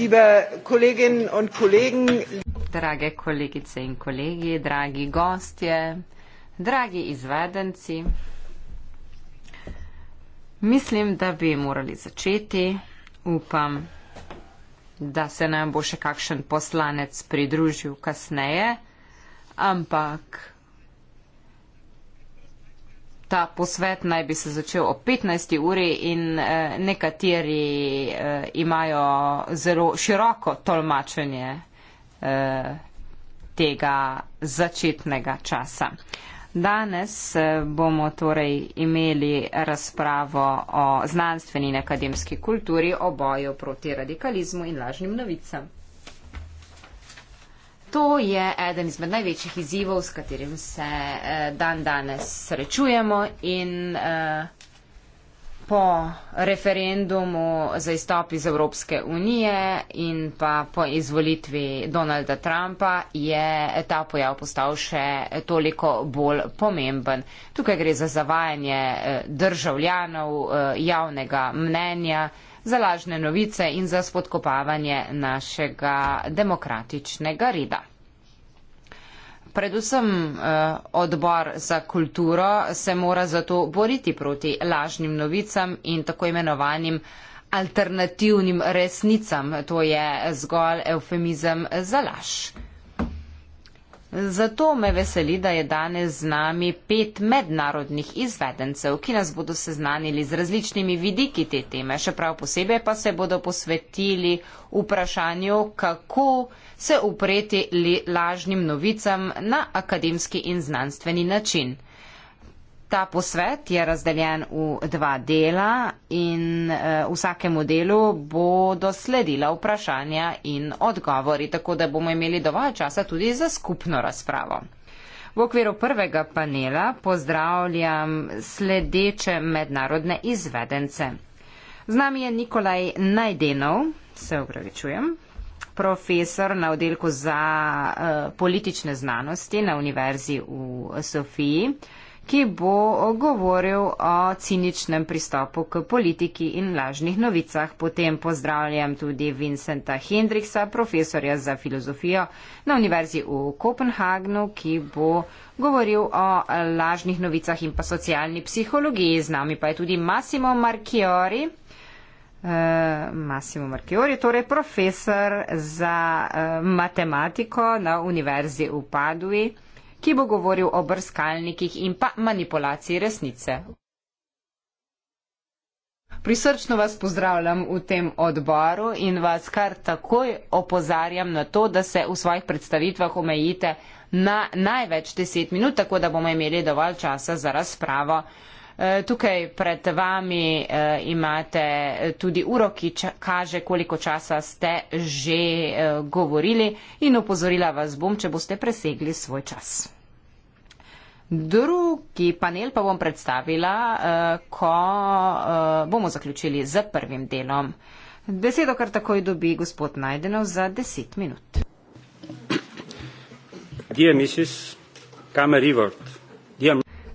liebe Kolleginnen und Kollegen, drage kolegice in kolegi, dragi gostje, dragi izvedenci. Mislim, da bi morali začeti. Upam, da se nam bo še kakšen poslanec pridružil kasneje, ampak Ta posvet naj bi se začel ob 15. uri in eh, nekateri eh, imajo zelo široko tolmačenje eh, tega začetnega časa. Danes eh, bomo torej imeli razpravo o znanstveni in akademski kulturi, o boju proti radikalizmu in lažnim novicam. To je eden izmed največjih izzivov, s katerim se eh, dan danes srečujemo in eh, po referendumu za izstop iz Evropske unije in pa po izvolitvi Donalda Trumpa je ta pojav postal še toliko bolj pomemben. Tukaj gre za zavajanje eh, državljanov, javnega mnenja za lažne novice in za spodkopavanje našega demokratičnega reda. Predvsem eh, odbor za kulturo se mora zato boriti proti lažnim novicam in tako imenovanim alternativnim resnicam. To je zgolj eufemizem za laž. Zato me veseli, da je danes z nami pet mednarodnih izvedencev, ki nas bodo seznanili z različnimi vidiki te teme. Še prav posebej pa se bodo posvetili vprašanju, kako se upreti lažnim novicam na akademski in znanstveni način. Ta posvet je razdeljen v dva dela in eh, vsakemu delu bodo sledila vprašanja in odgovori, tako da bomo imeli dovolj časa tudi za skupno razpravo. V okviru prvega panela pozdravljam sledeče mednarodne izvedence. Z nami je Nikolaj Najdenov, se upravičujem, profesor na oddelku za eh, politične znanosti na Univerzi v Sofiji ki bo govoril o ciničnem pristopu k politiki in lažnih novicah. Potem pozdravljam tudi Vincenta Hendriksa, profesorja za filozofijo na Univerzi v Kopenhagnu, ki bo govoril o lažnih novicah in pa socialni psihologiji. Z nami pa je tudi Massimo Marchiori. Uh, Massimo Marchiori, torej profesor za uh, matematiko na Univerzi v Padui ki bo govoril o brskalnikih in pa manipulaciji resnice. Prisrčno vas pozdravljam v tem odboru in vas kar takoj opozarjam na to, da se v svojih predstavitvah omejite na največ 10 minut, tako da bomo imeli dovolj časa za razpravo. Eh, tukaj pred vami eh, imate eh, tudi uro, ki kaže, koliko časa ste že govorili in upozorila vas bom, če boste presegli svoj čas. Drugi panel pa bom predstavila, ko bomo zaključili z prvim delom. Besedo kar takoj dobi gospod Najdenov za deset minut. Dear Mrs. Kamer Ivort,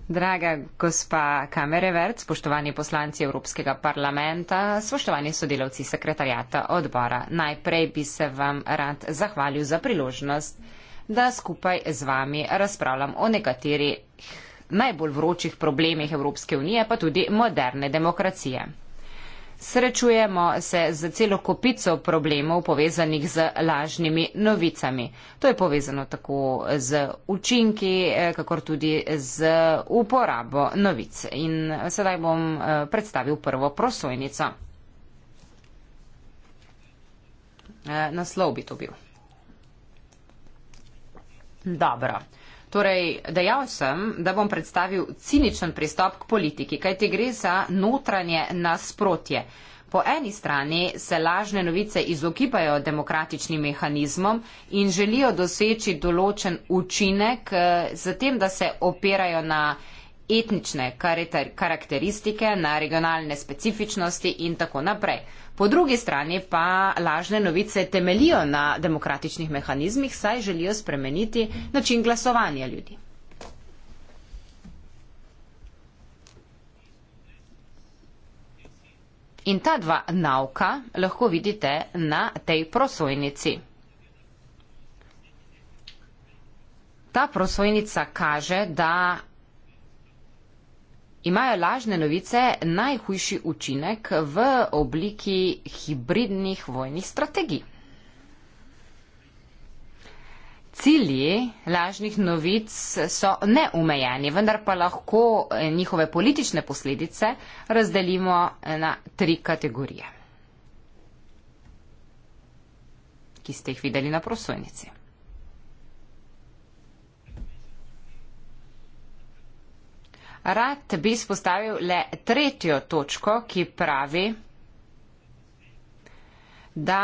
Draga gospa Kamerevert, spoštovani poslanci Evropskega parlamenta, spoštovani sodelavci sekretarjata odbora, najprej bi se vam rad zahvalil za priložnost, da skupaj z vami razpravljam o nekaterih najbolj vročih problemih Evropske unije, pa tudi moderne demokracije srečujemo se z celo kopico problemov povezanih z lažnimi novicami. To je povezano tako z učinki, eh, kakor tudi z uporabo novic. In eh, sedaj bom eh, predstavil prvo prosojnico. Naslov bi to bil. Dobro. Torej, dejal sem, da bom predstavil ciničen pristop k politiki, kaj ti gre za notranje nasprotje. Po eni strani se lažne novice izogibajo demokratičnim mehanizmom in želijo doseči določen učinek z eh, tem, da se opirajo na etnične karakteristike, na regionalne specifičnosti in tako naprej. Po drugi strani pa lažne novice temelijo na demokratičnih mehanizmih, saj želijo spremeniti način glasovanja ljudi. In ta dva nauka lahko vidite na tej prosojnici. Ta prosojnica kaže, da imajo lažne novice najhujši učinek v obliki hibridnih vojnih strategij. Cilji lažnih novic so neumejeni, vendar pa lahko eh, njihove politične posledice razdelimo na tri kategorije, ki ste jih videli na prosojnici. Rad bi spostavil le tretjo točko, ki pravi, da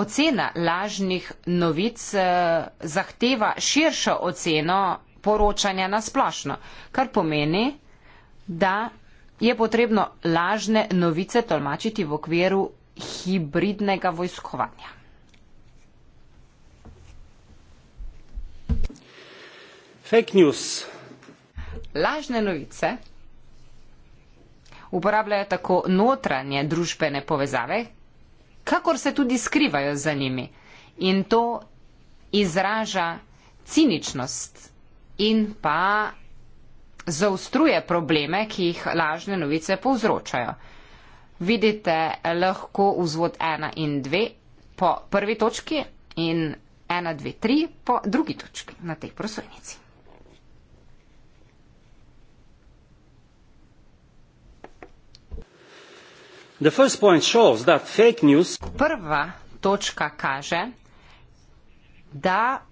ocena lažnih novic eh, zahteva širšo oceno poročanja na splošno, kar pomeni, da je potrebno lažne novice tolmačiti v okviru hibridnega vojskovanja. Fake news lažne novice uporabljajo tako notranje družbene povezave, kakor se tudi skrivajo za njimi. In to izraža ciničnost in pa zaustruje probleme, ki jih lažne novice povzročajo. Vidite lahko vzvod 1 in 2 po prvi točki in 1, 2, 3 po drugi točki na tej prosojnici. Prva točka kaže, da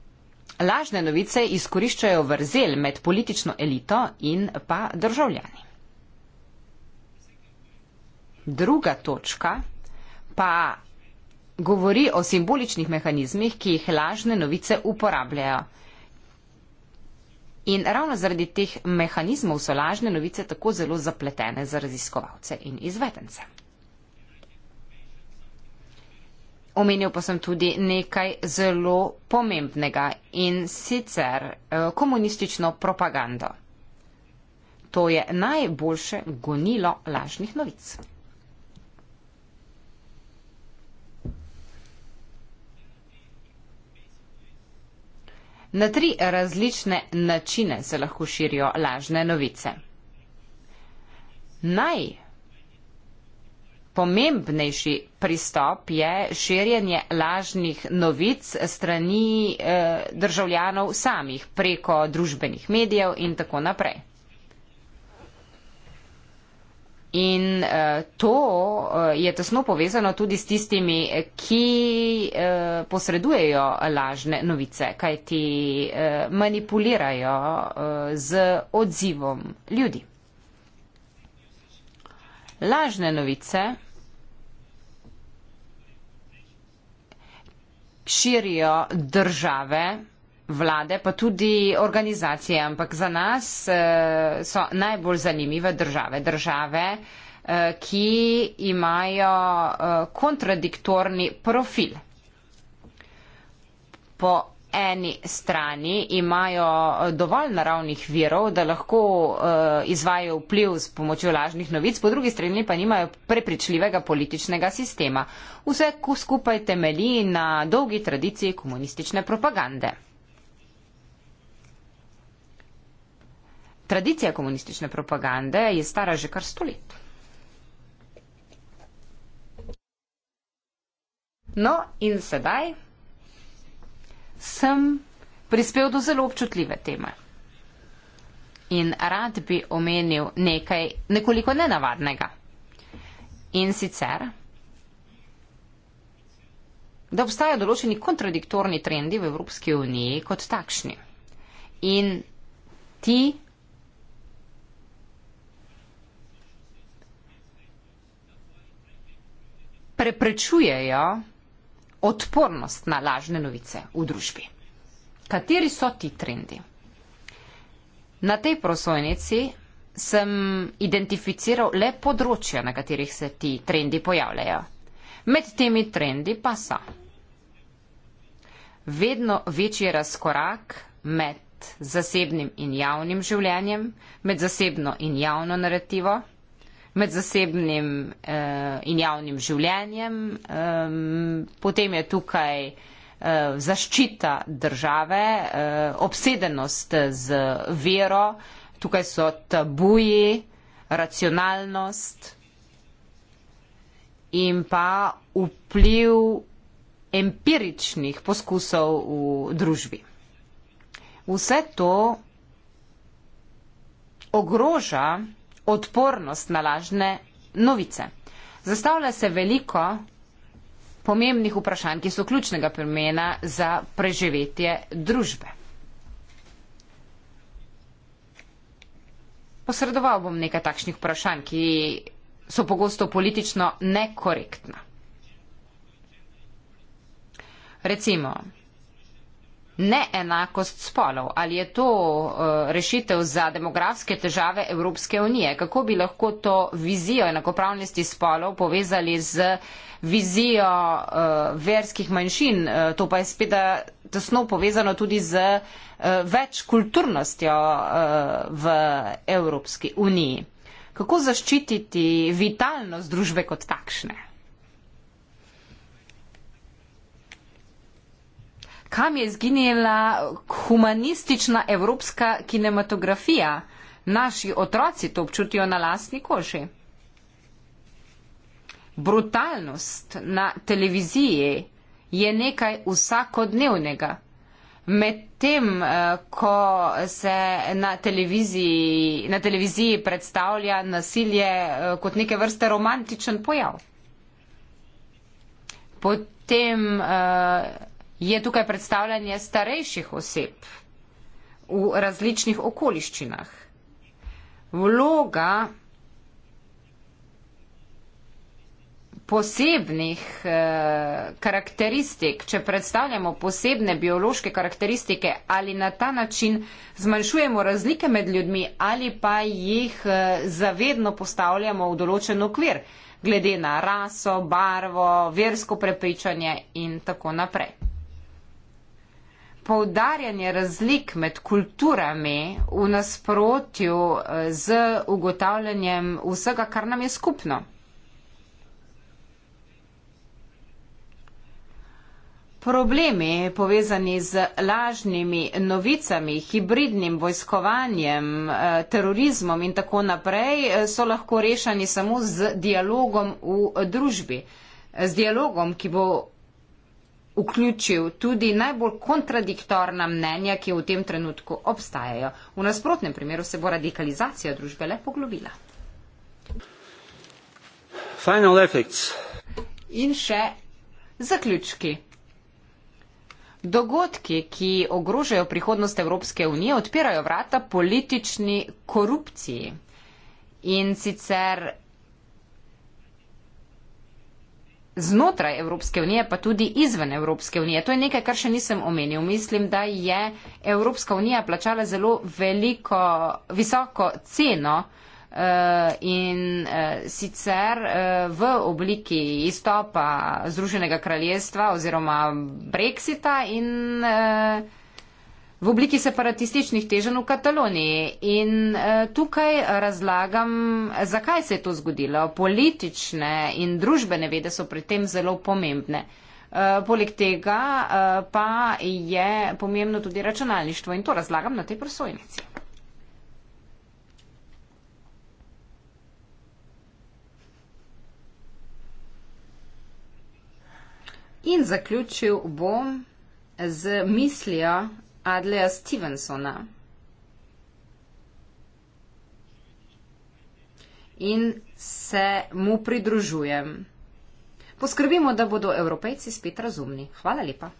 lažne novice izkoriščajo vrzel med politično elito in pa državljani. Druga točka pa govori o simboličnih mehanizmih, ki jih lažne novice uporabljajo. In ravno zaradi teh mehanizmov so lažne novice tako zelo zapletene za raziskovalce in izvedence. Omenil pa sem tudi nekaj zelo pomembnega in sicer eh, komunistično propagando. To je najboljše gonilo lažnih novic. Na tri različne načine se lahko širijo lažne novice. Najboljše pomembnejši pristop je širjenje lažnih novic strani eh, državljanov samih preko družbenih medijev in tako naprej. In eh, to eh, je tesno povezano tudi s tistimi, ki eh, posredujejo lažne novice, kajti eh, manipulirajo eh, z odzivom ljudi. Lažne novice širijo države, vlade, pa tudi organizacije, ampak za nas uh, so najbolj zanimive države. Države, uh, ki imajo uh, kontradiktorni profil. Po eni strani imajo dovolj naravnih virov, da lahko eh, izvajo vpliv s pomočjo lažnih novic, po drugi strani pa nimajo prepričljivega političnega sistema. Vse skupaj temelji na dolgi tradiciji komunistične propagande. Tradicija komunistične propagande je stara že kar sto let. No, in sedaj sem prispel do zelo občutljive teme. In rad bi omenil nekaj nekoliko nenavadnega. In sicer, da obstajajo določeni kontradiktorni trendi v Evropski uniji kot takšni. In ti preprečujejo odpornost na lažne novice v družbi. Kateri so ti trendi? Na tej prosojnici sem identificiral le področja, na katerih se ti trendi pojavljajo. Med temi trendi pa so vedno večji razkorak med zasebnim in javnim življenjem, med zasebno in javno narativo, med zasebnim uh, in javnim življenjem. Um, potem je tukaj uh, zaščita države, uh, obsedenost z vero, tukaj so tabuji, racionalnost in pa vpliv empiričnih poskusov v družbi. Vse to ogroža odpornost na lažne novice. Zastavlja se veliko pomembnih vprašanj, ki so ključnega pomena za preživetje družbe. Posredoval bom nekaj takšnih vprašanj, ki so pogosto politično nekorektna. Recimo, neenakost spolov. Ali je to eh, rešitev za demografske težave Evropske unije? Kako bi lahko to vizijo enakopravnosti spolov povezali z vizijo eh, verskih manjšin? Eh, to pa je spet tesno povezano tudi z večkulturnostjo v Evropski uniji. Kako zaščititi vitalnost družbe kot takšne? kam je izginila humanistična evropska kinematografija. Naši otroci to občutijo na lastni koži. Brutalnost na televiziji je nekaj vsakodnevnega. Medtem, eh, ko se na televiziji, na televiziji predstavlja nasilje eh, kot neke vrste romantičen pojav. Potem eh, Je tukaj predstavljanje starejših oseb v različnih okoliščinah? Vloga posebnih e, karakteristik, če predstavljamo posebne biološke karakteristike ali na ta način zmanjšujemo razlike med ljudmi ali pa jih e, zavedno postavljamo v določen okvir, glede na raso, barvo, versko prepričanje in tako naprej poudarjanje razlik med kulturami v nasprotju eh, z ugotavljanjem vsega, kar nam je skupno. Problemi povezani z lažnimi novicami, hibridnim vojskovanjem, eh, terorizmom in tako naprej eh, so lahko rešeni samo z dialogom v družbi, z dialogom, ki bo vključil tudi najbolj kontradiktorna mnenja, ki v tem trenutku obstajajo. V nasprotnem primeru se bo radikalizacija družbe le poglobila. Final effects. In še zaključki. Dogodki, ki ogrožajo prihodnost Evropske unije, odpirajo vrata politični korupciji. In sicer znotraj Evropske unije, pa tudi izven Evropske unije. To je nekaj, kar še nisem omenil. Mislim, da je Evropska unija plačala zelo veliko, visoko ceno eh, in eh, sicer eh, v obliki izstopa Združenega kraljestva oziroma Brexita in v obliki separatističnih teženj v Kataloniji. In eh, tukaj razlagam, zakaj se je to zgodilo. Politične in družbene vede so pri tem zelo pomembne. Eh, poleg tega eh, pa je pomembno tudi računalništvo in to razlagam na tej prosojnici. In zaključil bom z mislijo Adleja Stevensona. In se mu pridružujem. Poskrbimo, da bodo evropejci spet razumni. Hvala lepa.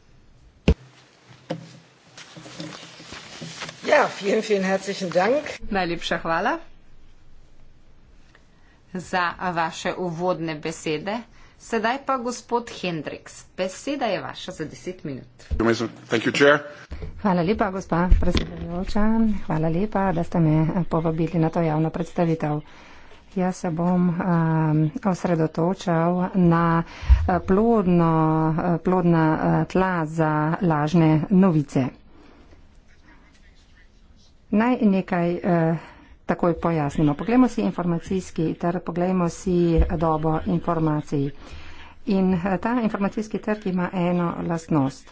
Ja, vielen, vielen herzlichen Dank. Najlepša hvala za vaše uvodne besede. Sedaj pa gospod Hendriks, beseda je vaša za 10 minut. Hvala lepa, gospa predsedujoča. Hvala lepa, da ste me eh, povabili na to javno predstavitev. Jaz se bom um, osredotočal na eh, plodno, eh, plodna tla za lažne novice. Naj nekaj. Uh, takoj pojasnimo. Poglejmo si informacijski ter poglejmo si dobo informacij. In eh, ta informacijski trg ima eno lastnost.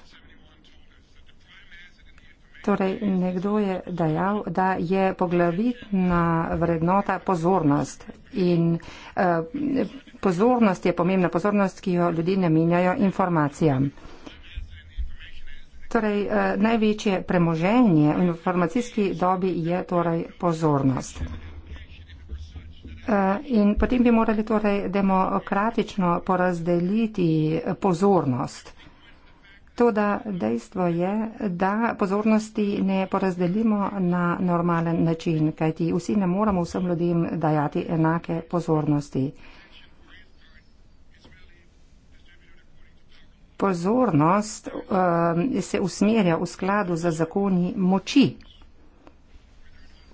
Torej, nekdo je dejal, da je poglavitna vrednota pozornost. In eh, pozornost je pomembna, pozornost, ki jo ljudje namenjajo informacijam. Torej, eh, največje premoženje v informacijski dobi je torej pozornost. Eh, in potem bi morali torej demokratično porazdeliti pozornost. Toda dejstvo je, da pozornosti ne porazdelimo na normalen način, kajti vsi ne moramo vsem ljudem dajati enake pozornosti. pozornost um, se usmerja v skladu za zakoni moči.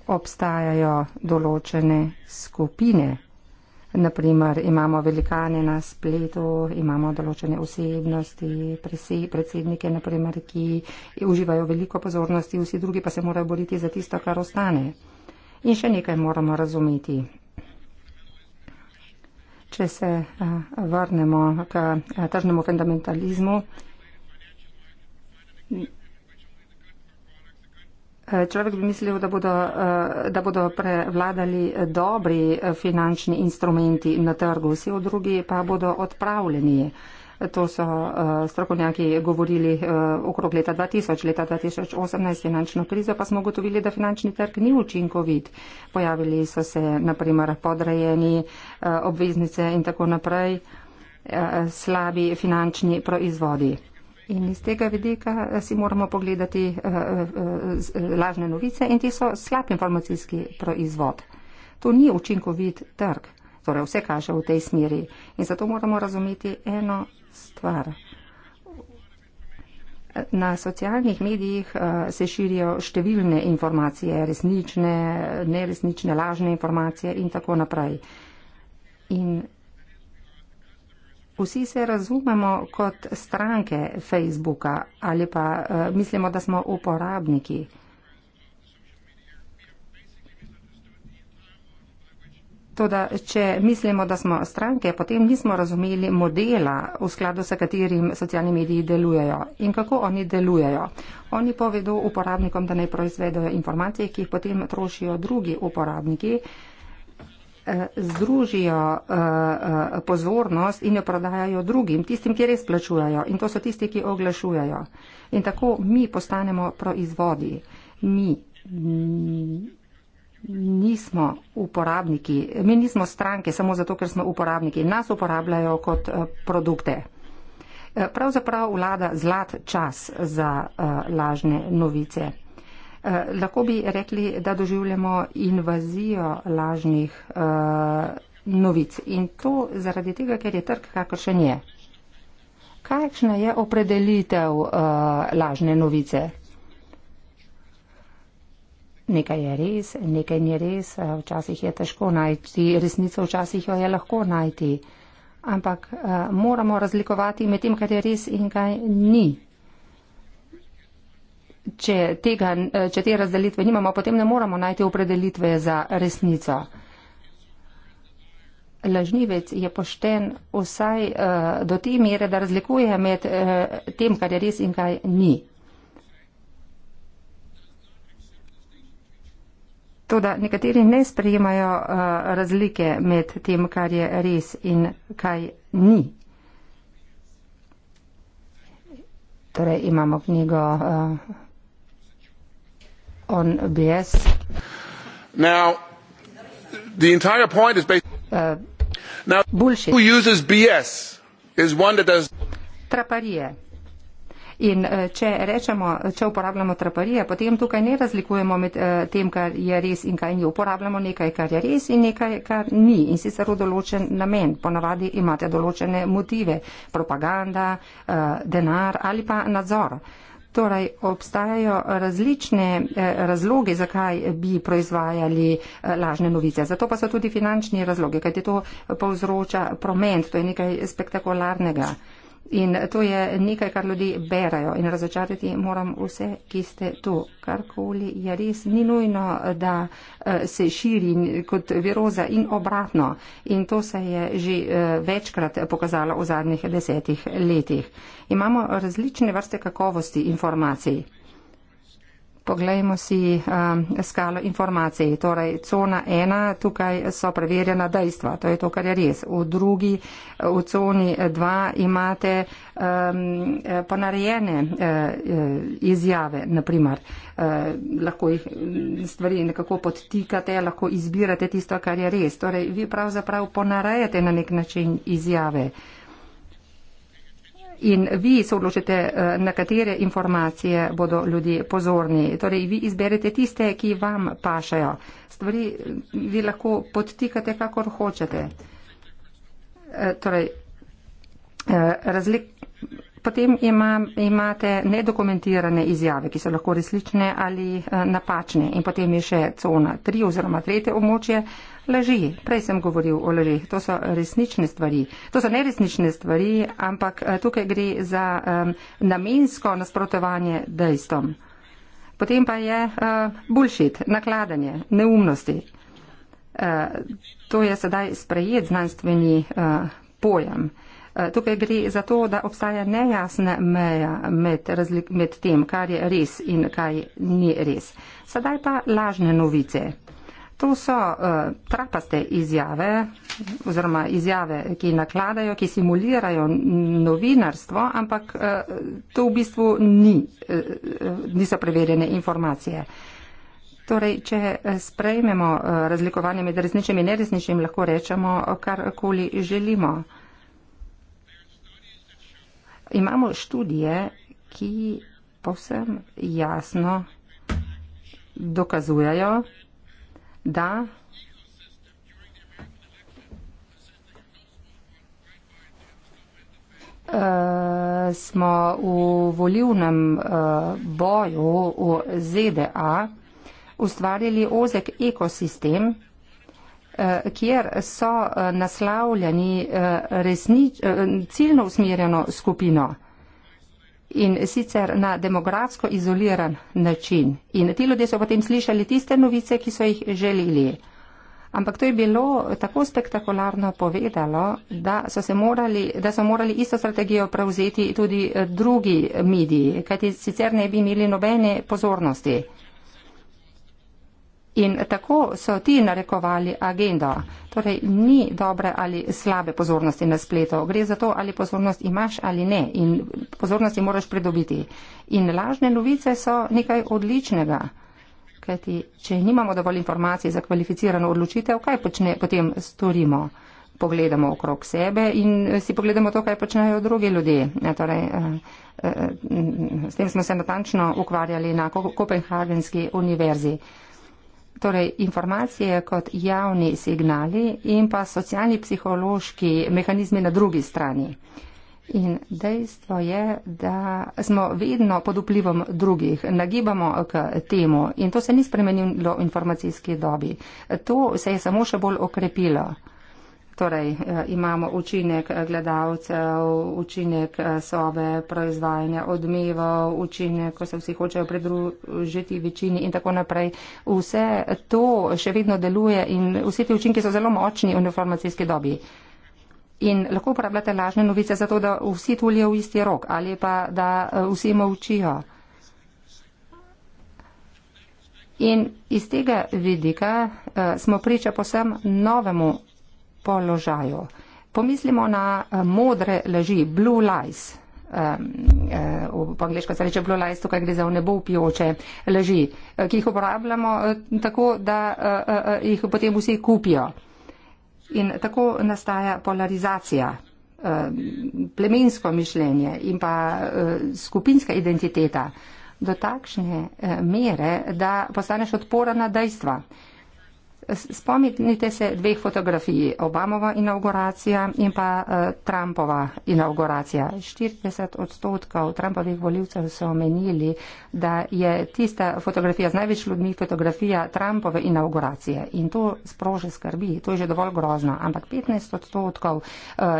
Obstajajo določene skupine. Naprimer, imamo velikane na spletu, imamo določene osebnosti, predsednike, naprimer, ki uživajo veliko pozornosti, vsi drugi pa se morajo boriti za tisto, kar ostane. In še nekaj moramo razumeti. Če se eh, vrnemo k eh, tržnemu fundamentalizmu, eh, človek bi mislil, da bodo, da bodo prevladali dobri finančni instrumenti na trgu, vsi drugi pa bodo odpravljeni. To so uh, strokovnjaki govorili uh, okrog leta 2000, leta 2018 finančno krizo, pa smo ugotovili, da finančni trg ni učinkovit. Pojavili so se naprimer podrejeni uh, obveznice in tako naprej, uh, slabi finančni proizvodi. In iz tega vidika si moramo pogledati uh, uh, z, lažne novice in ti so slab informacijski proizvod. To ni učinkovit trg. Torej, vse kaže v tej smeri in zato moramo razumeti eno stvar. Na socialnih medijih eh, se širijo številne informacije, resnične, neresnične, lažne informacije in tako naprej. In vsi se razumemo kot stranke Facebooka ali pa eh, mislimo, da smo uporabniki. Toda, če mislimo, da smo stranke, potem nismo razumeli modela, v skladu s katerim socialni mediji delujejo in kako oni delujejo. Oni povedo uporabnikom, da naj proizvedo informacije, ki jih potem trošijo drugi uporabniki, eh, združijo eh, eh, pozornost in jo prodajajo drugim, tistim, ki res plačujajo in to so tisti, ki oglašujajo. In tako mi postanemo proizvodi. Mi nismo uporabniki, mi nismo stranke samo zato, ker smo uporabniki. Nas uporabljajo kot eh, produkte. Eh, pravzaprav vlada zlat čas za eh, lažne novice. Lahko bi rekli, da doživljamo invazijo lažnih novic in to zaradi tega, ker je trg kakršen je. Kakšna je opredelitev lažne novice? nekaj je res, nekaj ni res, eh, včasih je težko najti resnico, včasih jo je lahko najti. Ampak uh, moramo razlikovati med tem, kaj je res in kaj ni. Če, tega, eh, če te razdelitve nimamo, potem ne moramo najti opredelitve za resnico. Lažnivec je pošten vsaj uh, do te mere, da razlikuje med uh, tem, kaj je res in kaj ni. Toda nekateri ne sprejemajo eh, razlike med tem, kar je res in kaj ni. Torej imamo knjigo uh, On BS. Now, the entire point is basically uh, eh, now, who uses BS is one that does traparije. In eh, če rečemo, če uporabljamo traparije, potem tukaj ne razlikujemo med eh, tem, kar je res in kaj ni. Uporabljamo nekaj, kar je res in nekaj, kar ni. In sicer v določen namen. Ponavadi imate določene motive. Propaganda, eh, denar ali pa nadzor. Torej, obstajajo različne razloge, zakaj bi proizvajali lažne novice. Zato pa so tudi finančni razloge, kajti to povzroča promet, to je nekaj spektakularnega. In to je nekaj, kar ljudi berajo in razočarati moram vse, ki ste tu. Karkoli je res, ni nujno, da eh, se širi kot viroza in obratno. In to se je že eh, večkrat pokazalo v zadnjih desetih letih. Imamo različne vrste kakovosti informacij. Poglejmo si um, skalo informacij. Torej, cona ena, tukaj so preverjena dejstva, to je to, kar je res. V drugi, v coni dva imate um, ponarejene uh, uh izjave, naprimer. Uh, lahko jih stvari nekako podtikate, lahko izbirate tisto, kar je res. Torej, vi pravzaprav ponarejate na nek način izjave. Uh, in vi se odločite, eh, na katere informacije bodo ljudje pozorni. Torej, vi izberete tiste, ki vam pašajo. Stvari eh, vi lahko podtikate, kakor hočete. Eh, torej, razlik. Potem ima, imate nedokumentirane izjave, ki so lahko resnične ali napačne. In potem je še cona 3 oziroma 3. območje, laži. Prej sem govoril o lažih. To so resnične stvari. To so neresnične stvari, ampak eh, tukaj gre za um, namensko nasprotovanje dejstvom. Potem pa je uh, bullshit, nakladanje, neumnosti. Uh, to je sedaj sprejet znanstveni uh, pojem. Tukaj gre za to, da obstaja nejasna meja med, razlik, med tem, kar je res in kaj ni res. Sedaj pa lažne novice. To so uh, trapaste izjave oziroma izjave, ki nakladajo, ki simulirajo novinarstvo, ampak uh, to v bistvu ni, uh, niso preverjene informacije. Torej, če sprejmemo uh, razlikovanje med resničnim in neresničnim, lahko rečemo, karkoli želimo. Imamo študije, ki povsem jasno dokazujajo, da uh, smo v volivnem uh, boju v ZDA ustvarili ozek ekosistem, uh, kjer so uh, naslavljeni uh, resnič, uh, ciljno usmerjeno skupino. Uh, in sicer na demografsko izoliran način. In ti ljudje so potem slišali tiste novice, ki so jih želeli. Ampak to je bilo tako spektakularno povedalo, da so, morali, da so morali isto strategijo prevzeti tudi drugi mediji, kajti sicer ne bi imeli nobene pozornosti. In tako so ti narekovali agendo. Torej, ni dobre ali slabe pozornosti na spletu. Gre za to, ali pozornost imaš ali ne. In pozornosti moraš pridobiti. In lažne novice so nekaj odličnega. Kajti, če nimamo dovolj informacij za kvalificirano odločitev, kaj počne, potem storimo? Pogledamo okrog sebe in si pogledamo to, kaj počnejo drugi ljudje. Ja, torej, eh, eh, eh, s tem smo se natančno ukvarjali na Kopenhagenski univerzi. Torej, informacije kot javni signali in pa socialni psihološki mehanizmi na drugi strani. In dejstvo je, da smo vedno pod vplivom drugih, nagibamo k temu in to se ni spremenilo v informacijski dobi. To se je samo še bolj okrepilo. Torej, eh, imamo učinek eh, gledalcev, učinek eh, sobe, proizvajanja odmevov, učinek, ko se vsi hočejo pridružiti večini in tako naprej. Vse to še vedno deluje in vsi ti učinki so zelo močni v informacijski dobi. In lahko uporabljate lažne novice zato, da vsi tulijo v isti rok ali pa da vsi močijo. In iz tega vidika uh, smo priča posem novemu položaju. Pomislimo na eh, modre leži, blue lies. Um, um, po angliško se reče blue lies, tukaj gre za nebo upijoče leži, eh, ki jih uporabljamo tako, da uh, uh, uh, jih potem vsi kupijo. In tako nastaja polarizacija, uh, plemensko mišljenje in pa uh, skupinska identiteta do takšne uh, mere, da postaneš odpora na dejstva. Uh, spomnite se dveh fotografij, Obamova inauguracija in pa uh, Trumpova inauguracija. 40 odstotkov Trumpovih voljivcev so omenili, da je tista fotografija z največ ljudmi fotografija Trumpove inauguracije in to sprože skrbi, to je že dovolj grozno, ampak 15 odstotkov uh,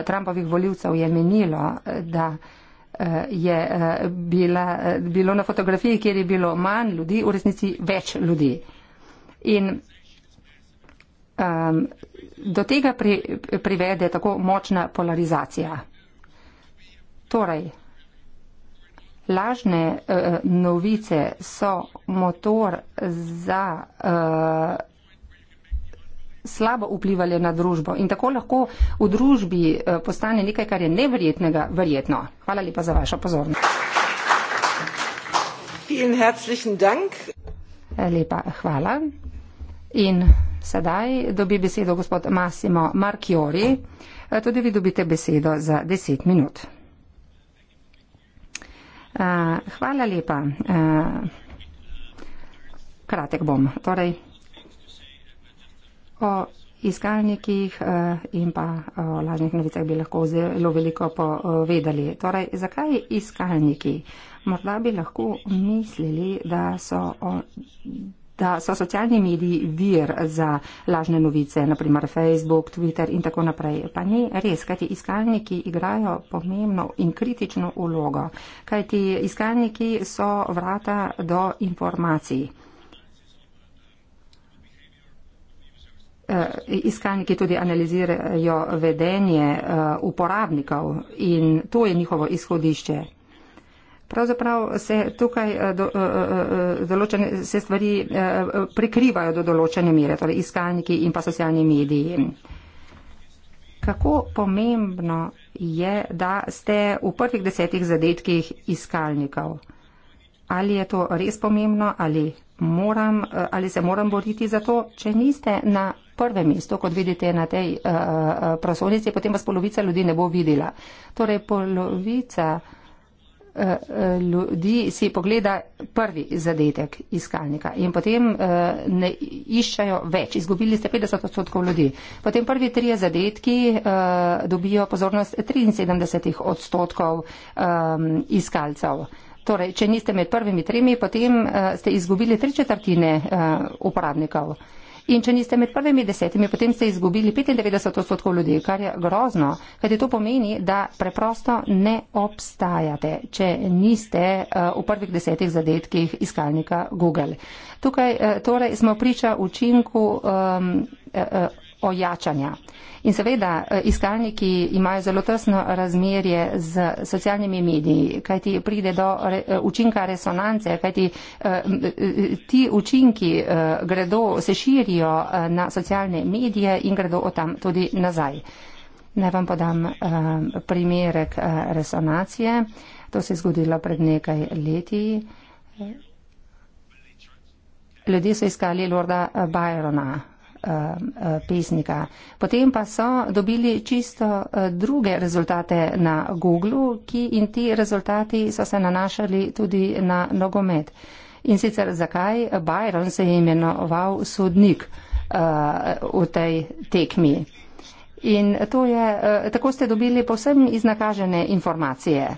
Trumpovih voljivcev je menilo, da eh, je bila, bilo na fotografiji, kjer je bilo manj ljudi, v resnici več ljudi. In um, do tega pri, privede tako močna polarizacija. Torej, lažne uh, novice so motor za uh, slabo vplivali na družbo in tako lahko v družbi uh, postane nekaj, kar je neverjetnega, verjetno. Hvala lepa za vašo pozornost. Lepa, hvala. In sedaj dobi besedo gospod Massimo Markiori. E, tudi vi dobite besedo za deset minut. E, hvala lepa. E, kratek bom. Torej, o iskalnikih in pa o lažnih novicah bi lahko zelo veliko povedali. Torej, zakaj iskalniki? Morda bi lahko mislili, da so da so socialni mediji vir za lažne novice, naprimer Facebook, Twitter in tako naprej. Pa ni res, kajti iskalniki igrajo pomembno in kritično ulogo, kajti iskalniki so vrata do informacij. Eh, iskalniki tudi analizirajo vedenje eh, uporabnikov in to je njihovo izhodišče pravzaprav se tukaj eh, do, eh, eh, določene se stvari prikrivajo do določene mere, torej iskalniki in pa socialni mediji. Kako pomembno je, da ste v prvih desetih zadetkih iskalnikov? Ali je to res pomembno ali, moram, ali se moram boriti za to, če niste na prvem mestu, kot vidite na tej uh, prosovnici, potem vas polovica ljudi ne bo videla. Torej polovica Eh, eh, ljudi si pogleda prvi zadetek iskalnika in potem eh, ne iščajo več. Izgubili ste 50 odstotkov ljudi. Potem prvi trije zadetki dobijo pozornost 73 odstotkov ehm, iskalcev. Torej, če niste med prvimi tremi, potem ste izgubili tri četrtine uporabnikov. In če niste med prvimi desetimi, potem ste izgubili 95 odstotkov ljudi, kar je grozno, kajti to pomeni, da preprosto ne obstajate, če niste eh, v prvih desetih zadetkih iskalnika Google. Tukaj eh, torej smo priča učinku. Um, ojačanja. In seveda, e, iskalniki imajo zelo tesno razmerje z socialnimi mediji, kajti pride do re, e, učinka resonance, kajti e, ti učinki gredo, se širijo na socialne medije in gredo od tam tudi nazaj. Naj vam podam primerek resonacije. To se je zgodilo pred nekaj leti. Ljudje so iskali Lorda Byrona. Eh, pesnika. Potem pa so dobili čisto eh, druge rezultate na Google, ki in ti rezultati so se nanašali tudi na nogomet. In sicer zakaj Byron se je imenoval sodnik eh, v tej tekmi. In to je, tako ste dobili povsem iznakažene informacije.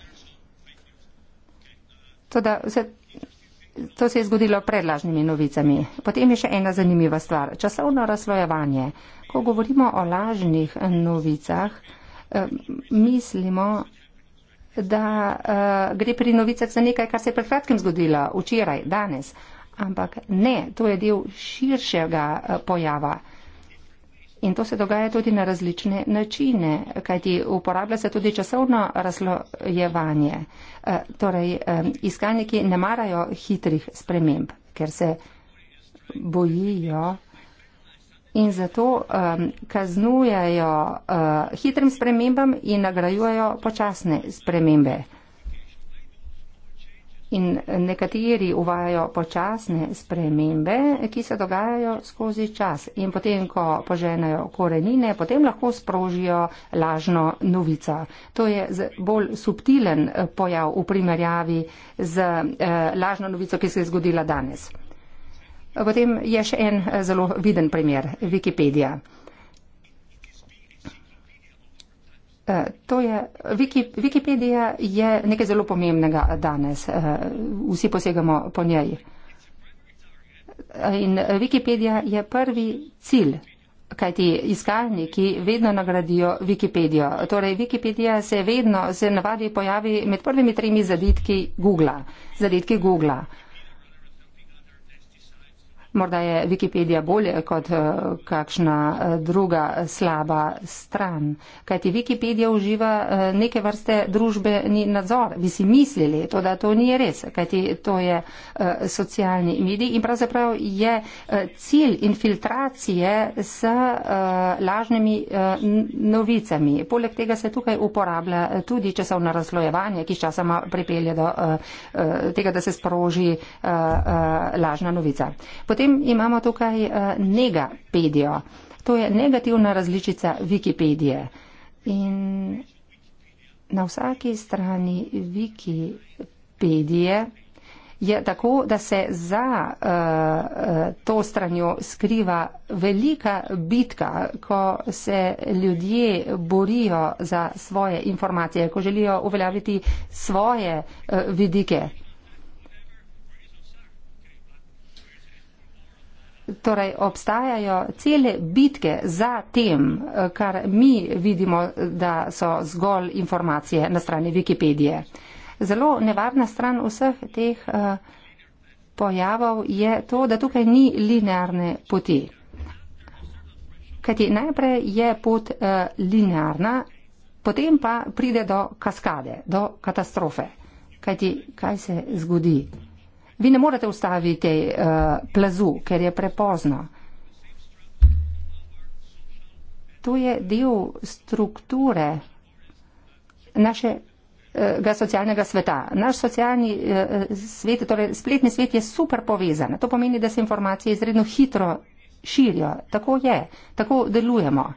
Toda, To se je zgodilo pred lažnimi novicami. Potem je še ena zanimiva stvar. Časovno razlojevanje. Ko govorimo o lažnih novicah, eh, mislimo, da eh, gre pri novicah za nekaj, kar se je pred kratkim zgodilo, včeraj, danes. Ampak ne, to je del širšega eh, pojava. In to se dogaja tudi na različne načine, kajti uporablja se tudi časovno razlojevanje. Eh, torej, eh, iskalniki ne marajo hitrih sprememb, ker se bojijo in zato eh, kaznujejo hitrim spremembam in nagrajujejo počasne spremembe. In nekateri uvajajo počasne spremembe, ki se dogajajo skozi čas. In potem, ko poženajo korenine, potem lahko sprožijo lažno novico. To je bolj subtilen eh, pojav v primerjavi z eh, lažno novico, ki se je zgodila danes. Potem je še en eh, zelo viden primer, Wikipedija. Eh, to je, Wikipedija je nekaj zelo pomembnega danes. Eh, vsi posegamo po njej. In Wikipedija je prvi cilj, kajti iskalniki vedno nagradijo Wikipedijo. Torej, Wikipedija se vedno, se navadi pojavi med prvimi tremi zadetki Google. Zadetki Google. Morda je Wikipedija bolje kot eh, kakšna eh, druga slaba stran. Kajti Wikipedija uživa eh, neke vrste družbeni nadzor. Bi si mislili, to, da to ni res, kajti to je socialni medij in pravzaprav je cilj infiltracije s lažnimi novicami. Poleg tega se tukaj uporablja tudi časovno razlojevanje, ki časoma pripelje do tega, da se sproži lažna novica. Potem Potem imamo tukaj eh, negapedijo. To je negativna različica Wikipedije. In na vsaki strani Wikipedije je tako, da se za uh, to stranjo skriva velika bitka, ko se ljudje borijo za svoje informacije, ko želijo uveljaviti svoje uh, vidike. Torej, obstajajo cele bitke za tem, eh, kar mi vidimo, da so zgolj informacije na strani Wikipedije. Zelo nevarna stran vseh teh eh, pojavov je to, da tukaj ni linearne poti. Kajti najprej je pot eh, linearna, potem pa pride do kaskade, do katastrofe. Kajti kaj se zgodi? Vi ne morete ustaviti uh, plazu, ker je prepozno. To je del strukture našega eh, socialnega sveta. Naš socialni uh, svet, torej spletni svet je super povezan. To pomeni, da se informacije izredno hitro širijo. Tako je, tako delujemo.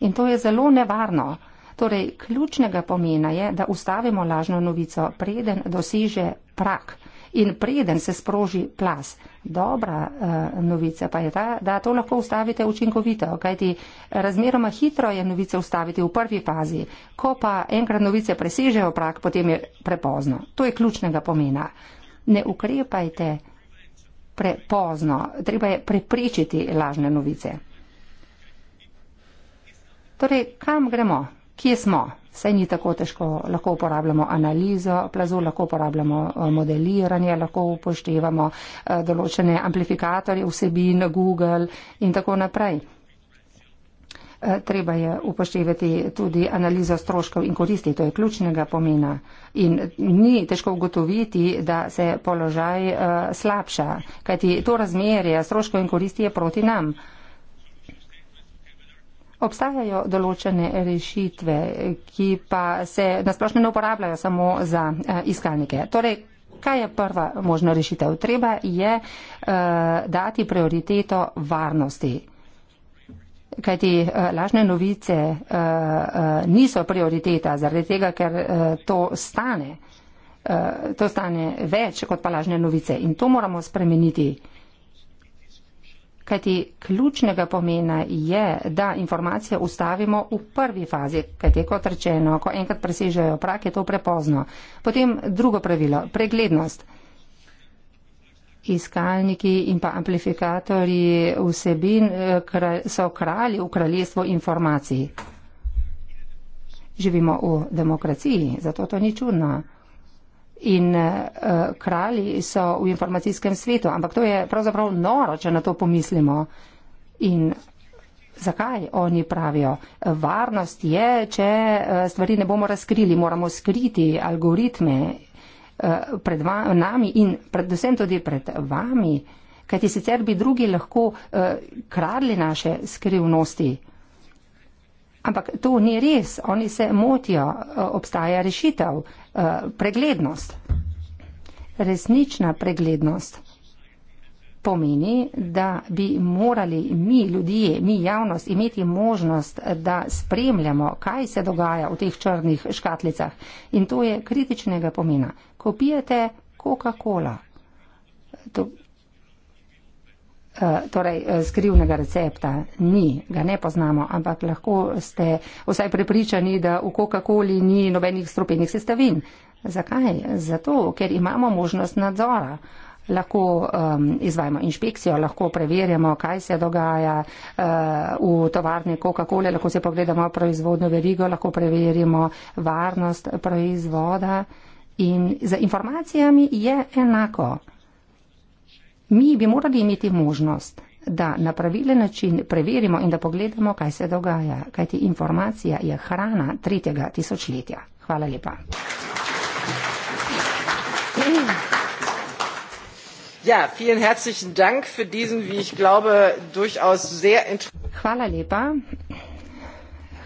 In to je zelo nevarno. Torej, ključnega pomena je, da ustavimo lažno novico, preden doseže prak. In preden se sproži plas, dobra uh, novica pa je ta, da to lahko ustavite učinkovito, kajti razmeroma hitro je novice ustaviti v prvi fazi, ko pa enkrat novice presežejo prak, potem je prepozno. To je ključnega pomena. Ne ukrepajte prepozno, treba je preprečiti lažne novice. Torej, kam gremo? kje smo. Vse ni tako težko, lahko uporabljamo analizo plazu, lahko uporabljamo eh, modeliranje, lahko upoštevamo eh, določene amplifikatorje vsebin Google in tako naprej. Eh, treba je upoštevati tudi analizo stroškov in koristi, to je ključnega pomena. In ni težko ugotoviti, da se položaj slabša, kajti to razmerje stroškov in koristi je proti nam. Obstajajo določene rešitve, ki pa se nasplošno ne uporabljajo samo za eh, iskalnike. Torej, kaj je prva možna rešitev? Treba je uh, dati prioriteto varnosti. Kajti uh, lažne novice uh, uh, niso prioriteta zaradi tega, ker uh, to stane. Uh, to stane več kot pa lažne novice in to moramo spremeniti. Uh, Kajti ključnega pomena je, da informacije ustavimo v prvi fazi, kajti kot rečeno, ko enkrat presežejo prak, je to prepozno. Potem drugo pravilo, preglednost. Iskalniki in pa amplifikatorji vsebin eh, so krali v kraljestvo informacij. Živimo v demokraciji, zato to ni čudno in uh, kralji so v informacijskem svetu. Ampak to je pravzaprav noro, če na to pomislimo. In zakaj oni pravijo? Varnost je, če uh, stvari ne bomo razkrili, moramo skriti algoritme uh, pred va, nami in predvsem tudi pred vami, kajti sicer bi drugi lahko uh, kradli naše skrivnosti. Ampak to ni res, oni se motijo, obstaja rešitev. Eh, preglednost. Resnična preglednost pomeni, da bi morali mi ljudje, mi javnost imeti možnost, da spremljamo, kaj se dogaja v teh črnih škatlicah. In to je kritičnega pomena. Ko pijete Coca-Cola, Eh, torej eh, skrivnega recepta ni, ga ne poznamo, ampak lahko ste vsaj prepričani, da v Coca-Coli ni nobenih stropenih sestavin. Zakaj? Zato, ker imamo možnost nadzora. Lahko um, izvajamo inšpekcijo, lahko preverjamo, kaj se dogaja uh, v tovarni Coca-Cola, lahko se pogledamo proizvodno verigo, lahko preverimo varnost proizvoda in za informacijami je enako mi bi morali imeti možnost, da na pravilen način preverimo in da pogledamo, kaj se dogaja, kajti informacija je hrana tretjega tisočletja. Hvala lepa. Ja, vielen herzlichen Dank für diesen, wie ich glaube, durchaus sehr interesanten. Hvala lepa.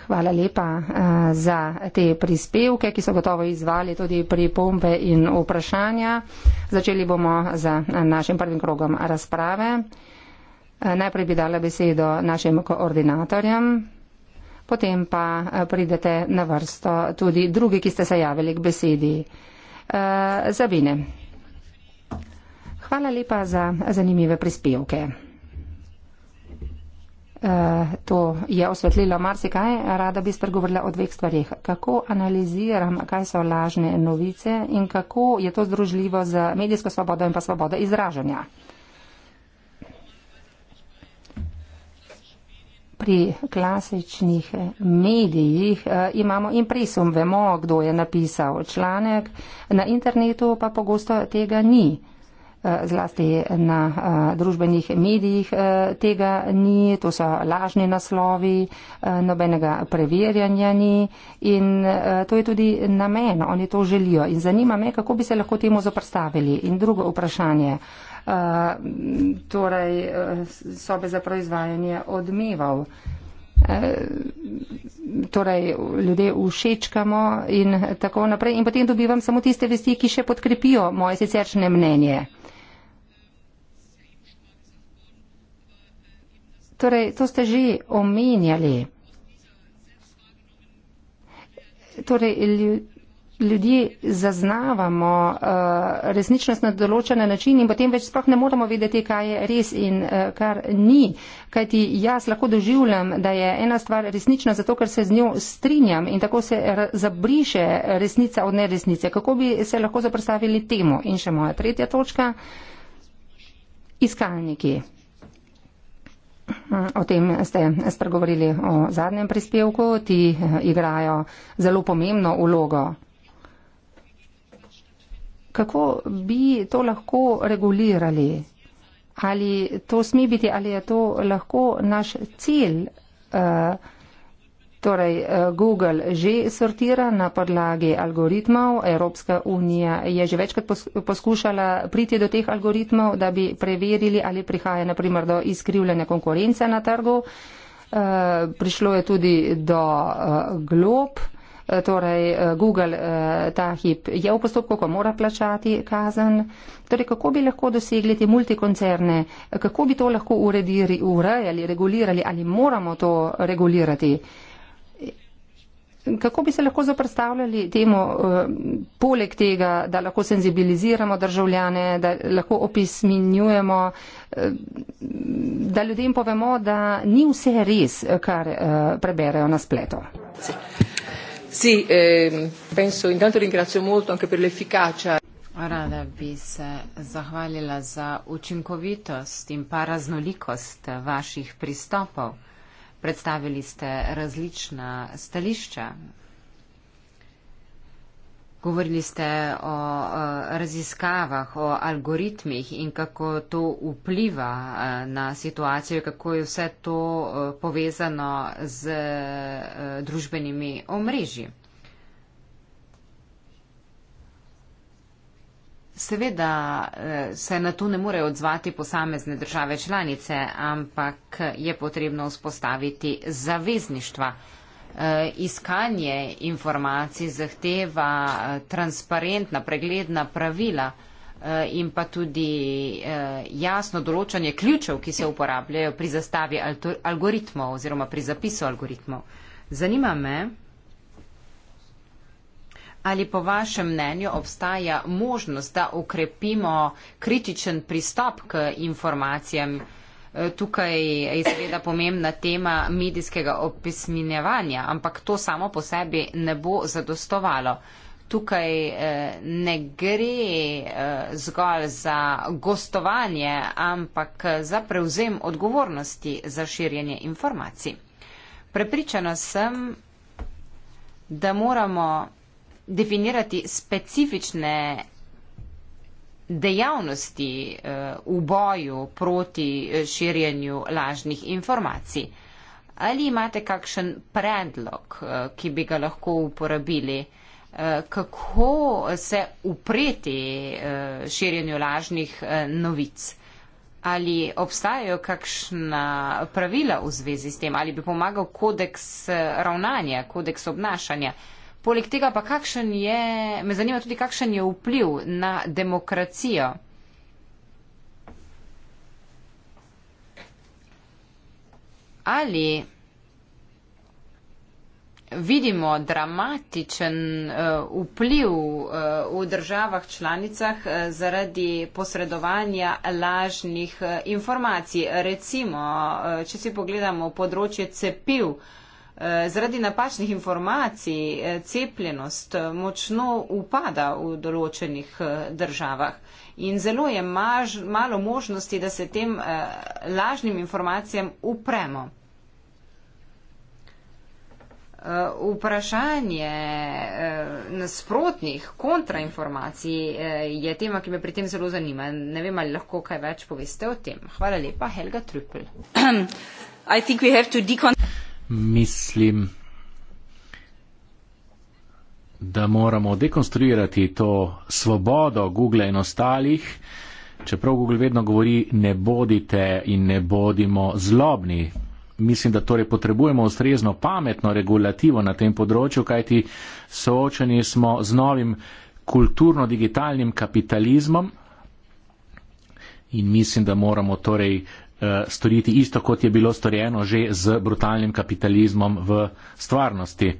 Hvala lepa uh, za te prispevke, ki so gotovo izvali tudi pripombe in vprašanja. Začeli bomo z eh, našim prvim krogom razprave. Eh, najprej bi dala besedo našim koordinatorjem, potem pa pridete na vrsto tudi drugi, ki ste se javili k besedi. Zabine. Hvala lepa za zanimive prispevke. Eh, to je osvetlilo marsikaj, rada bi spregovorila o dveh stvarih. Kako analiziram, kaj so lažne novice in kako je to združljivo z medijsko svobodo in pa svobodo izražanja? Pri klasičnih medijih eh, imamo impresum, vemo, kdo je napisal članek, na internetu pa pogosto tega ni zlasti na eh, družbenih medijih eh, tega ni, to so lažni naslovi, eh, nobenega preverjanja ni in to je tudi namen, oni to želijo in zanima me, kako bi se lahko temu zaprstavili. In drugo vprašanje, torej sobe za proizvajanje odmeval. Torej, ljudje všečkamo in tako naprej. In potem dobivam samo tiste vesti, ki še podkrepijo moje siceršne mnenje. Torej, to ste že omenjali. Torej, ljudje zaznavamo uh, resničnost na določene načine in potem več sploh ne moramo vedeti, kaj je res in uh, kar ni. Kaj ti jaz lahko doživljam, da je ena stvar resnična, zato ker se z njo strinjam in tako se zabriše resnica od neresnice. Kako bi se lahko zaprstavili temu? In še moja tretja točka. Iskalniki. O tem ste spregovorili o zadnjem prispevku. Ti eh, igrajo zelo pomembno ulogo. Kako bi to lahko regulirali? Ali to sme biti, ali je to lahko naš cilj? Uh, Torej, eh, Google že sortira na podlagi algoritmov, Evropska unija je že večkrat poskušala priti do teh algoritmov, da bi preverili, ali prihaja naprimer do izkrivljene konkurence na trgu. Eh, prišlo je tudi do eh, glob. Torej, Google ta hip je v postopku, ko mora plačati kazen. Torej, kako bi lahko dosegli te multikoncerne, kako bi to lahko uredili, urejali, regulirali ali moramo to regulirati? Kako bi se lahko zaprstavljali temu, eh, poleg tega, da lahko senzibiliziramo državljane, da lahko opisminjujemo, eh, da ljudem povemo, da ni vse res, kar eh, preberejo na spletu? Sì, eh, penso, intanto ringrazio molto anche per l'efficacia. Rada bi se zahvalila za učinkovitost in pa raznolikost vaših pristopov predstavili ste različna stališča. Govorili ste o e, raziskavah, o algoritmih in kako to vpliva e, na situacijo, kako je vse to e, povezano z družbenimi omrežji. Seveda eh, se na to ne morejo odzvati posamezne države članice, ampak je potrebno vzpostaviti zavezništva. Eh, iskanje informacij zahteva eh, transparentna, pregledna pravila in pa tudi jasno določanje ključev, ki se uporabljajo pri zastavi algoritmov oziroma pri zapisu algoritmov. Zanima me, Ali po vašem mnenju obstaja možnost, da ukrepimo kritičen pristop k informacijam? E, tukaj je seveda pomembna tema medijskega opisminjevanja, ampak to samo po sebi ne bo zadostovalo. Tukaj e, ne gre e, zgolj za gostovanje, ampak za prevzem odgovornosti za širjenje informacij. Prepričana sem, da moramo definirati specifične dejavnosti eh, v boju proti eh, širjenju lažnih informacij. Ali imate kakšen predlog, eh, ki bi ga lahko uporabili, kako se upreti širjenju lažnih novic? Ali obstajajo kakšna pravila v zvezi s tem? Ali bi pomagal kodeks ravnanja, kodeks obnašanja? Poleg tega pa kakšen je, me zanima tudi, kakšen je vpliv na demokracijo. Ali vidimo dramatičen uh, vpliv uh, v državah članicah uh, zaradi posredovanja lažnih uh, informacij. Recimo, uh, če si pogledamo področje cepiv, uh, Eh, zaradi napačnih informacij eh, cepljenost eh, močno upada v določenih državah. In zelo je maž, malo možnosti, da se tem eh, lažnim informacijam upremo. Eh, vprašanje eh, nasprotnih kontrainformacij eh, je tema, ki me pri tem zelo zanima. Ne vem, ali lahko kaj več poveste o tem. Hvala lepa, Helga Trüppel. mislim, da moramo dekonstruirati to svobodo Google in ostalih, čeprav Google vedno govori, ne bodite in ne bodimo zlobni. Mislim, da torej potrebujemo ustrezno pametno regulativo na tem področju, kajti soočeni smo z novim kulturno-digitalnim kapitalizmom in mislim, da moramo torej Eh, storiti isto, kot je bilo storjeno že z brutalnim kapitalizmom v stvarnosti.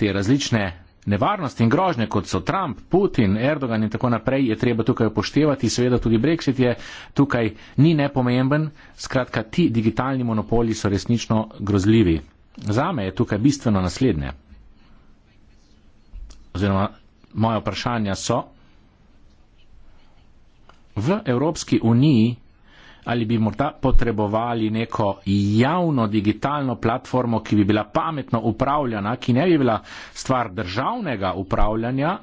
Te različne nevarnosti in grožnje, kot so Trump, Putin, Erdogan in tako naprej, je treba tukaj upoštevati. Seveda tudi Brexit je tukaj ni nepomemben. Skratka, ti digitalni monopoli so resnično grozljivi. Zame je tukaj bistveno naslednje. Oziroma, moje vprašanja so v Evropski uniji ali bi morda potrebovali neko javno digitalno platformo, ki bi bila pametno upravljana, ki ne bi bila stvar državnega upravljanja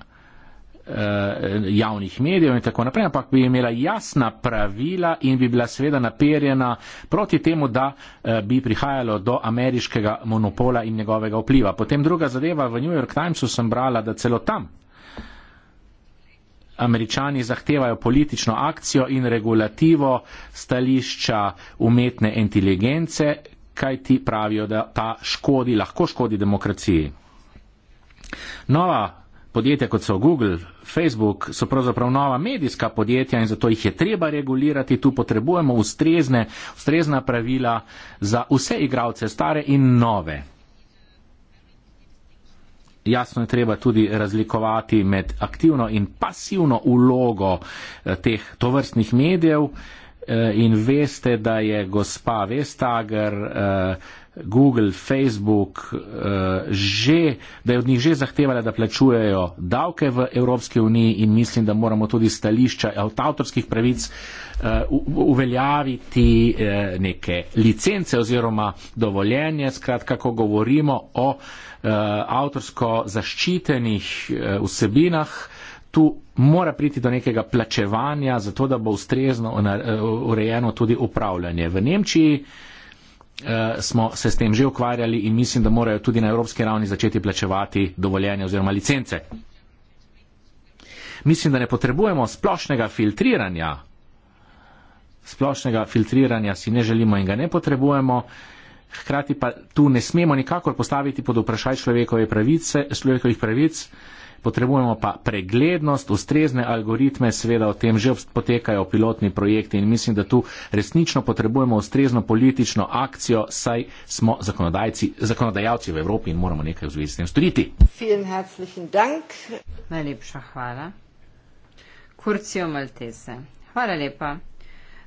eh, javnih medijev in tako naprej, ampak bi imela jasna pravila in bi bila seveda naperjena proti temu, da eh, bi prihajalo do ameriškega monopola in njegovega vpliva. Potem druga zadeva, v New York Timesu sem brala, da celo tam američani zahtevajo politično akcijo in regulativo stališča umetne inteligence, kaj ti pravijo, da ta škodi, lahko škodi demokraciji. Nova podjetja, kot so Google, Facebook, so pravzaprav nova medijska podjetja in zato jih je treba regulirati. Tu potrebujemo ustrezne, ustrezna pravila za vse igralce, stare in nove jasno je treba tudi razlikovati med aktivno in pasivno ulogo eh, teh tovrstnih medijev eh, in veste, da je gospa Vestager eh, Google, Facebook, uh, že, da je od njih že zahtevala, da plačujejo davke v Evropski uniji in mislim, da moramo tudi stališča avtorskih pravic uh, uveljaviti uh, neke licence oziroma dovoljenje. Skratka, ko govorimo o uh, avtorsko zaščitenih uh, vsebinah, tu mora priti do nekega plačevanja, zato da bo ustrezno urejeno tudi upravljanje. V Nemčiji uh, eh, smo se s tem že ukvarjali in mislim, da morajo tudi na evropski ravni začeti plačevati dovoljenje oziroma licence. Mislim, da ne potrebujemo splošnega filtriranja. Splošnega filtriranja si ne želimo in ga ne potrebujemo. Hkrati pa tu ne smemo nikakor postaviti pod vprašaj človekovih pravic, potrebujemo pa preglednost, ustrezne algoritme, seveda o tem že potekajo pilotni projekti in mislim, da tu resnično potrebujemo ustrezno politično akcijo, saj smo zakonodajalci v Evropi in moramo nekaj v zvezi s tem storiti. Najlepša hvala. Kurcijo Maltese. Hvala lepa.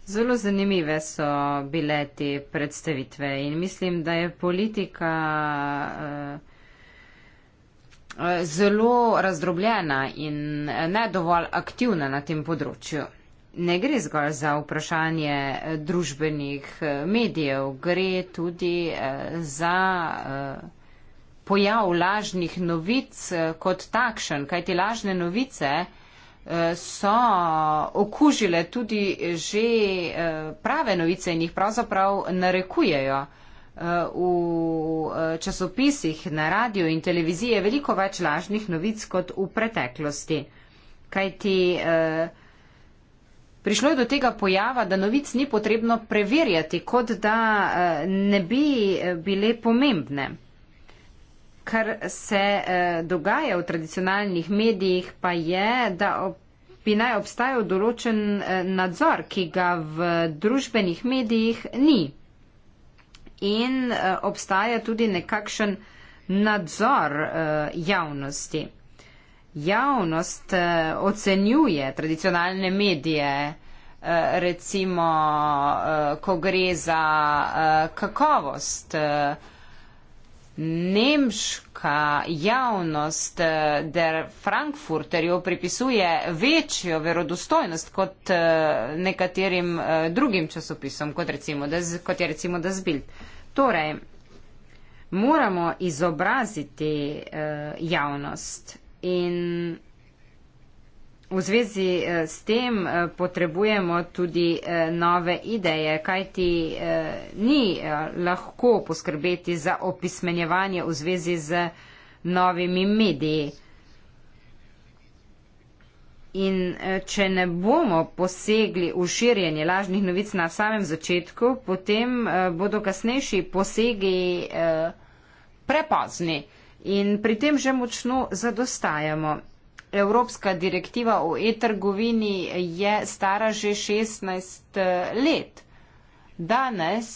Zelo zanimive so bile te predstavitve in mislim, da je politika. Uh, Eh, zelo razdrobljena in ne dovolj aktivna na tem področju. Ne gre zgolj za vprašanje eh, družbenih eh, medijev, gre tudi za pojav lažnih novic kot takšen, kajti lažne novice so okužile tudi že prave novice in jih pravzaprav narekujejo. Eh, v eh, časopisih, na radiju in televiziji je veliko več lažnih novic kot v preteklosti. Kaj ti eh, prišlo je do tega pojava, da novic ni potrebno preverjati, kot da ne bi bile pomembne. Kar se dogaja v tradicionalnih medijih, pa je, da bi naj obstajal določen nadzor, ki ga v družbenih medijih ni in eh, obstaja tudi nekakšen nadzor eh, javnosti. Javnost eh, ocenjuje tradicionalne medije, recimo, ko gre za kakovost nemška javnost eh, der Frankfurterju pripisuje večjo verodostojnost kot eh, nekaterim eh, drugim časopisom, kot, recimo, da, kot je recimo Das Bild. Torej, moramo izobraziti javnost in V zvezi eh, s tem eh, potrebujemo tudi eh, nove ideje, kajti ni lahko poskrbeti za opismenjevanje v zvezi z novimi mediji. In če ne bomo posegli v širjenje lažnih novic na samem začetku, potem bodo kasnejši posegi prepozni in pri tem že močno zadostajamo. Evropska direktiva o e-trgovini je stara že 16 eh, let. Danes,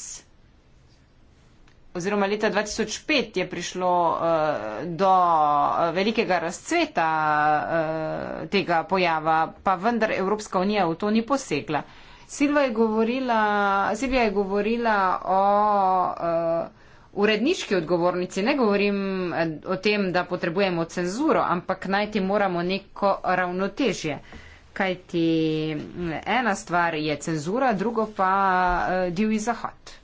oziroma leta 2005, je prišlo eh, do eh, velikega razcveta tega pojava, pa vendar Evropska unija v to ni posegla. Silvija je, je govorila o uredniški odgovornici ne govorim eh, o tem, da potrebujemo cenzuro, ampak najti moramo neko ravnotežje. Kaj ti mm, ena stvar je cenzura, drugo pa eh, divji zahod.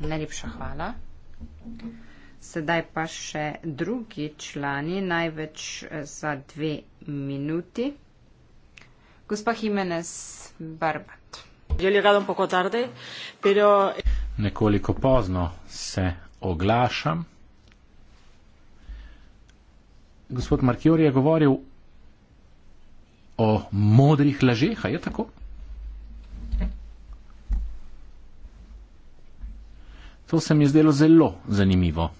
Najlepša hvala. Sedaj pa še drugi člani, največ eh, za dve minuti. Gospa Jimenez Barbat. Jaz bi rada pokotardej, pero... ampak nekoliko pozno se oglašam. Gospod Markjor je govoril o modrih lažeha, je tako? To se mi je zdelo zelo zanimivo.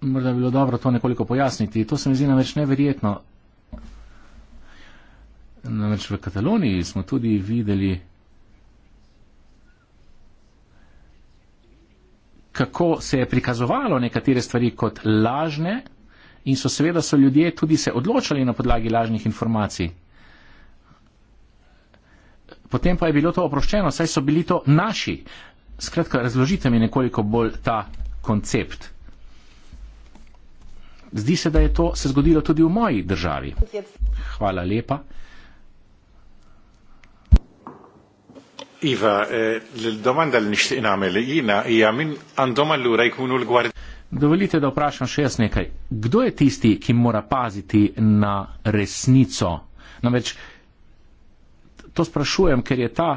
Morda bi bilo dobro to nekoliko pojasniti. To se mi zdi namreč neverjetno, Namreč v Kataloniji smo tudi videli, kako se je prikazovalo nekatere stvari kot lažne in so seveda so ljudje tudi se odločali na podlagi lažnih informacij. Potem pa je bilo to oproščeno, saj so bili to naši. Skratka, razložite mi nekoliko bolj ta koncept. Zdi se, da je to se zgodilo tudi v moji državi. Hvala lepa. Iva, eh, domanda li nište namele, Ina, i ja min andoma lura ikunu l-gward. Dovolite, da vprašam še jaz nekaj. Kdo je tisti, ki mora paziti na resnico? Namreč, to sprašujem, ker je ta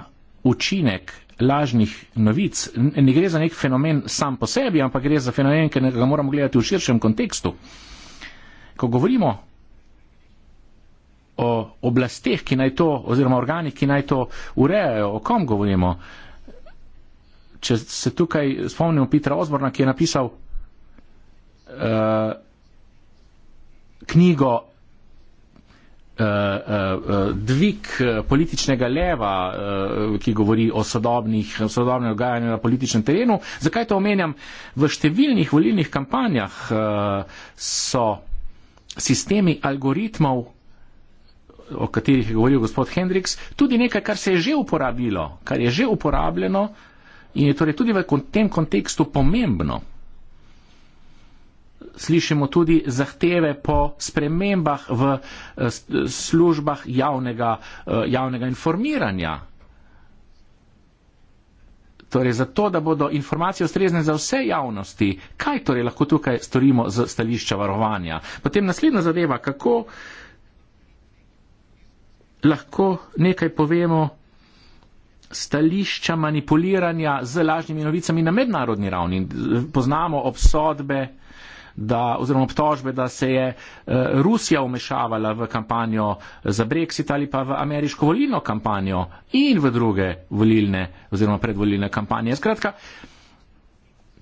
učinek lažnih novic, ne gre za nek fenomen sam po sebi, ampak gre za fenomen, ki ga moramo gledati v širšem kontekstu. Ko govorimo o oblasteh, ki naj to, oziroma organih, ki naj to urejajo, o kom govorimo. Če se tukaj spomnimo Petra Osborna, ki je napisal uh, knjigo uh, uh, Dvig političnega leva, uh, ki govori o sodobnih, sodobnem dogajanju na političnem terenu. Zakaj to omenjam? V številnih volilnih kampanjah uh, so sistemi algoritmov o katerih je govoril gospod Hendriks, tudi nekaj, kar se je že uporabilo, kar je že uporabljeno in je torej tudi v tem kontekstu pomembno. Slišimo tudi zahteve po spremembah v eh, službah javnega, eh, javnega informiranja. Torej, zato, da bodo informacije ustrezne za vse javnosti, kaj torej lahko tukaj storimo z stališča varovanja. Potem naslednja zadeva, kako uh, lahko nekaj povemo stališča manipuliranja z lažnimi novicami na mednarodni ravni. Poznamo obsodbe da, oziroma obtožbe, da se je eh, Rusija umešavala v kampanjo za Brexit ali pa v ameriško volilno kampanjo in v druge volilne oziroma predvolilne kampanje. Skratka,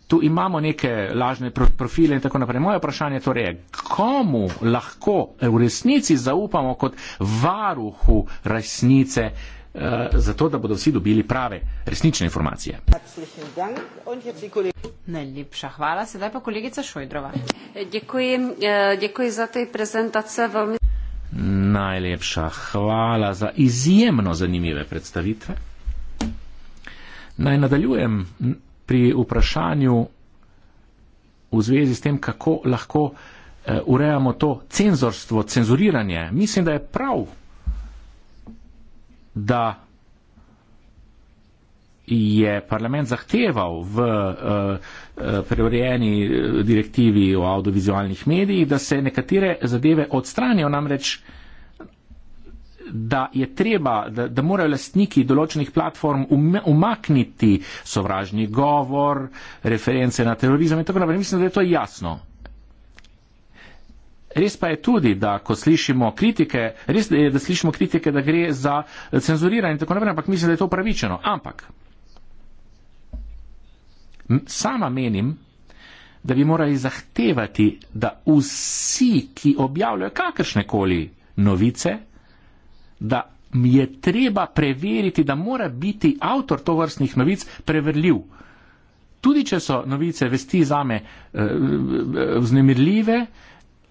tu imamo neke lažne profile in tako naprej. Moje vprašanje torej je, komu lahko v resnici zaupamo kot varuhu resnice, eh, zato da bodo vsi dobili prave resnične informacije. Najlepša hvala, sedaj pa kolegica Šojdrova. Děkuji, eh, děkuji za te prezentace. Velmi... Najlepša hvala za izjemno zanimive predstavitve. Naj nadaljujem pri vprašanju v zvezi s tem, kako lahko eh, urejamo to cenzorstvo, cenzuriranje. Mislim, da je prav, da je parlament zahteval v uh, preurejeni direktivi o audiovizualnih medijih, da se nekatere zadeve odstranijo, namreč uh, da je treba, da, da morajo lastniki določenih platform umakniti sovražni govor, reference na terorizem in tako naprej. Mislim, da je to jasno. Res pa je tudi, da ko slišimo kritike, res je, da slišimo kritike, da gre za cenzuriranje in tako naprej, ampak mislim, da je to pravičeno. Ampak sama menim, da bi morali zahtevati, da vsi, ki objavljajo kakršne koli novice, da mi je treba preveriti, da mora biti avtor tovrstnih novic preverljiv. Tudi če so novice vesti zame eh, eh, vznemirljive,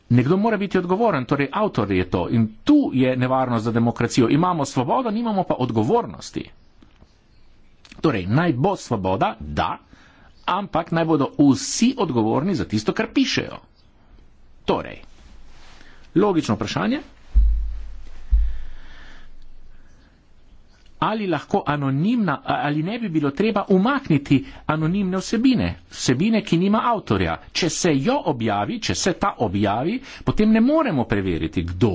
nekdo mora biti odgovoren, torej avtor je to. In tu je nevarnost za demokracijo. Imamo svobodo, nimamo pa odgovornosti. Torej, naj bo svoboda, da, ampak naj bodo vsi odgovorni za tisto, kar pišejo. Torej, logično vprašanje. ali lahko anonimna, ali ne bi bilo treba umakniti anonimne vsebine, vsebine, ki nima avtorja. Če se jo objavi, če se ta objavi, potem ne moremo preveriti, kdo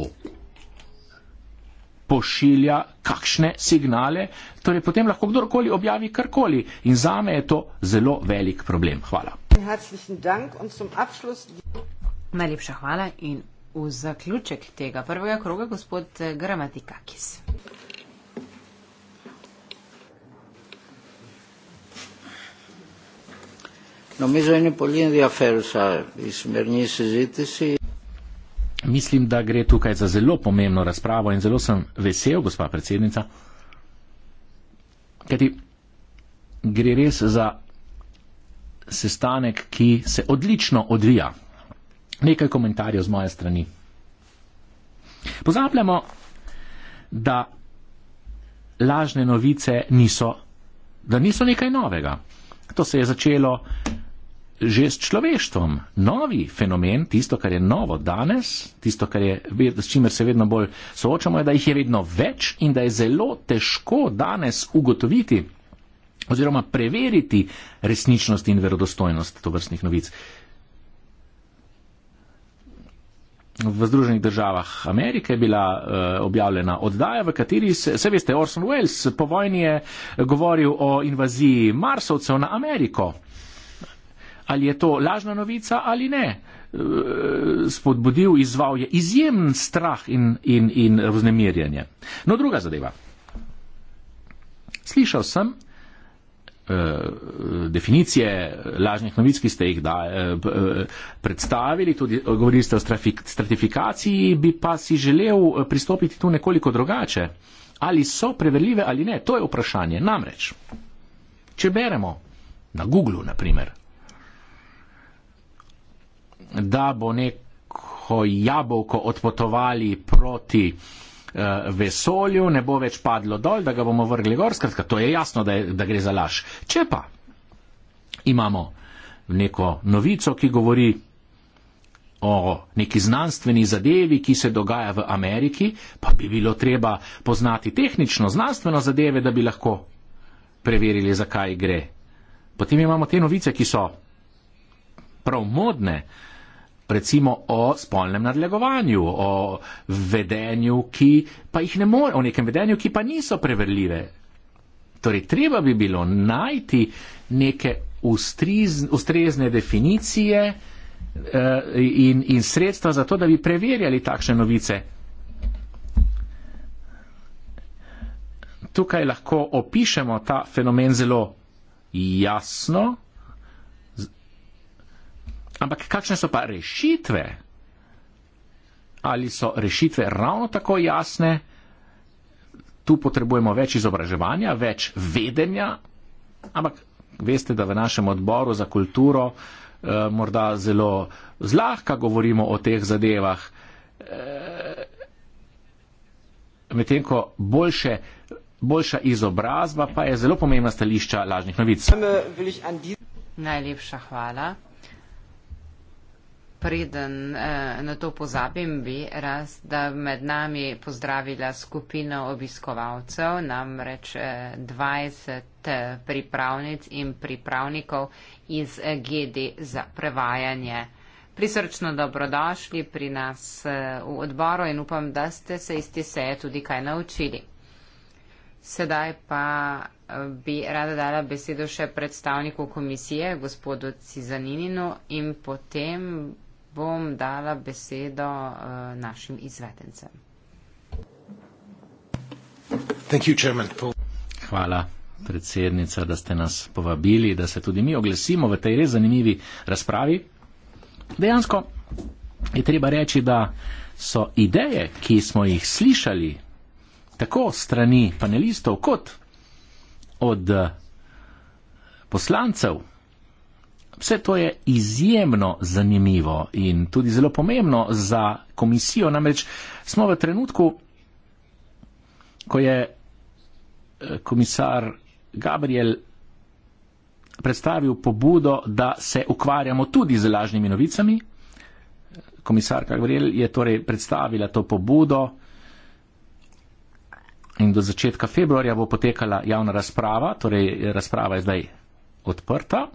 pošilja kakšne signale, torej potem lahko kdorkoli objavi karkoli in zame je to zelo velik problem. Hvala. Najlepša hvala in v zaključek tega prvega kroga gospod eh, Gramatika Kis. Νομίζω είναι πολύ ενδιαφέρουσα η σημερινή συζήτηση. Mislim, da gre tukaj za zelo pomembno razpravo in zelo sem vesel, gospa predsednica, kajti gre res za sestanek, ki se odlično odvija. Nekaj komentarjev z moje strani. Pozabljamo, da lažne novice niso, da niso nekaj novega. To se je začelo že s človeštvom. Novi fenomen, tisto, kar je novo danes, tisto, je, s čimer se vedno bolj soočamo, je, da jih je vedno več in da je zelo težko danes ugotoviti oziroma preveriti resničnost in verodostojnost tovrstnih novic. V Združenih državah Amerike je bila uh, objavljena oddaja, v kateri se, se veste, Orson Welles po vojni je govoril o invaziji marsovcev na Ameriko ali je to lažna novica ali ne. E, spodbudil, izval je izjemen strah in, in, in vznemirjanje. No, druga zadeva. Slišal sem eh, definicije lažnih novic, ki ste jih da, eh, predstavili, tudi e, govorili ste o stratifikaciji, bi pa si želel pristopiti tu nekoliko drugače. Ali so preverljive ali ne, to je vprašanje. Namreč, če beremo na Google, naprimer, da bo neko jabolko odpotovali proti eh, vesolju, ne bo več padlo dol, da ga bomo vrgli gor, skratka, to je jasno, da, je, da gre za laž. Če pa imamo neko novico, ki govori o neki znanstveni zadevi, ki se dogaja v Ameriki, pa bi bilo treba poznati tehnično, znanstveno zadeve, da bi lahko preverili, zakaj gre. Potem imamo te novice, ki so prav modne, recimo o spolnem nadlegovanju, o vedenju, ki pa jih ne more, o nekem vedenju, ki pa niso preverljive. Torej, treba bi bilo najti neke ustrizne, ustrezne definicije uh, in, in sredstva za to, da bi preverjali takšne novice. Tukaj lahko opišemo ta fenomen zelo jasno. Ampak kakšne so pa rešitve? Ali so rešitve ravno tako jasne? Tu potrebujemo več izobraževanja, več vedenja, ampak veste, da v našem odboru za kulturo eh, morda zelo zlahka govorimo o teh zadevah. Eh, medtem ko boljše, boljša izobrazba pa je zelo pomembna stališča lažnih novic. Najlepša hvala. Preden eh, na to pozabim, bi raz, da med nami pozdravila skupino obiskovalcev, namreč 20 eh, eh, pripravnic in pripravnikov iz GD za prevajanje. Prisrčno dobrodošli pri nas v odboru in upam, da ste se iz te seje tudi kaj naučili. Sedaj pa bi rada dala besedo še predstavniku komisije, gospodu Cizaninu in potem bom dala besedo uh, našim izvedencem. You, Hvala, predsednica, da ste nas povabili, da se tudi mi oglesimo v tej res zanimivi razpravi. Dejansko je treba reči, da so ideje, ki smo jih slišali tako strani panelistov kot od eh, poslancev Vse to je izjemno zanimivo in tudi zelo pomembno za komisijo, namreč smo v trenutku, ko je eh, komisar Gabriel predstavil pobudo, da se ukvarjamo tudi z lažnimi novicami. Komisar Gabriel je torej predstavila to pobudo in do začetka februarja bo potekala javna razprava, torej razprava je zdaj odprta.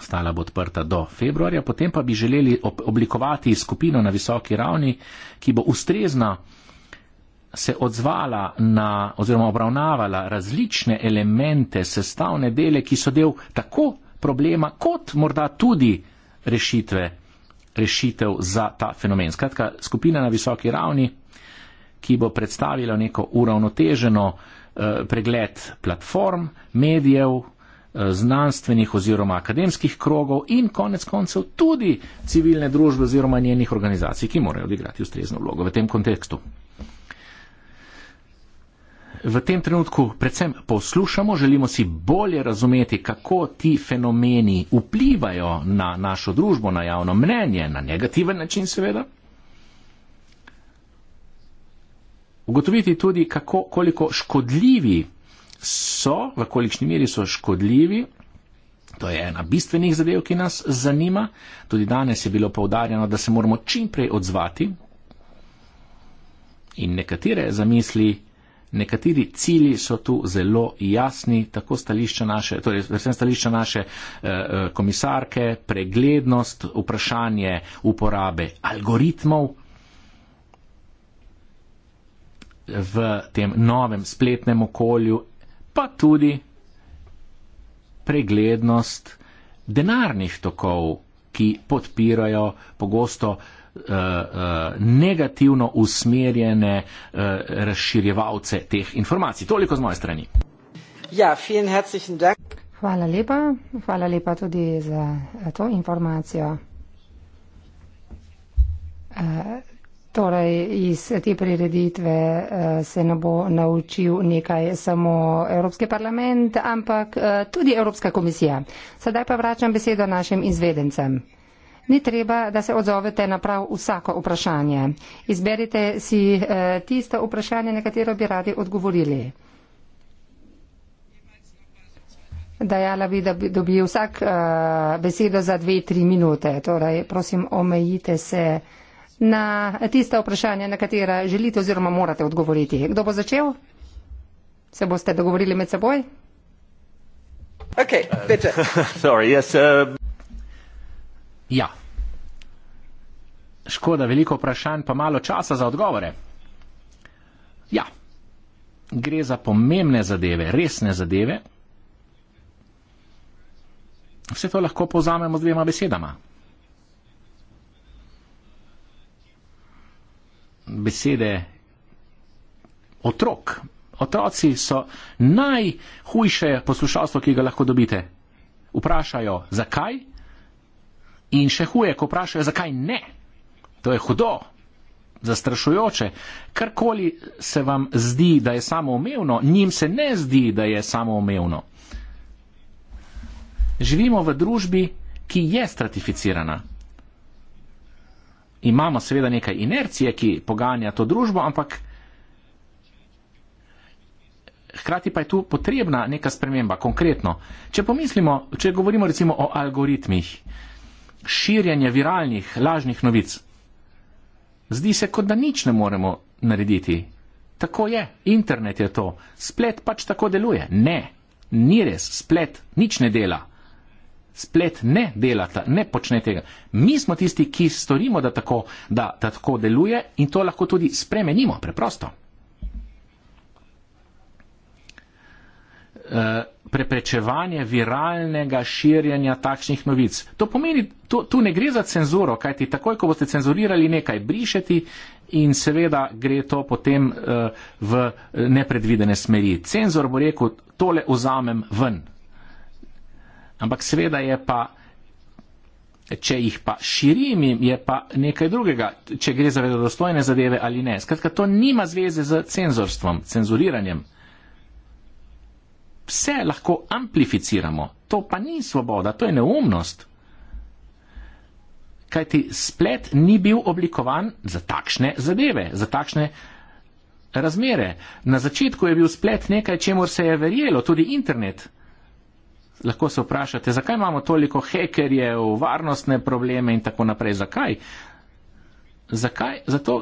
Ostala bo odprta do februarja, potem pa bi želeli ob oblikovati skupino na visoki ravni, ki bo ustrezna se odzvala na oziroma obravnavala različne elemente, sestavne dele, ki so del tako problema kot morda tudi rešitve, rešitev za ta fenomen. Skratka, skupina na visoki ravni, ki bo predstavila neko uravnoteženo eh, pregled platform, medijev, Eh, znanstvenih oziroma akademskih krogov in konec koncev tudi civilne družbe oziroma njenih organizacij, ki morajo odigrati ustrezno vlogo v tem kontekstu. V tem trenutku predvsem poslušamo, želimo si bolje razumeti, kako ti fenomeni vplivajo na našo družbo, na javno mnenje, na negativen način seveda. Ugotoviti tudi, kako, koliko škodljivi so, v kolikšni meri so škodljivi. To je ena bistvenih zadev, ki nas zanima. Tudi danes je bilo povdarjeno, da se moramo čim prej odzvati in nekatere zamisli, nekateri cilji so tu zelo jasni, tako stališča naše, torej predvsem stališča naše eh, eh komisarke, preglednost, vprašanje uporabe algoritmov v tem novem spletnem okolju pa tudi preglednost denarnih tokov, ki podpirajo pogosto uh, uh, negativno usmerjene uh, razširjevalce teh informacij. Toliko z moje strani. Ja, hvala lepa, hvala lepa tudi za to informacijo. Uh, Torej, iz te prireditve eh, se ne bo naučil nekaj samo Evropski parlament, ampak eh, tudi Evropska komisija. Sedaj pa vračam besedo našim izvedencem. Ni treba, da se odzovete na prav vsako vprašanje. Izberite si eh, tisto vprašanje, na katero bi radi odgovorili. Dajala bi, da bi dobil vsak besedo za dve, tri minute. Torej, prosim, omejite se na tiste vprašanja, na katera želite oziroma morate odgovoriti. Kdo bo začel? Se boste dogovorili med seboj? Okay, Sorry, yes, uh... Ja. Škoda, veliko vprašanj, pa malo časa za odgovore. Ja, gre za pomembne zadeve, resne zadeve. Vse to lahko povzamemo z dvema besedama. besede otrok. Otroci so najhujše poslušalstvo, ki ga lahko dobite. Vprašajo, zakaj? In še huje, ko vprašajo, zakaj ne. To je hudo, zastrašujoče. Karkoli se vam zdi, da je samoumevno, njim se ne zdi, da je samoumevno. Živimo v družbi, ki je stratificirana imamo seveda nekaj inercije, ki poganja to družbo, ampak hkrati pa je tu potrebna neka sprememba. Konkretno, če pomislimo, če govorimo recimo o algoritmih širjenja viralnih lažnih novic, zdi se, kot da nič ne moremo narediti. Tako je, internet je to, splet pač tako deluje. Ne, ni res, splet nič ne dela. Splet ne dela, ta, ne počne tega. Mi smo tisti, ki storimo, da tako, da, da tako deluje in to lahko tudi spremenimo, preprosto. E, preprečevanje viralnega širjenja takšnih novic. To pomeni, to, tu ne gre za cenzuro, kajti takoj, ko boste cenzurirali nekaj, brišeti in seveda gre to potem e, v eh, nepredvidene smeri. Cenzor bo rekel, tole vzamem ven, Ampak seveda je pa, če jih pa širim, je pa nekaj drugega, če gre za vedodostojne zadeve ali ne. Skratka, to nima zveze z cenzorstvom, cenzuriranjem. Vse lahko amplificiramo, to pa ni svoboda, to je neumnost. Kaj ti splet ni bil oblikovan za takšne zadeve, za takšne razmere. Na začetku je bil splet nekaj, čemu se je verjelo, tudi internet lahko se vprašate, zakaj imamo toliko hekerjev, varnostne probleme in tako naprej. Zakaj? zakaj? Zato,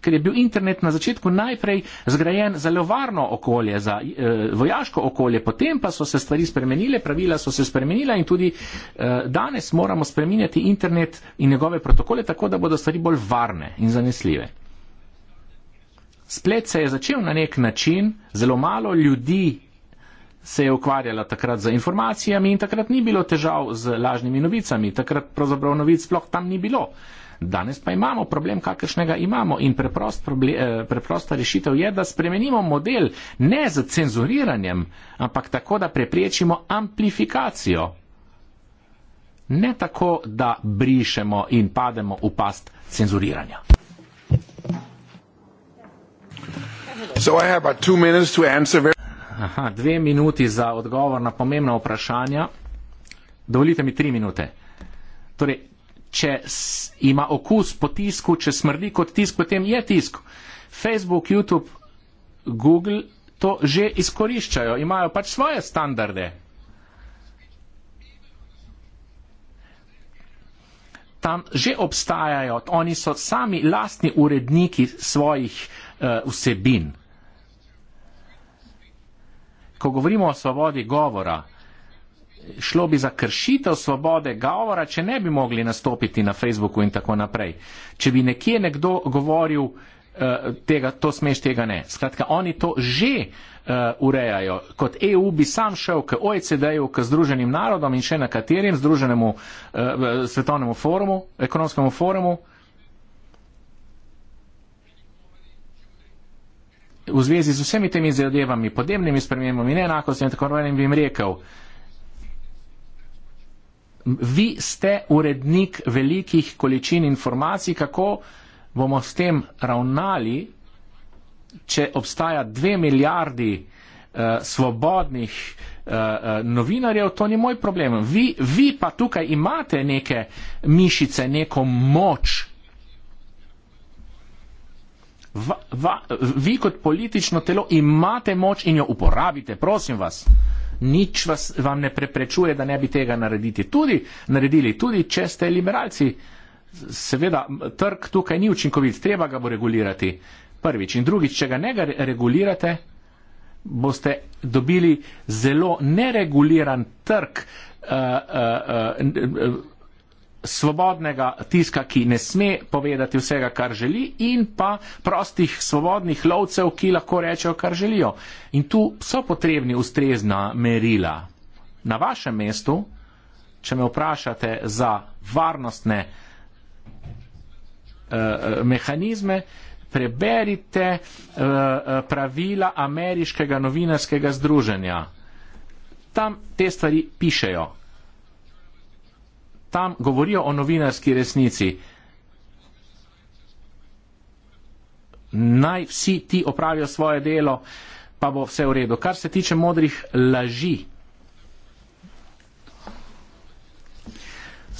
ker je bil internet na začetku najprej zgrajen za levarno okolje, za eh, vojaško okolje, potem pa so se stvari spremenile, pravila so se spremenila in tudi eh, danes moramo spreminjati internet in njegove protokole tako, da bodo stvari bolj varne in zanesljive. Splet se je začel na nek način, zelo malo ljudi se je ukvarjala takrat z informacijami in takrat ni bilo težav z lažnimi novicami, takrat pravzaprav novic sploh tam ni bilo. Danes pa imamo problem, kakršnega imamo in preprost problem, eh, preprosta rešitev je, da spremenimo model ne z cenzuriranjem, ampak tako, da preprečimo amplifikacijo. Ne tako, da brišemo in pademo v past cenzuriranja. So I have about two minutes to answer. Very Aha, dve minuti za odgovor na pomembna vprašanja. Dovolite mi tri minute. Torej, če ima okus po tisku, če smrdi kot tisk, potem je tisk. Facebook, YouTube, Google to že izkoriščajo, imajo pač svoje standarde. Tam že obstajajo, oni so sami lastni uredniki svojih uh, vsebin ko govorimo o svobodi govora, šlo bi za kršitev svobode govora, če ne bi mogli nastopiti na Facebooku in tako naprej. Če bi nekje nekdo govoril, eh, tega, to smeš, tega ne. Skratka, oni to že uh, urejajo. Kot EU bi sam šel k OECD-ju, k Združenim narodom in še na katerim, Združenemu uh, svetovnemu forumu, ekonomskemu forumu, uh, v zvezi z vsemi temi zadevami, podnebnimi spremembami, neenakostmi in tako naprej, bi jim rekel, vi ste urednik velikih količin informacij, kako bomo s tem ravnali, če obstaja dve milijardi uh, svobodnih eh, eh, novinarjev, to ni moj problem. Vi, vi pa tukaj imate neke mišice, neko moč, va, va, vi kot politično telo imate moč in jo uporabite, prosim vas. Nič vas, vam ne preprečuje, da ne bi tega narediti. Tudi, naredili. Tudi če ste liberalci, seveda trg tukaj ni učinkovit, treba ga bo regulirati. Prvič in drugič, če ga ne regulirate, boste dobili zelo nereguliran trg. Uh, uh, uh, uh, svobodnega tiska, ki ne sme povedati vsega, kar želi, in pa prostih svobodnih lovcev, ki lahko rečejo, kar želijo. In tu so potrebni ustrezna merila. Na vašem mestu, če me vprašate za varnostne eh, eh mehanizme, preberite eh, eh, pravila ameriškega novinarskega združenja. Tam te stvari pišejo tam govorijo o novinarski resnici. Naj vsi ti opravijo svoje delo, pa bo vse v redu. Kar se tiče modrih laži,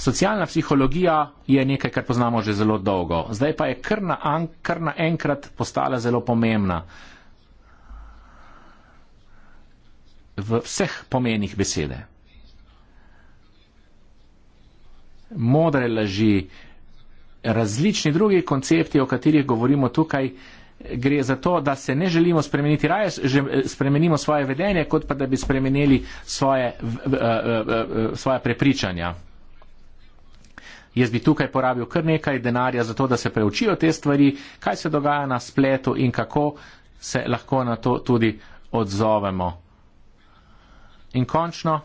socialna psihologija je nekaj, kar poznamo že zelo dolgo. Zdaj pa je kar naenkrat postala zelo pomembna v vseh pomenih besede. modre laži, različni drugi koncepti, o katerih govorimo tukaj, gre za to, da se ne želimo spremeniti, raje spremenimo svoje vedenje, kot pa da bi spremenili svoje, svoje prepričanja. Jaz bi tukaj porabil kar nekaj denarja za to, da se preučijo te stvari, kaj se dogaja na spletu in kako se lahko na to tudi odzovemo. In končno.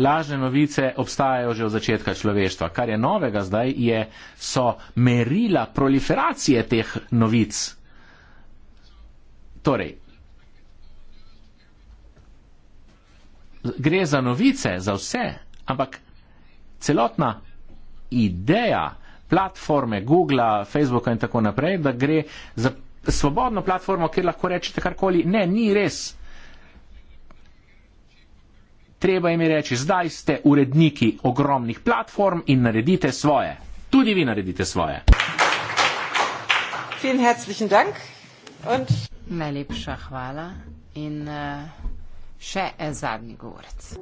lažne novice obstajajo že od začetka človeštva. Kar je novega zdaj, je, so merila proliferacije teh novic. Torej, gre za novice, za vse, ampak celotna ideja platforme Google, Facebooka in tako naprej, da gre za svobodno platformo, kjer lahko rečete karkoli, ne, ni res treba jim je reči, zdaj ste uredniki ogromnih platform in naredite svoje. Tudi vi naredite svoje. Und... Najlepša hvala in uh, še en zadnji govorec.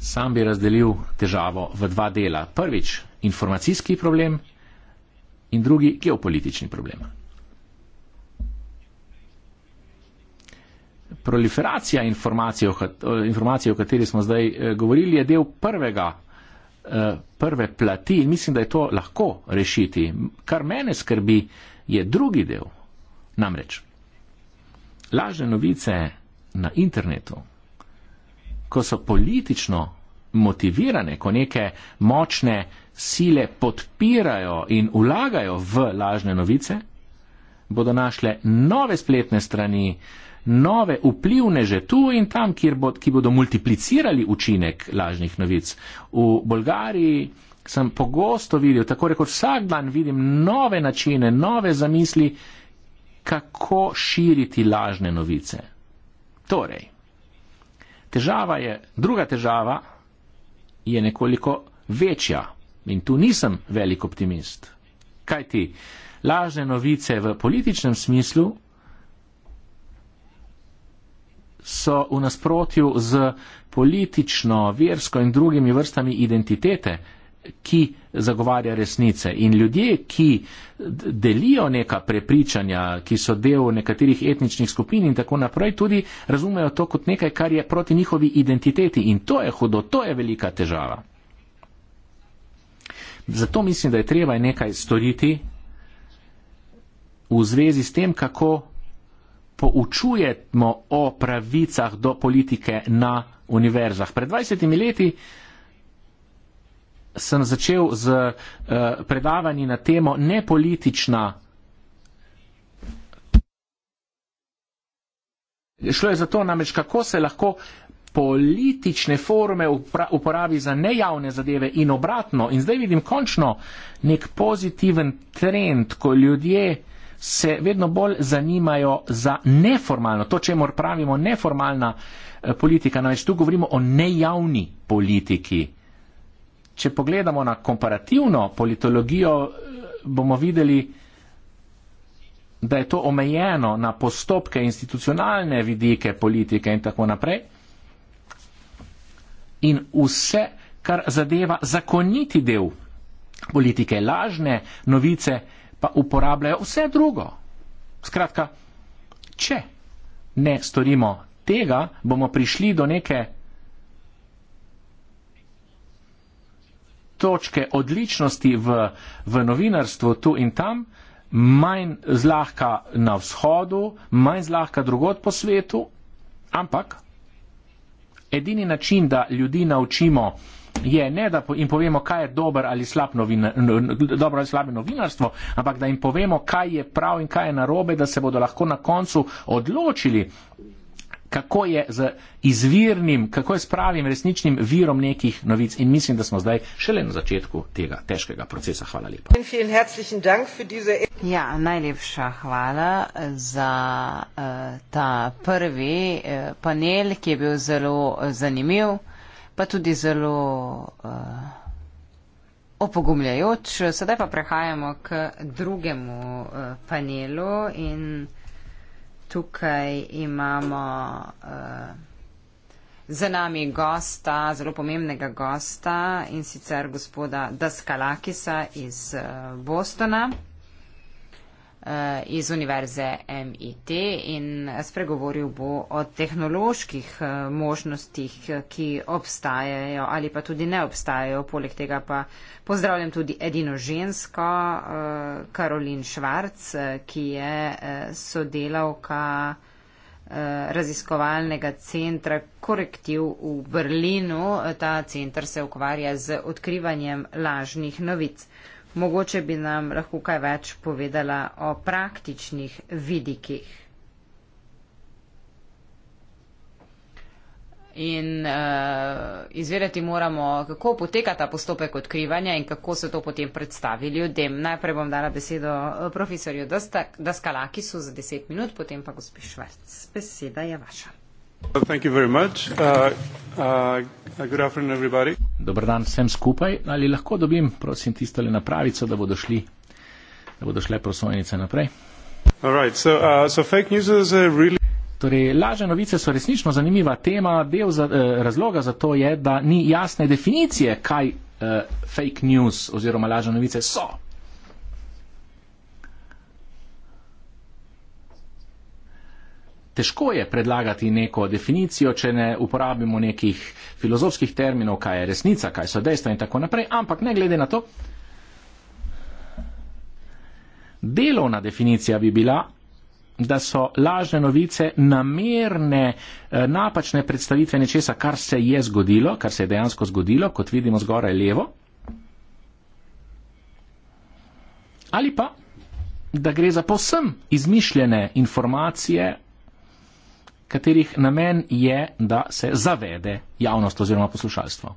Sam bi razdelil težavo v dva dela. Prvič informacijski problem in drugi geopolitični problem. proliferacija informacij, informacij, o kateri smo zdaj eh, govorili, je del prvega, eh, prve plati in mislim, da je to lahko rešiti. Kar mene skrbi, je drugi del. Namreč, lažne novice na internetu, ko so politično motivirane, ko neke močne sile podpirajo in vlagajo v lažne novice, bodo našle nove spletne strani, nove vplivneže tu in tam, bo, ki bodo multiplicirali učinek lažnih novic. V Bolgariji sem pogosto videl, tako rekoč vsak dan vidim nove načine, nove zamisli, kako širiti lažne novice. Torej, težava je, druga težava je nekoliko večja in tu nisem velik optimist. Kaj ti? Lažne novice v političnem smislu so v nasprotju z politično, versko in drugimi vrstami identitete, ki zagovarja resnice. In ljudje, ki delijo neka prepričanja, ki so del nekaterih etničnih skupin in tako naprej, tudi razumejo to kot nekaj, kar je proti njihovi identiteti. In to je hudo, to je velika težava. Zato mislim, da je treba nekaj storiti v zvezi s tem, kako poučujemo o pravicah do politike na univerzah. Pred 20 leti sem začel z uh, predavanji na temo nepolitična. Šlo je za to namreč, kako se lahko politične forme uporabi za nejavne zadeve in obratno. In zdaj vidim končno nek pozitiven trend, ko ljudje se vedno bolj zanimajo za neformalno, to, če mor pravimo neformalna eh, politika, namreč tu govorimo o nejavni politiki. Če pogledamo na komparativno politologijo, eh, bomo videli, da je to omejeno na postopke, institucionalne vidike politike in tako naprej. In vse, kar zadeva zakoniti del politike, lažne novice, pa uporabljajo vse drugo. Skratka, če ne storimo tega, bomo prišli do neke točke odličnosti v, v novinarstvu tu in tam, manj zlahka na vzhodu, manj zlahka drugot po svetu, ampak edini način, da ljudi naučimo, je ne, da jim povemo, kaj je dober ali slab novina, dobro ali slabo novinarstvo, ampak da jim povemo, kaj je prav in kaj je narobe, da se bodo lahko na koncu odločili kako je z izvirnim, kako je s pravim resničnim virom nekih novic. In mislim, da smo zdaj šele na začetku tega težkega procesa. Hvala lepa. Ja, najlepša hvala za uh, ta prvi uh, panel, ki je bil zelo eh, zanimiv pa tudi zelo uh, opogumljajoč. Sedaj pa prehajamo k drugemu uh, panelu in tukaj imamo uh, za nami gosta, zelo pomembnega gosta in sicer gospoda Daskalakisa iz uh, Bostona. Eh, iz univerze MIT in spregovoril bo o tehnoloških eh, možnostih, ki obstajajo ali pa tudi ne obstajajo. Poleg tega pa pozdravljam tudi edino žensko, eh, Karolin Švarc, ki je sodelavka raziskovalnega centra Korektiv v Berlinu. Ta centr se ukvarja z odkrivanjem lažnih novic. Mogoče bi nam lahko kaj več povedala o praktičnih vidikih. In uh, izvedeti moramo, kako poteka ta postopek odkrivanja in kako se to potem predstavi ljudem. Najprej bom dala besedo eh, profesorju Daskalakisu za 10 minut, potem pa gospod Švarc. Beseda je vaša. Thank you very much. Uh, uh, good afternoon, everybody. Dobar dan vsem skupaj. Ali lahko dobim, prosim, tisto le napravico, da bodo, šli, da bodo šle prosojnice naprej? Right, so, uh, so fake news is a uh, really. Torej, laže novice so resnično zanimiva tema. Del za, eh, razloga za to je, da ni jasne definicije, kaj eh, fake news oziroma laže novice so. težko je predlagati neko definicijo, če ne uporabimo nekih filozofskih terminov, kaj je resnica, kaj so dejstva in tako naprej, ampak ne glede na to, delovna definicija bi bila, da so lažne novice namerne eh, napačne predstavitve nečesa, kar se je zgodilo, kar se je dejansko zgodilo, kot vidimo zgoraj levo, ali pa, da gre za posem izmišljene informacije katerih namen je, da se zavede javnost oziroma poslušalstvo.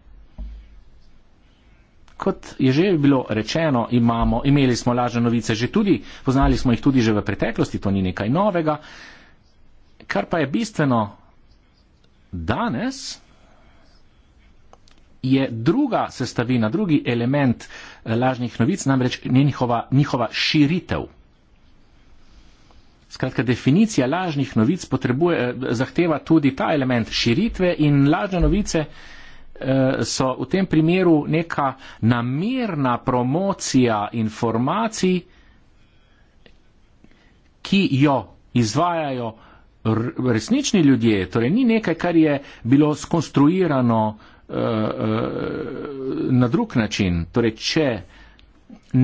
Kot je že bilo rečeno, imamo, imeli smo lažne novice že tudi, poznali smo jih tudi že v preteklosti, to ni nekaj novega. Kar pa je bistveno danes, je druga sestavina, drugi element eh, lažnih novic, namreč njihova, njihova širitev. Skratka, definicija lažnih novic potrebuje, eh, zahteva tudi ta element širitve in lažne novice eh, so v tem primeru neka namerna promocija informacij, ki jo izvajajo resnični ljudje. Torej, ni nekaj, kar je bilo skonstruirano eh, na drug način. Torej, če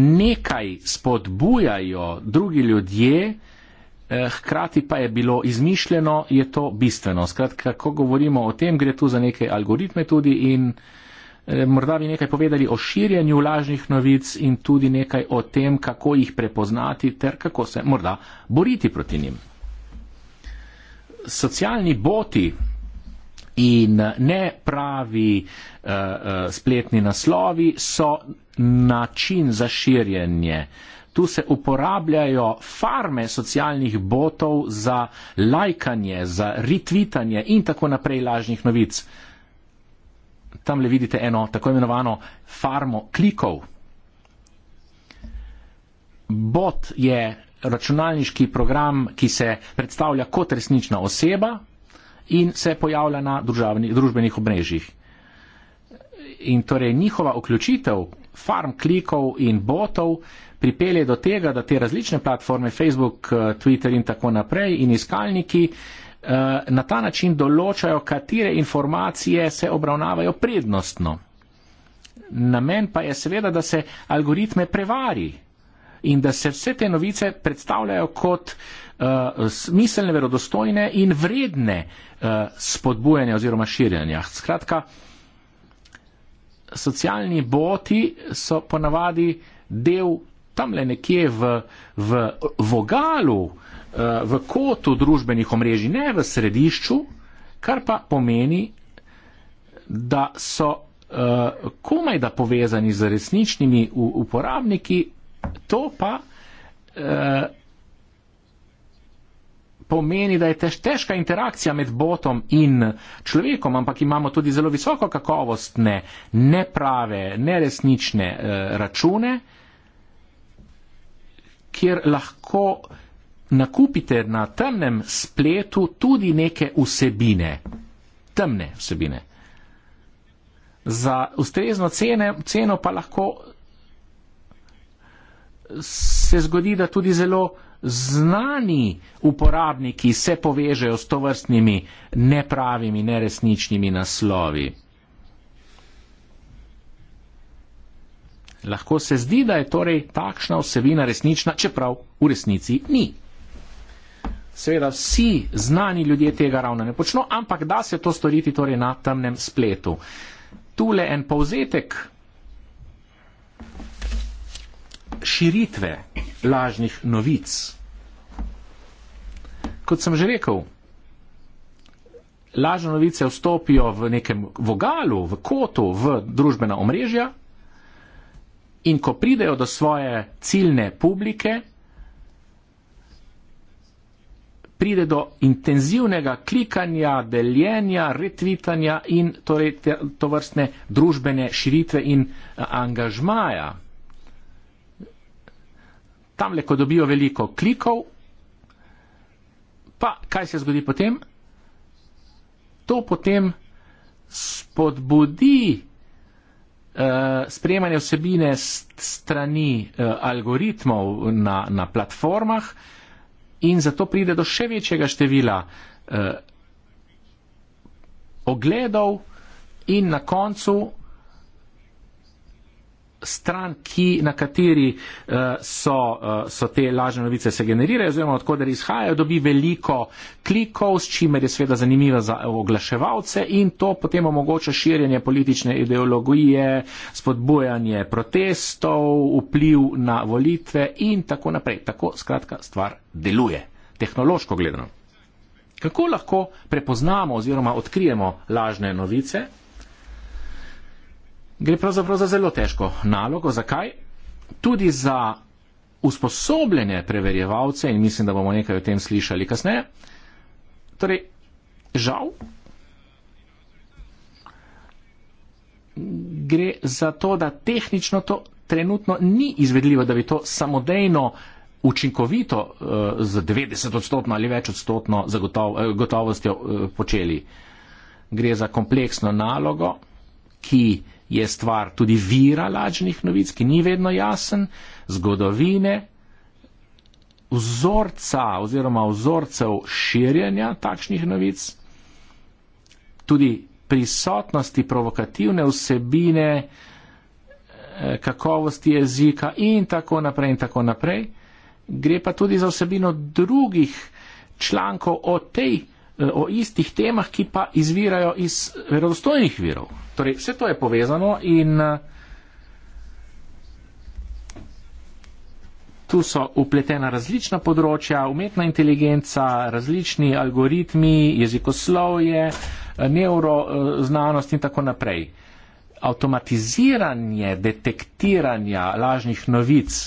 nekaj spodbujajo drugi ljudje, Eh, hkrati pa je bilo izmišljeno, je to bistveno. Skratka, ko govorimo o tem, gre tu za neke algoritme tudi in eh, morda bi nekaj povedali o širjenju lažnih novic in tudi nekaj o tem, kako jih prepoznati ter kako se morda boriti proti njim. Socialni boti in ne pravi uh, uh, spletni naslovi so način za širjenje uh, Tu se uporabljajo farme socialnih botov za lajkanje, za retvitanje in tako naprej lažnih novic. Tam le vidite eno tako imenovano farmo klikov. Bot je računalniški program, ki se predstavlja kot resnična oseba in se pojavlja na družavni, družbenih obrežjih. In torej njihova vključitev farm klikov in botov pripelje do tega, da te različne platforme, Facebook, eh, Twitter in tako naprej in iskalniki eh, na ta način določajo, katere informacije se obravnavajo prednostno. Namen pa je seveda, da se algoritme prevari in da se vse te novice predstavljajo kot uh, smiselne, verodostojne in vredne uh, spodbujanja oziroma širjanja. Skratka, socialni boti so ponavadi del tam le nekje v, v vogalu, eh, v kotu družbenih omrežij, ne v središču, kar pa pomeni, da so eh, komaj da povezani z resničnimi uporabniki, to pa eh, pomeni, da je težka interakcija med botom in človekom, ampak imamo tudi zelo visoko kakovostne, neprave, neresnične eh, račune, eh, kjer lahko nakupite na temnem spletu tudi neke vsebine, temne vsebine. Za ustrezno cene, ceno pa lahko se zgodi, da tudi zelo znani uporabniki se povežejo s tovrstnimi nepravimi, neresničnimi naslovi. lahko se zdi, da je torej takšna vsebina resnična, čeprav v resnici ni. Seveda vsi znani ljudje tega ravno ne počno, ampak da se to storiti torej na temnem spletu. Tule en povzetek širitve lažnih novic. Kot sem že rekel, lažne novice vstopijo v nekem vogalu, v kotu, v družbena omrežja, In ko pridejo do svoje ciljne publike, pride do intenzivnega klikanja, deljenja, retvitanja in torej to vrstne družbene širitve in eh, angažmaja. Tam le, ko dobijo veliko klikov, pa kaj se zgodi potem? To potem spodbudi Eh, sprejemanje vsebine strani eh, algoritmov na, na platformah in zato pride do še večjega števila eh, ogledov in na koncu stran, ki, na kateri eh, so, eh, so te lažne novice se generirajo oziroma odkuder izhajajo, dobi veliko klikov, s čimer je sveda zanimiva za oglaševalce in to potem omogoča širjenje politične ideologije, spodbujanje protestov, vpliv na volitve in tako naprej. Tako skratka stvar deluje, tehnološko gledano. Kako lahko prepoznamo oziroma odkrijemo lažne novice? gre pravzaprav za zelo težko nalogo. Zakaj? Tudi za usposobljene preverjevalce in mislim, da bomo nekaj o tem slišali kasneje. Torej, žal, gre za to, da tehnično to trenutno ni izvedljivo, da bi to samodejno učinkovito eh, z 90 odstotno ali več odstotno eh, gotovostjo eh, počeli. Gre za kompleksno nalogo, ki je stvar tudi vira lažnih novic, ki ni vedno jasen, zgodovine, vzorca oziroma vzorcev širjenja takšnih novic, tudi prisotnosti provokativne vsebine, eh, kakovosti jezika in tako naprej in tako naprej. Gre pa tudi za vsebino drugih člankov o tej Eh, o istih temah, ki pa izvirajo iz verodostojnih virov. Torej, vse to je povezano in eh, tu so upletena različna področja, umetna inteligenca, različni algoritmi, jezikoslovje, eh, neuroznanost in tako naprej. Avtomatiziranje detektiranja lažnih novic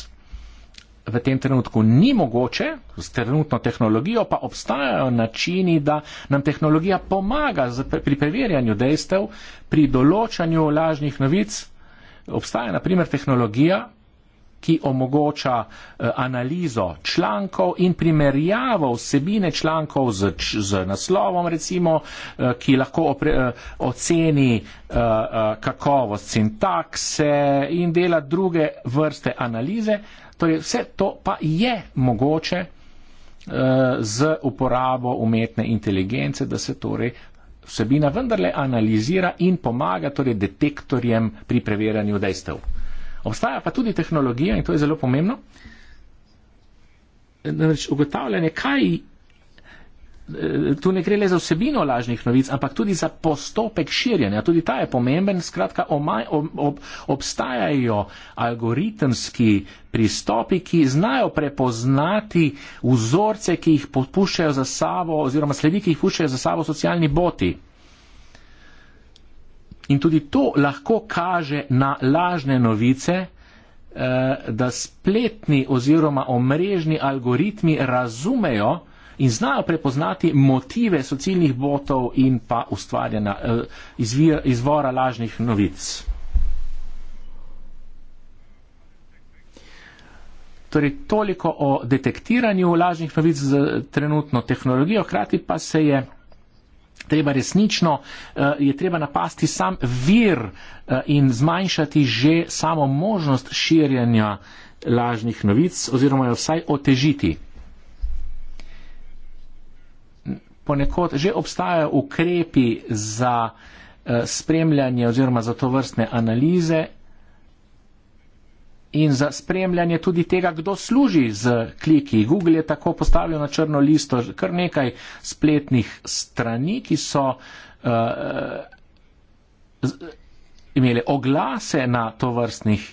v tem trenutku ni mogoče, s trenutno tehnologijo pa obstajajo načini, da nam tehnologija pomaga pri preverjanju dejstev, pri določanju lažnih novic. Obstaja naprimer tehnologija, ki omogoča eh, analizo člankov in primerjavo vsebine člankov z, z naslovom, recimo, eh, ki lahko opre, eh, oceni kakovost sintakse in dela druge vrste analize, Torej, vse to pa je mogoče eh, z uporabo umetne inteligence, da se torej vsebina vendarle analizira in pomaga torej detektorjem pri preverjanju dejstev. Obstaja pa tudi tehnologija in to je zelo pomembno. Ugotavljanje, kaj tu ne gre le za vsebino lažnih novic, ampak tudi za postopek širjenja. Tudi ta je pomemben. Skratka, omaj, ob, ob, obstajajo algoritemski pristopi, ki znajo prepoznati vzorce, ki jih puščajo za sabo oziroma sledi, ki jih puščajo za sabo socialni boti. In tudi to lahko kaže na lažne novice, eh, da spletni oziroma omrežni algoritmi razumejo, in znajo prepoznati motive socilnih botov in pa ustvarjena eh, izvira, izvora lažnih novic. Torej, toliko o detektiranju lažnih novic z trenutno tehnologijo, hkrati pa se je treba resnično, eh, je treba napasti sam vir eh, in zmanjšati že samo možnost širjenja lažnih novic oziroma jo vsaj otežiti. ponekod že obstajajo ukrepi za eh, spremljanje oziroma za to vrstne analize in za spremljanje tudi tega, kdo služi z kliki. Google je tako postavil na črno listo kar nekaj spletnih strani, ki so uh, z, imeli oglase na to vrstnih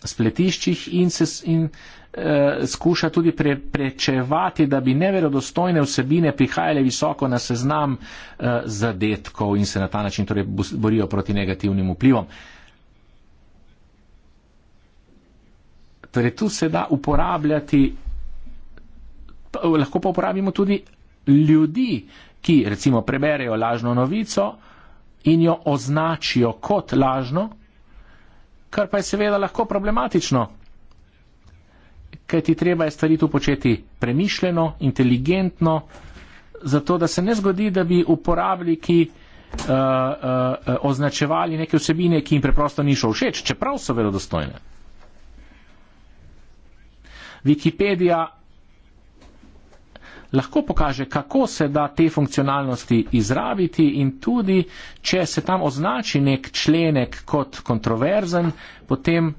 spletiščih in se. In, uh, Eh, skuša tudi preprečevati, da bi neverodostojne vsebine prihajale visoko na seznam eh, zadetkov in se na ta način torej borijo proti negativnim vplivom. Torej, tu se da uporabljati, lahko pa uporabimo tudi ljudi, ki recimo preberejo lažno novico in jo označijo kot lažno, kar pa je seveda lahko problematično kajti treba je stvari tu početi premišljeno, inteligentno, zato da se ne zgodi, da bi uporabniki uh, uh, uh, označevali neke vsebine, ki jim preprosto ni šlo všeč, čeprav so verodostojne. Wikipedija lahko pokaže, kako se da te funkcionalnosti izrabiti in tudi, če se tam označi nek členek kot kontroverzen, potem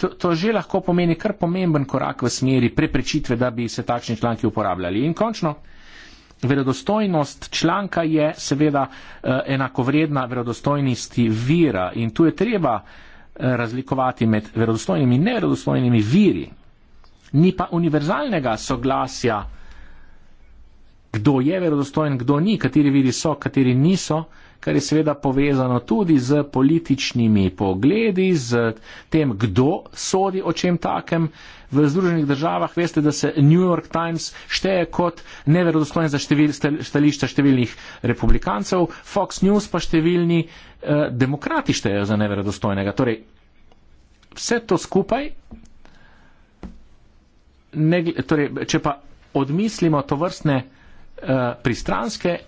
To, to že lahko pomeni kar pomemben korak v smeri preprečitve, da bi se takšni članki uporabljali. In končno, verodostojnost članka je seveda eh, enakovredna verodostojnosti vira in tu je treba eh, razlikovati med verodostojnimi in neverodostojnimi viri. Ni pa univerzalnega soglasja, kdo je verodostojen, kdo ni, kateri viri so, kateri niso kar je seveda povezano tudi z političnimi pogledi, z tem, kdo sodi o čem takem. V Združenih državah veste, da se New York Times šteje kot neverodostojen za števil, stališča številnih republikancev, Fox News pa številni eh, demokrati štejejo za neverodostojnega. Torej, vse to skupaj, ne, torej, če pa odmislimo to vrstne eh, pristranske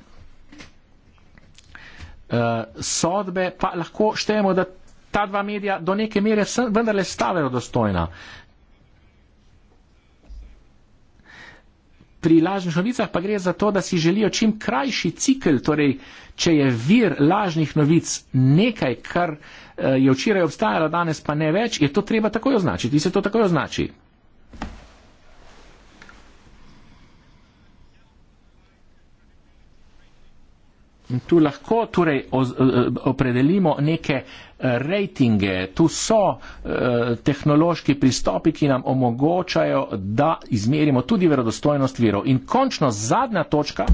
Eh, sodbe, pa lahko štejemo, da ta dva medija do neke mere vendarle stavejo dostojna. Pri lažnih novicah pa gre za to, da si želijo čim krajši cikl, torej če je vir lažnih novic nekaj, kar eh, je včeraj obstajalo, danes pa ne več, je to treba takoj označiti, se to takoj označi. Tu lahko torej eh, eh, opredelimo neke eh, rejtinge, tu so eh, tehnološki pristopi, ki nam omogočajo, da izmerimo tudi verodostojnost virov. In končno zadnja točka,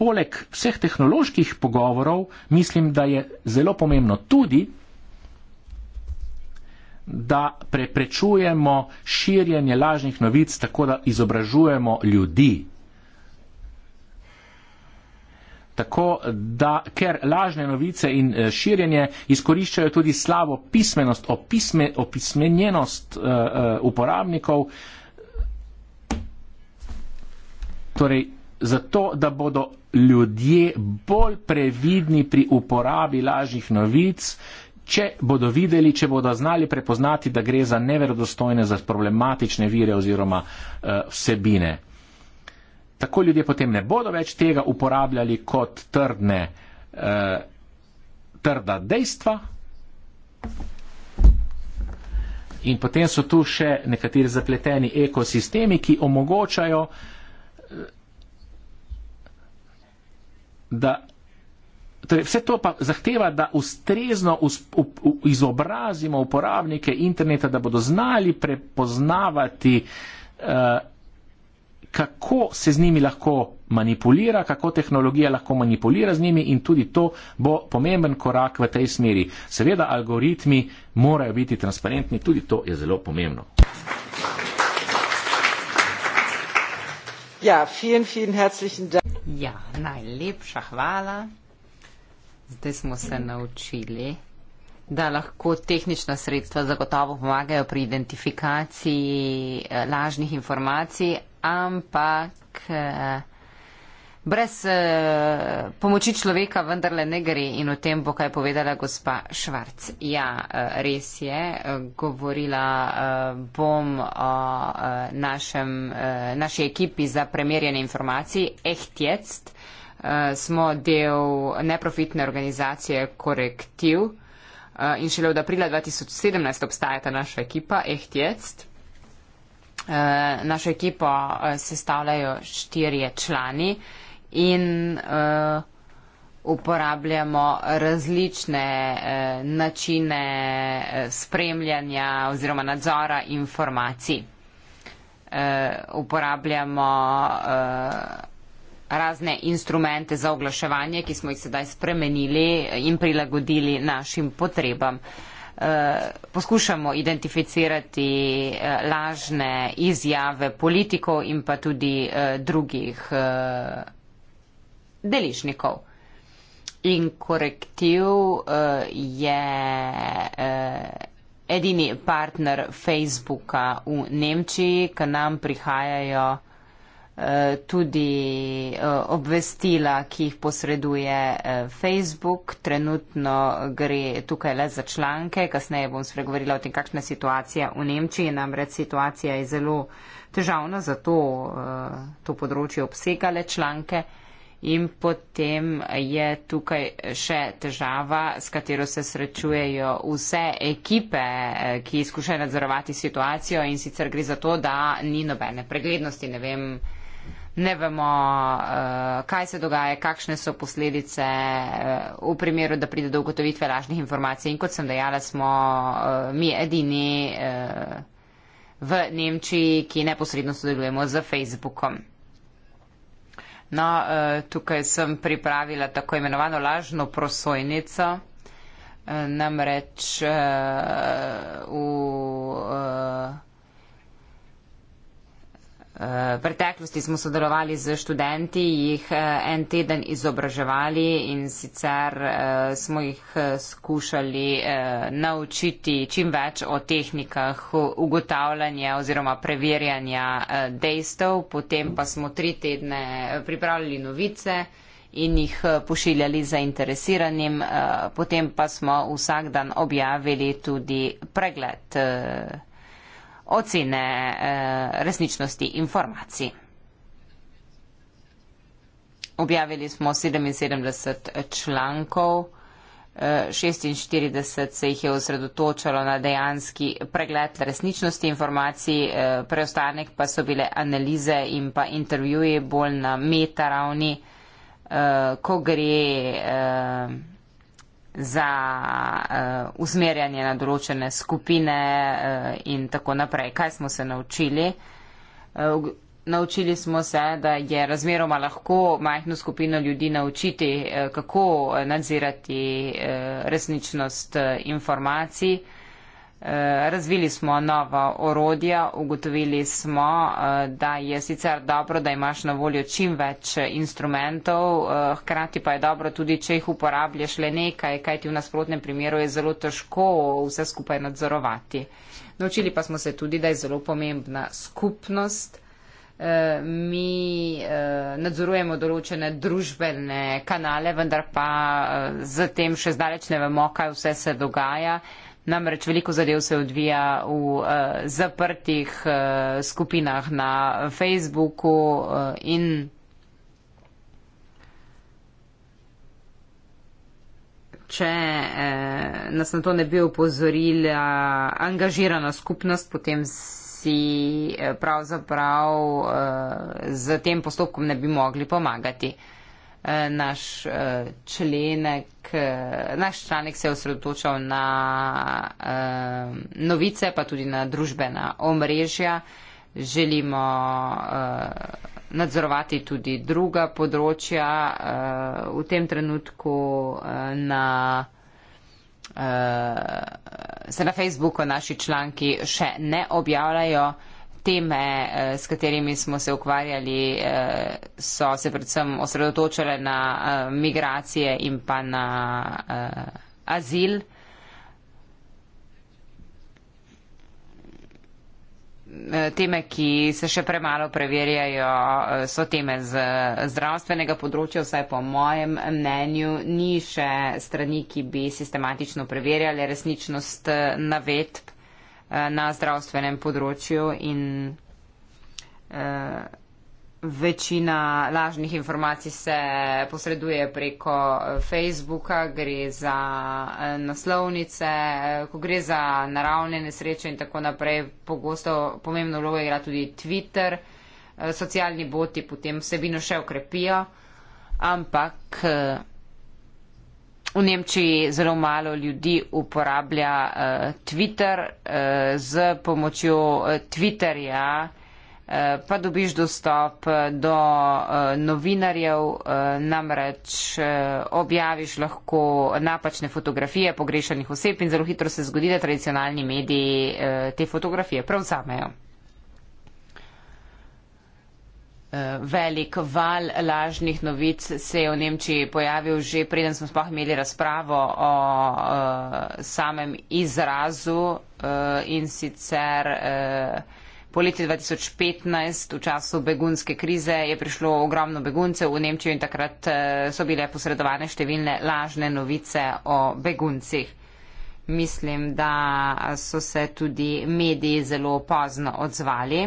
poleg vseh tehnoloških pogovorov, mislim, da je zelo pomembno tudi, da preprečujemo širjenje lažnih novic, tako da izobražujemo ljudi tako da, ker lažne novice in eh, širjenje izkoriščajo tudi slabo pismenost, opisme, opismenjenost uh, uporabnikov, torej zato, da bodo ljudje bolj previdni pri uporabi lažnih novic, če bodo videli, če bodo znali prepoznati, da gre za neverodostojne, za problematične vire oziroma uh, vsebine tako ljudje potem ne bodo več tega uporabljali kot trdne, eh, trda dejstva. In potem so tu še nekateri zapleteni ekosistemi, ki omogočajo, eh, da torej vse to pa zahteva, da ustrezno izobrazimo uporabnike interneta, da bodo znali prepoznavati uh, kako se z njimi lahko manipulira, kako tehnologija lahko manipulira z njimi in tudi to bo pomemben korak v tej smeri. Seveda, algoritmi morajo biti transparentni, tudi to je zelo pomembno. Ja, vielen, vielen herzlichen Dank. Ja, najlepša hvala. Zdaj smo se naučili, da lahko tehnična sredstva zagotovo pomagajo pri identifikaciji eh, lažnih informacij, ampak eh, brez eh, pomoči človeka vendarle ne gre in o tem bo kaj povedala gospa Švarc. Ja, eh, res je, govorila bom o našem, naši ekipi za premerjene informacije, ehtjecst, smo del neprofitne organizacije Korektiv. In šele od aprila 2017 obstajata naša ekipa, ehtjecst. Eh, našo ekipo eh, sestavljajo štirje člani in eh, uporabljamo različne načine spremljanja oziroma nadzora informacij. Uporabljamo razne instrumente za oglaševanje, ki smo jih sedaj spremenili in prilagodili našim potrebam. Uh, Eh, poskušamo identificirati eh, lažne izjave politikov in pa tudi eh, drugih deližnikov. In korektiv je edini partner Facebooka v Nemčiji, ker nam prihajajo tudi eh, obvestila, ki jih posreduje eh, Facebook. Trenutno gre tukaj le za članke, kasneje bom spregovorila o tem, kakšna je situacija v Nemčiji. Namreč situacija je zelo težavna, zato eh, to področje obsegale članke. In potem je tukaj še težava, s katero se srečujejo vse ekipe, ki skušajo nadzorovati situacijo in sicer gre za to, da ni nobene preglednosti. Ne vem, ne vemo, eh, kaj se dogaja, kakšne so posledice eh, v primeru, da pride do ugotovitve lažnih informacij. In kot sem dejala, smo eh, mi edini v Nemčiji, ki neposredno sodelujemo z Facebookom. No, tukaj sem pripravila tako imenovano lažno prosojnico. Namreč uh, v uh, Eh, v preteklosti smo sodelovali z študenti, jih eh, en teden izobraževali in sicer eh, smo jih skušali naučiti čim več o tehnikah ugotavljanja oziroma preverjanja dejstev, potem pa smo tri tedne pripravljali novice in jih pošiljali zainteresiranim, potem pa smo vsak dan objavili tudi pregled ocene eh, resničnosti informacij. Objavili smo 77 člankov, 46 eh, se jih je osredotočalo na dejanski pregled resničnosti informacij, eh, preostanek pa so bile analize in pa intervjuji bolj na meta ravni, ko gre za uh, usmerjanje na določene skupine uh, in tako naprej. Kaj smo se naučili? Uh, naučili smo se, da je razmeroma lahko majhno skupino ljudi naučiti, uh, kako nadzirati uh, resničnost uh, informacij. Uh, Razvili smo nova orodja, ugotovili smo, eh, da je sicer dobro, da imaš na voljo čim več instrumentov, eh, hkrati pa je dobro tudi, če jih uporabljaš le nekaj, kajti v nasprotnem primeru je zelo težko vse skupaj nadzorovati. Naučili pa smo se tudi, da je zelo pomembna skupnost. Eh, mi nadzorujemo določene družbene kanale, vendar pa z tem še zdaleč ne vemo, kaj vse se dogaja. Namreč veliko zadev se odvija v uh, zaprtih uh, skupinah na Facebooku uh, in. Če eh, nas na to ne bi opozorila angažirana skupnost, potem si pravzaprav eh, z tem postopkom ne bi mogli pomagati. Eh, Eh, naš eh, členek, eh, naš članek se je osredotočal na novice, pa tudi na družbena omrežja. Želimo nadzorovati tudi druga področja v tem trenutku na. Se na Facebooku naši članki še ne objavljajo, teme, eh, s katerimi smo se ukvarjali, eh, so se predvsem osredotočale na eh, migracije in pa na azil. Teme, ki se še premalo preverjajo, so teme z zdravstvenega področja, vsaj po mojem mnenju, ni še strani, ki bi sistematično preverjali resničnost navedb. Eh, na zdravstvenem področju in eh, večina lažnih informacij se posreduje preko eh, Facebooka, gre za naslovnice, ko gre za naravne nesreče in tako naprej, pogosto pomembno vlogo igra tudi Twitter, socialni boti potem vsebino še okrepijo, ampak V Nemčiji zelo malo ljudi uporablja uh, Twitter. Uh, z pomočjo eh, Twitterja uh, pa dobiš dostop do uh, novinarjev, uh, namreč uh, objaviš lahko napačne fotografije pogrešanih oseb in zelo hitro se zgodi, da tradicionalni mediji uh, te fotografije prav zamejo. Velik val lažnih novic se je v Nemčiji pojavil že preden smo sploh imeli razpravo o uh, samem izrazu uh, in sicer uh, poleti 2015 v času begunske krize je prišlo ogromno beguncev v Nemčijo in takrat uh, so bile posredovane številne lažne novice o beguncih. Mislim, da so se tudi mediji zelo pozno odzvali.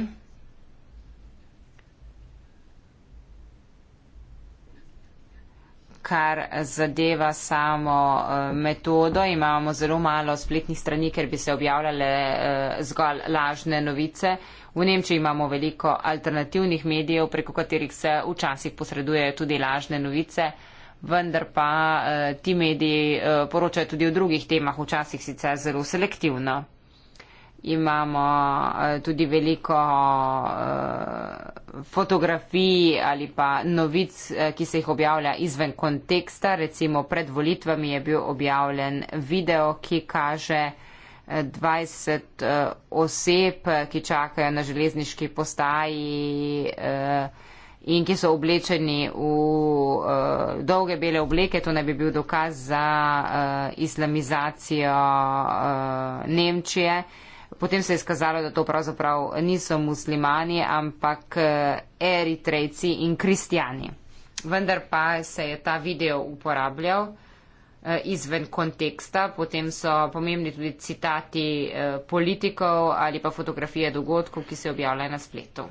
kar zadeva samo eh, metodo. Imamo zelo malo spletnih strani, ker bi se objavljale eh, zgolj lažne novice. V Nemčiji imamo veliko alternativnih medijev, preko katerih se včasih posredujejo tudi lažne novice. Vendar pa eh, ti mediji eh, poročajo tudi o drugih temah, včasih sicer zelo selektivno imamo uh, tudi veliko uh, fotografij ali pa novic, uh, ki se jih objavlja izven konteksta. Recimo pred volitvami je bil objavljen video, ki kaže 20 uh, oseb, ki čakajo na železniški postaji. Uh, in ki so oblečeni v uh, dolge bele obleke, to naj bi bil dokaz za uh, islamizacijo uh, Nemčije. Uh, Potem se je skazalo, da to pravzaprav niso muslimani, ampak eh, eritrejci in kristijani. Vendar pa se je ta video uporabljal eh, izven konteksta, potem so pomembni tudi citati eh, politikov ali pa fotografije dogodkov, ki se objavljajo na spletu.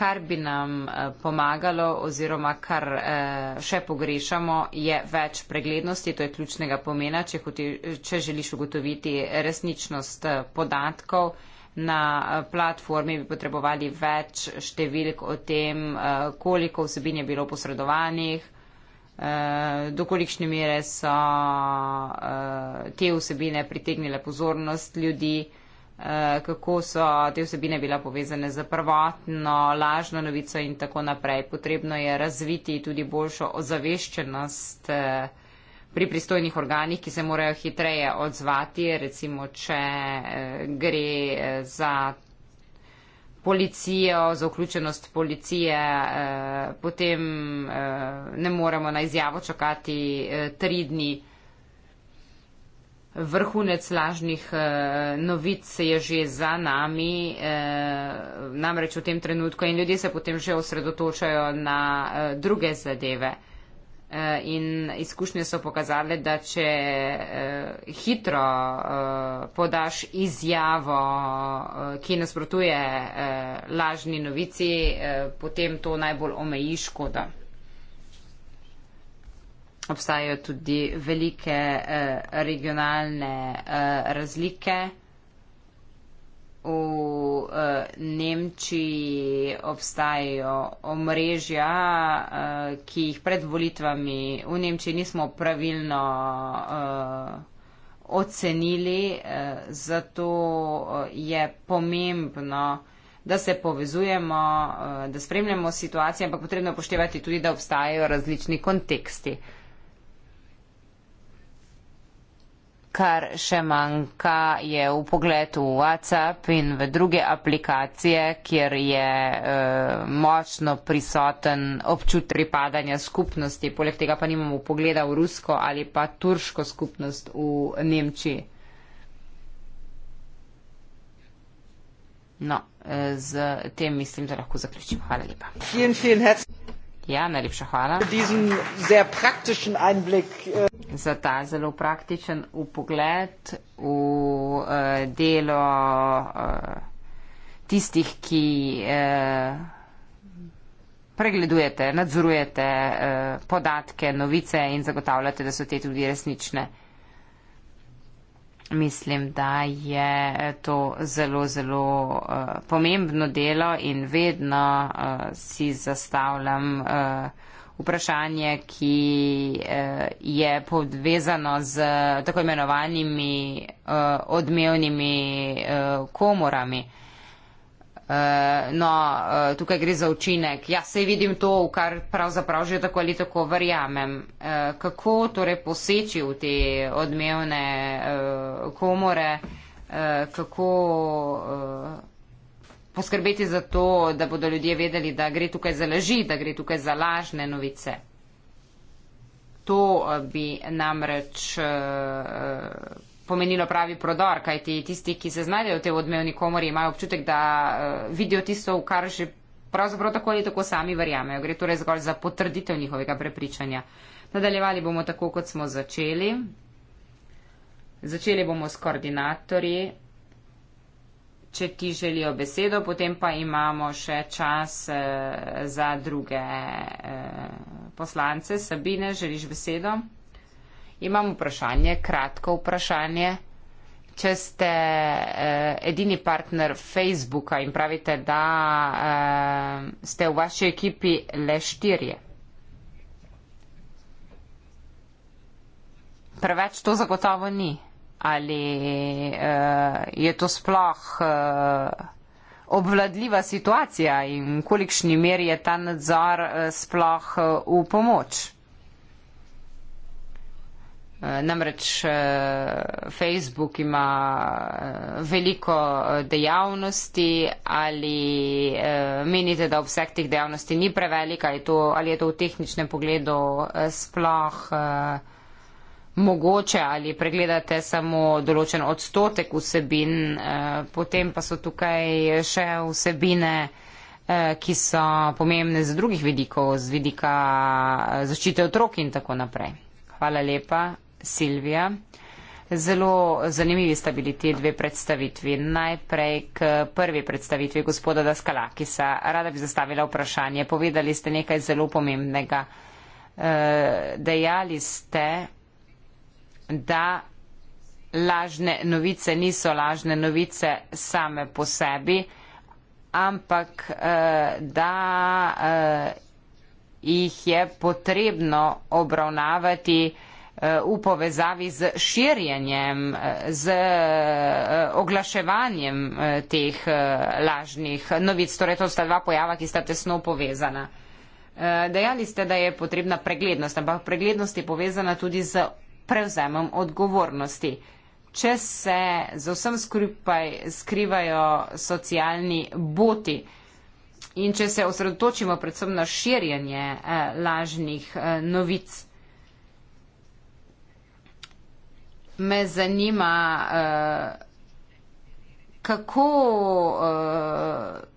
kar bi nam eh, pomagalo oziroma kar eh, še pogrešamo, je več preglednosti. To je ključnega pomena, če, hoti, če želiš ugotoviti resničnost eh, podatkov. Na platformi bi potrebovali več številk o tem, koliko vsebin je bilo posredovanih, do kolikšne mere so te vsebine pritegnile pozornost ljudi. Eh, kako so te vsebine bila povezane z prvotno lažno novico in tako naprej. Potrebno je razviti tudi boljšo ozaveščenost eh, pri pristojnih organih, ki se morajo hitreje odzvati, recimo če eh, gre za policijo, za vključenost policije, potem ne moremo na izjavo čakati tri dni. Vrhunec lažnih eh, novic je že za nami, eh, namreč v tem trenutku in ljudje se potem že osredotočajo na eh, druge zadeve. Eh, in izkušnje so pokazale, da če eh, hitro eh, podaš izjavo, eh, ki nasprotuje eh, lažni novici, eh, potem to najbolj omejiš škoda obstajajo tudi velike eh, regionalne eh, razlike. V eh, Nemčiji obstajajo omrežja, eh, ki jih pred volitvami v Nemčiji nismo pravilno eh, ocenili, eh, zato eh, je pomembno da se povezujemo, eh, da spremljamo situacijo, ampak potrebno poštevati tudi, da obstajajo različni konteksti. kar še manjka, je v pogledu v WhatsApp in v druge aplikacije, kjer je e, močno prisoten občut pripadanja skupnosti, poleg tega pa nimamo pogleda v rusko ali pa turško skupnost v Nemčiji. No, e, eh, z tem mislim, da lahko zaključim. Hvala lepa. Vielen, vielen Ja, najlepša hvala. Äh, Za ta zelo praktičen upogled v uh, delo uh, tistih, ki uh, pregledujete, nadzorujete uh, podatke, novice in zagotavljate, da so te tudi resnične. Mislim, da je to zelo, zelo uh, pomembno delo in vedno uh, si zastavljam uh, vprašanje, ki uh, je povezano z tako imenovanimi uh, odmevnimi uh, komorami. Uh, Uh, no, uh, tukaj gre za učinek. Jaz se vidim to, v kar pravzaprav že tako ali tako verjamem. Uh, kako torej poseči v te odmevne uh, komore, uh, kako uh, poskrbeti za to, da bodo ljudje vedeli, da gre tukaj za laži, da gre tukaj za lažne novice. To uh, bi namreč. Uh, uh, pomenilo pravi prodor, kajti tisti, ki se znajdejo v tej odmevni komori, imajo občutek, da uh, vidijo tisto, v kar že pravzaprav tako ali tako sami verjamejo. Gre torej zgolj za potrditev njihovega prepričanja. Nadaljevali bomo tako, kot smo začeli. Začeli bomo s koordinatorji. Če ti želijo besedo, potem pa imamo še čas eh, za druge eh, poslance. Sabine, želiš besedo? imam vprašanje, kratko vprašanje. Če ste eh, edini partner Facebooka in pravite, da eh, ste v vaši ekipi le štirje. Preveč to zagotovo ni. Ali eh, je to sploh eh, obvladljiva situacija in v kolikšni meri je ta nadzor eh, sploh eh, v pomoč? Eh, namreč eh, Facebook ima eh, veliko dejavnosti, ali menite, da obseg teh dejavnosti ni prevelika, ali, ali je to v tehničnem pogledu sploh mogoče, ali pregledate samo določen odstotek vsebin, potem pa so tukaj še vsebine ki so pomembne za drugih vidikov, z vidika zaščite otrok in tako naprej. Hvala lepa. Silvija. Zelo zanimivi sta bili ti dve predstavitvi. Najprej k prvi predstavitvi gospoda Daskalakisa. Rada bi zastavila vprašanje. Povedali ste nekaj zelo pomembnega. Eh, dejali ste, da lažne novice niso lažne novice same po sebi, ampak eh, da eh, jih je potrebno obravnavati uh, Eh, v povezavi z širjenjem, eh, z eh, oglaševanjem teh lažnih novic. Torej, to sta dva pojava, ki sta tesno povezana. Dejali ste, da je potrebna preglednost, ampak preglednost je povezana tudi z prevzemom odgovornosti. Če se za vsem skupaj skrivajo socialni boti in če se osredotočimo predvsem na širjenje lažnih novic, me zanima, uh, kako uh,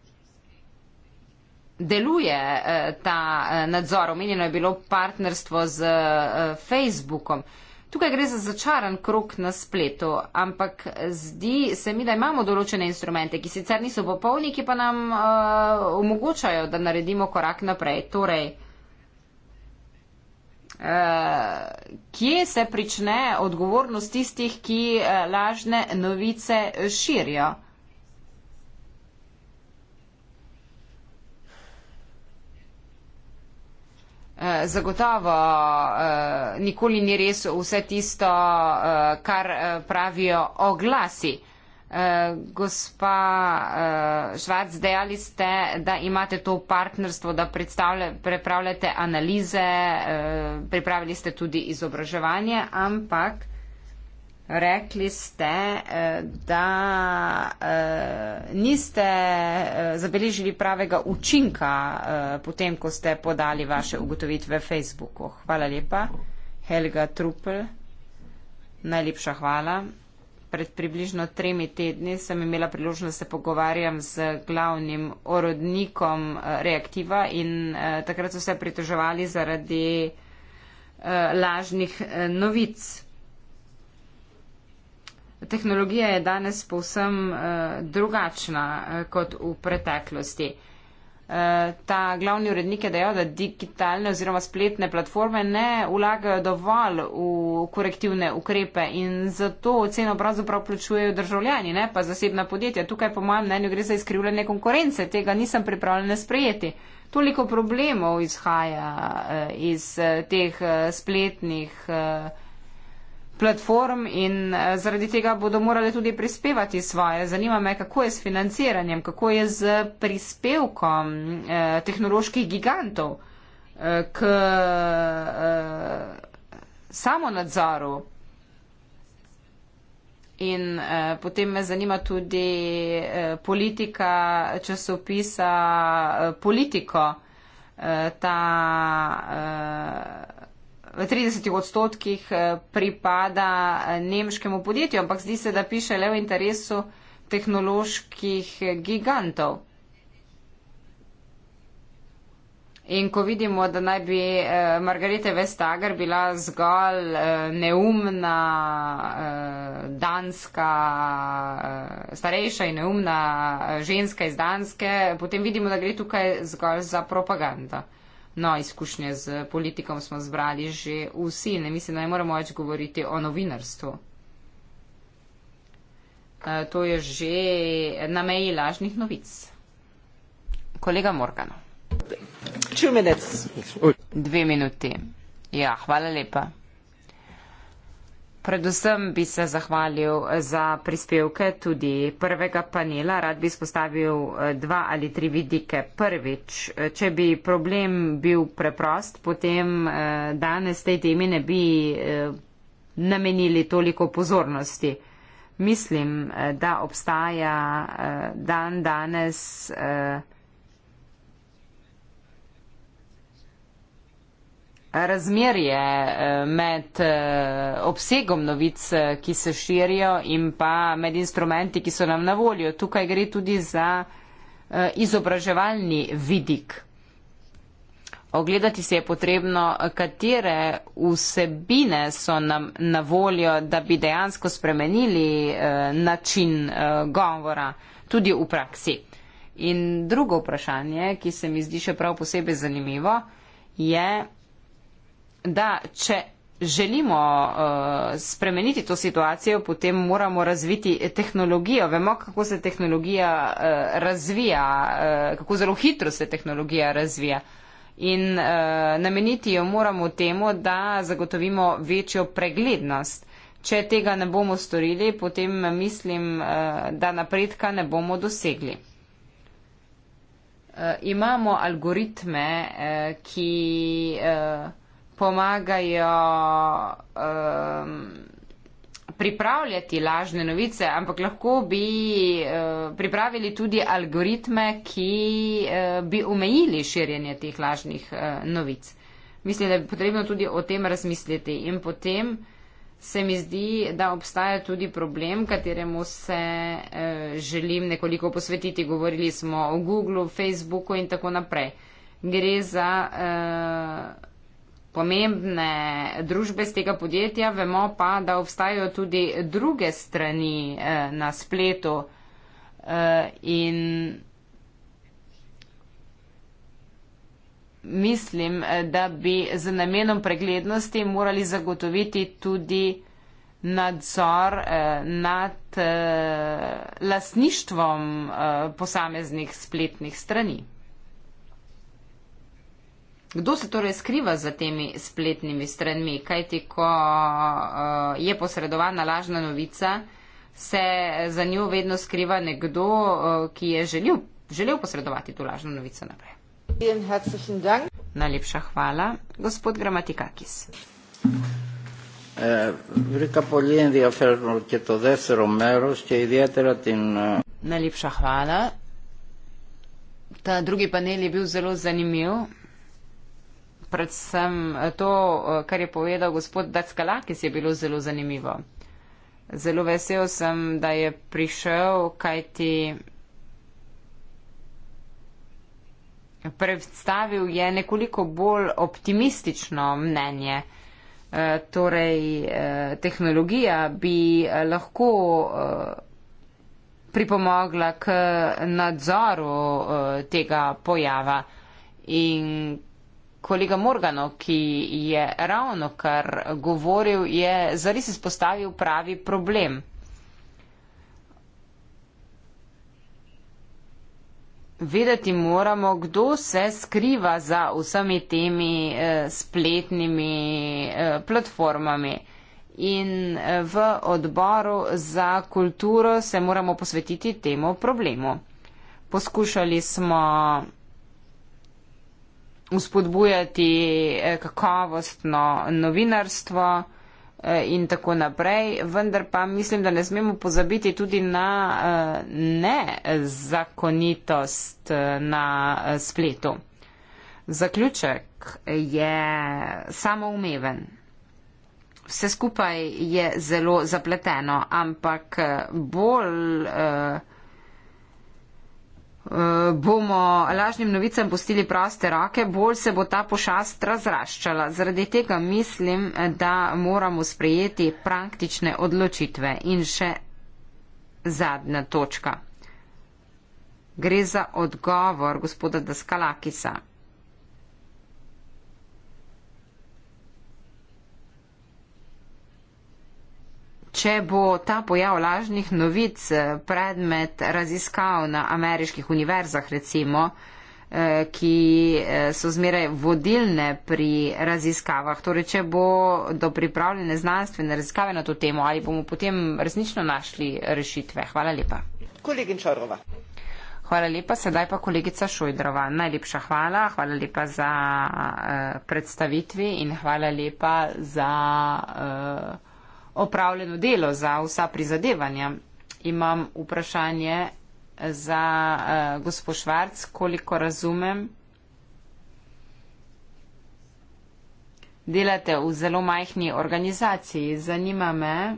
deluje uh, ta uh, nadzor. Omenjeno je bilo partnerstvo z uh, Facebookom. Tukaj gre za začaran krok na spletu, ampak zdi se mi, da imamo določene instrumente, ki sicer niso popolni, ki pa nam uh, omogočajo, da naredimo korak naprej. Torej, Eh, kje se prične odgovornost tistih, ki eh, lažne novice širijo? Eh, zagotovo nikoli ni res vse tisto, kar pravijo oglasi. Eh, gospa eh, Švarc, dejali ste, da imate to partnerstvo, da pripravljate analize, eh, pripravili ste tudi izobraževanje, ampak rekli ste, da niste zabeležili pravega učinka potem, ko ste podali vaše ugotovitve Facebooku. Hvala lepa. Helga Trupel, najlepša hvala pred približno tremi tedni sem imela priložnost, da se pogovarjam z glavnim orodnikom eh, reaktiva in eh, takrat so se pritoževali zaradi eh, lažnih novic. Tehnologija je danes povsem drugačna kot v preteklosti. Eh, ta glavni urednik je dejal, da digitalne oziroma spletne platforme ne vlagajo dovolj v korektivne ukrepe in zato ceno pravzaprav plačujejo državljani, ne pa zasebna podjetja. Tukaj, po mojem mnenju, gre za izkrivljanje konkurence. Tega nisem pripravljena sprejeti. Toliko problemov izhaja eh, iz eh, teh spletnih platform in eh, zaradi tega bodo morali tudi prispevati svoje. Zanima me, kako je s financiranjem, kako je z prispevkom eh, tehnoloških gigantov eh, k eh, samonadzoru. In eh, potem me zanima tudi eh, politika časopisa eh, Politiko. Eh, ta, eh, v 30 odstotkih eh, pripada eh, nemškemu podjetju, ampak zdi se, da piše le v interesu tehnoloških eh, gigantov. In ko vidimo, da naj bi Margarete Vestager bila zgolj neumna, danska, starejša in neumna ženska iz Danske, potem vidimo, da gre tukaj zgolj za propaganda. No, izkušnje z politikom smo zbrali že vsi, ne mislim, da ne moramo več govoriti o novinarstvu. E, to je že na meji lažnih novic. Kolega Morgano. Dve minuti. Ja, hvala lepa. Predvsem bi se zahvalil za prispevke tudi prvega panela. Rad bi spostavil eh, dva ali tri vidike. Prvič, eh, če bi problem bil preprost, potem eh, danes tej temi ne bi namenili toliko pozornosti. Mislim, da obstaja dan danes razmerje eh, med eh, obsegom novic, eh, ki se širijo in pa med instrumenti, ki so nam na voljo. Tukaj gre tudi za izobraževalni vidik. Ogledati se je potrebno, katere vsebine so nam na voljo, da bi dejansko spremenili način govora tudi v praksi. In drugo vprašanje, ki se mi zdi še prav posebej zanimivo, je da če želimo uh, spremeniti to situacijo, potem moramo razviti tehnologijo. Vemo, kako se tehnologija uh, razvija, uh, kako zelo hitro se tehnologija razvija. In uh, nameniti jo moramo temu, da zagotovimo večjo preglednost. Če tega ne bomo storili, potem mislim, uh, da napredka ne bomo dosegli. Uh, imamo algoritme, uh, ki. Uh, pomagajo um, pripravljati lažne novice, ampak lahko bi uh, pripravili tudi algoritme, ki uh, bi omejili širjenje teh lažnih uh, novic. Mislim, da je potrebno tudi o tem razmisliti. In potem se mi zdi, da obstaja tudi problem, kateremu se uh, želim nekoliko posvetiti. Govorili smo o Googlu, Facebooku in tako naprej. Gre za. Uh, pomembne družbe z tega podjetja, vemo pa, da obstajajo tudi druge strani eh, na spletu eh, in mislim, eh, da bi z namenom preglednosti morali zagotoviti tudi nadzor eh, nad eh, lasništvom eh, posameznih spletnih strani. Kdo se torej skriva za temi spletnimi stranmi? Kajti, ko uh, je posredovana lažna novica, se za njo vedno skriva nekdo, uh, ki je želil, želel posredovati to lažno novico naprej. Najlepša hvala, gospod Gramatikakis. Najlepša hvala. Ta drugi panel je bil zelo zanimiv predvsem to, kar je povedal gospod Dackalakis, je bilo zelo zanimivo. Zelo vesel sem, da je prišel, kajti predstavil je nekoliko bolj optimistično mnenje. Eh, torej, eh, tehnologija bi eh, lahko pripomogla k nadzoru tega pojava in kolega Morgano, ki je ravno kar govoril, je zares izpostavil pravi problem. Vedeti moramo, kdo se skriva za vsemi temi eh, spletnimi eh, platformami. In eh, v odboru za kulturo se moramo posvetiti temu problemu. Poskušali smo vzpodbujati eh, kakovostno novinarstvo eh, in tako naprej, vendar pa mislim, da ne smemo pozabiti tudi na eh, nezakonitost na spletu. Zaključek je samoumeven. Vse skupaj je zelo zapleteno, ampak bolj. Uh, Eh, bomo lažnim novicam pustili proste roke, bolj se bo ta pošast razraščala. Zaradi tega mislim, da moramo sprejeti praktične odločitve. In še zadnja točka. Gre za odgovor gospoda Daskalakisa. če bo ta pojav lažnih novic eh, predmet raziskav na ameriških univerzah, recimo, eh, ki eh, so zmeraj vodilne pri raziskavah. Torej, če bo do pripravljene znanstvene raziskave na to temo, ali bomo potem resnično našli rešitve. Hvala lepa. Kolegin Čarova. Hvala lepa, sedaj pa kolegica Šojdrova. Najlepša hvala, hvala lepa za uh, predstavitvi in hvala lepa za. Uh, opravljeno delo, za vsa prizadevanja. Imam vprašanje za uh, eh, gospod Švarc, koliko razumem. Delate v zelo majhni organizaciji. Zanima me,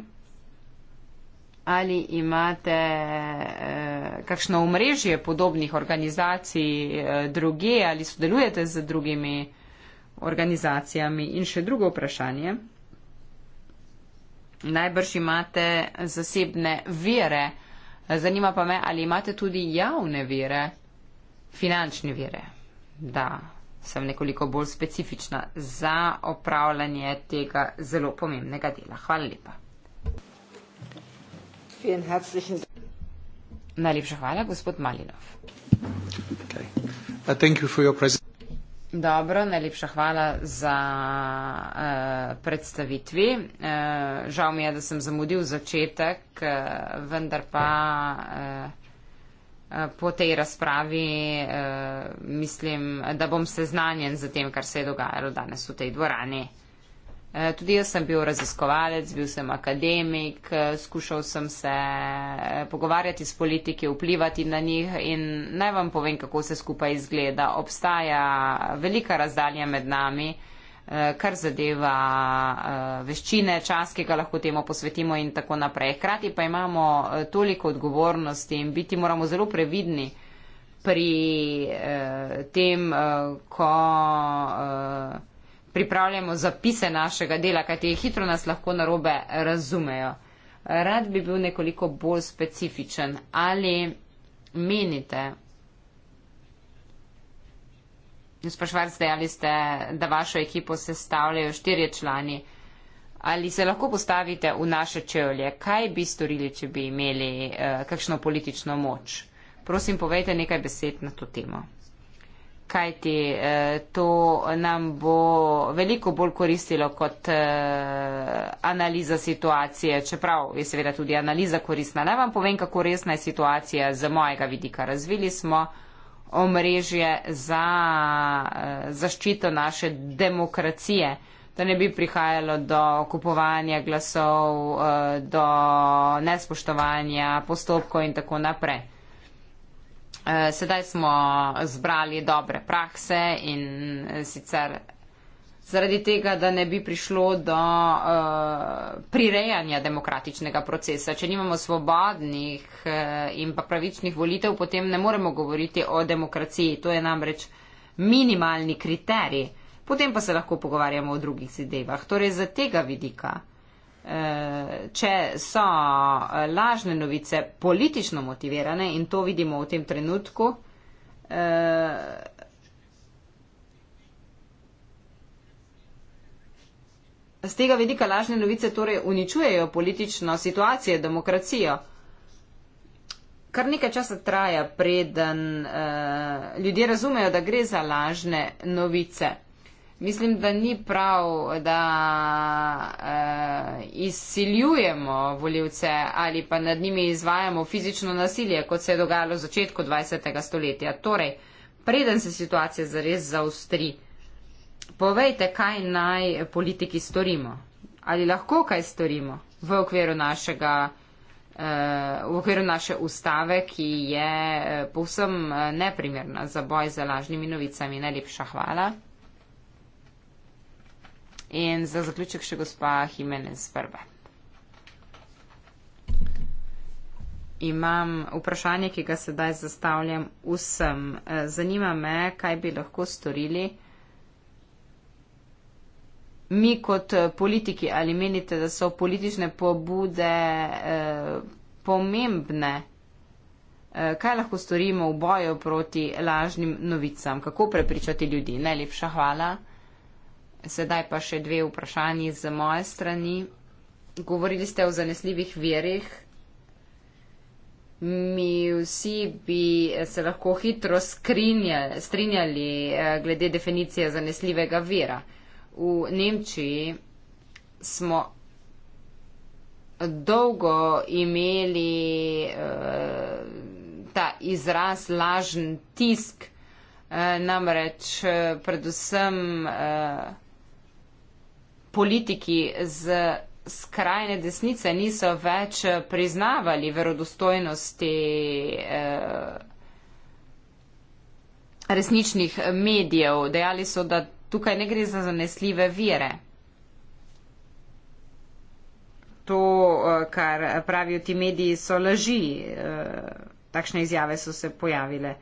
ali imate uh, kakšno omrežje podobnih organizacij uh, eh, druge, ali sodelujete z drugimi organizacijami. In še drugo vprašanje. Najbrž imate zasebne vire. Zanima pa me, ali imate tudi javne vire, finančne vire, da sem nekoliko bolj specifična za opravljanje tega zelo pomembnega dela. Hvala lepa. Najlepša hvala, gospod Malinov. Okay. Uh, Dobro, najlepša hvala za uh, predstavitvi. Uh, žal mi je, da sem zamudil začetek, uh, vendar pa uh, uh, po tej razpravi uh, mislim, da bom seznanjen z tem, kar se je dogajalo danes v tej dvorani. Eh, tudi jaz sem bil raziskovalec, bil sem akademik, eh, skušal sem se eh, pogovarjati s politiki, vplivati na njih in naj vam povem, kako se skupaj izgleda. Obstaja velika razdalja med nami, kar zadeva veščine, čas, ki ga lahko temu posvetimo in tako naprej. Hkrati pa imamo toliko odgovornosti in biti moramo zelo previdni pri eh, tem, eh, ko. Eh, pripravljamo zapise našega dela, kajti hitro nas lahko narobe razumejo. Rad bi bil nekoliko bolj specifičen. Ali menite, ste, ali ste, da vašo ekipo sestavljajo štirje člani, ali se lahko postavite v naše čevlje, kaj bi storili, če bi imeli eh, kakšno politično moč? Prosim, povejte nekaj besed na to temo kajti eh, to nam bo veliko bolj koristilo kot eh, analiza situacije, čeprav je seveda tudi analiza koristna. Naj vam povem, kako resna je situacija z mojega vidika. Razvili smo omrežje za eh, zaščito naše demokracije, da ne bi prihajalo do kupovanja glasov, eh, do nespoštovanja postopkov in tako naprej. Eh, sedaj smo zbrali dobre prakse in eh, sicer zaradi tega, da ne bi prišlo do eh, prirejanja demokratičnega procesa. Če nimamo svobodnih in pa pravičnih volitev, potem ne moremo govoriti o demokraciji. To je namreč minimalni kriterij. Potem pa se lahko pogovarjamo o drugih zadevah. Torej, za tega vidika. Eh, če so eh, lažne novice politično motivirane in to vidimo v tem trenutku, z eh, tega vidika lažne novice torej uničujejo politično situacijo, demokracijo. Kar nekaj časa traja, preden eh, ljudje razumejo, da gre za lažne novice. Mislim, da ni prav, da eh, izsiljujemo voljivce ali pa nad njimi izvajamo fizično nasilje, kot se je dogajalo v začetku 20. stoletja. Torej, preden se situacija zares zaustri, povejte, kaj naj politiki storimo. Ali lahko kaj storimo v okviru, našega, eh, v okviru naše ustave, ki je eh, povsem eh, neprimerna za boj za lažnimi novicami. Najlepša hvala. In za zaključek še gospa Jimenez Brbe. Imam vprašanje, ki ga sedaj zastavljam vsem. Eh, zanima me, kaj bi lahko storili mi kot eh, politiki. Ali menite, da so politične pobude eh, pomembne? Kaj lahko storimo v boju proti lažnim novicam? Kako prepričati ljudi? Najlepša hvala. Sedaj pa še dve vprašanji z moje strani. Govorili ste o zanesljivih verjih. Mi vsi bi se lahko hitro skrinjali, strinjali eh, glede definicije zanesljivega vira. V Nemčiji smo dolgo imeli eh, ta izraz lažen tisk, eh, namreč predvsem politiki z skrajne desnice niso več priznavali verodostojnosti eh, resničnih medijev. Dejali so, da tukaj ne gre za zanesljive vire. To, eh, kar pravijo ti mediji, so laži. Eh, takšne izjave so se pojavile,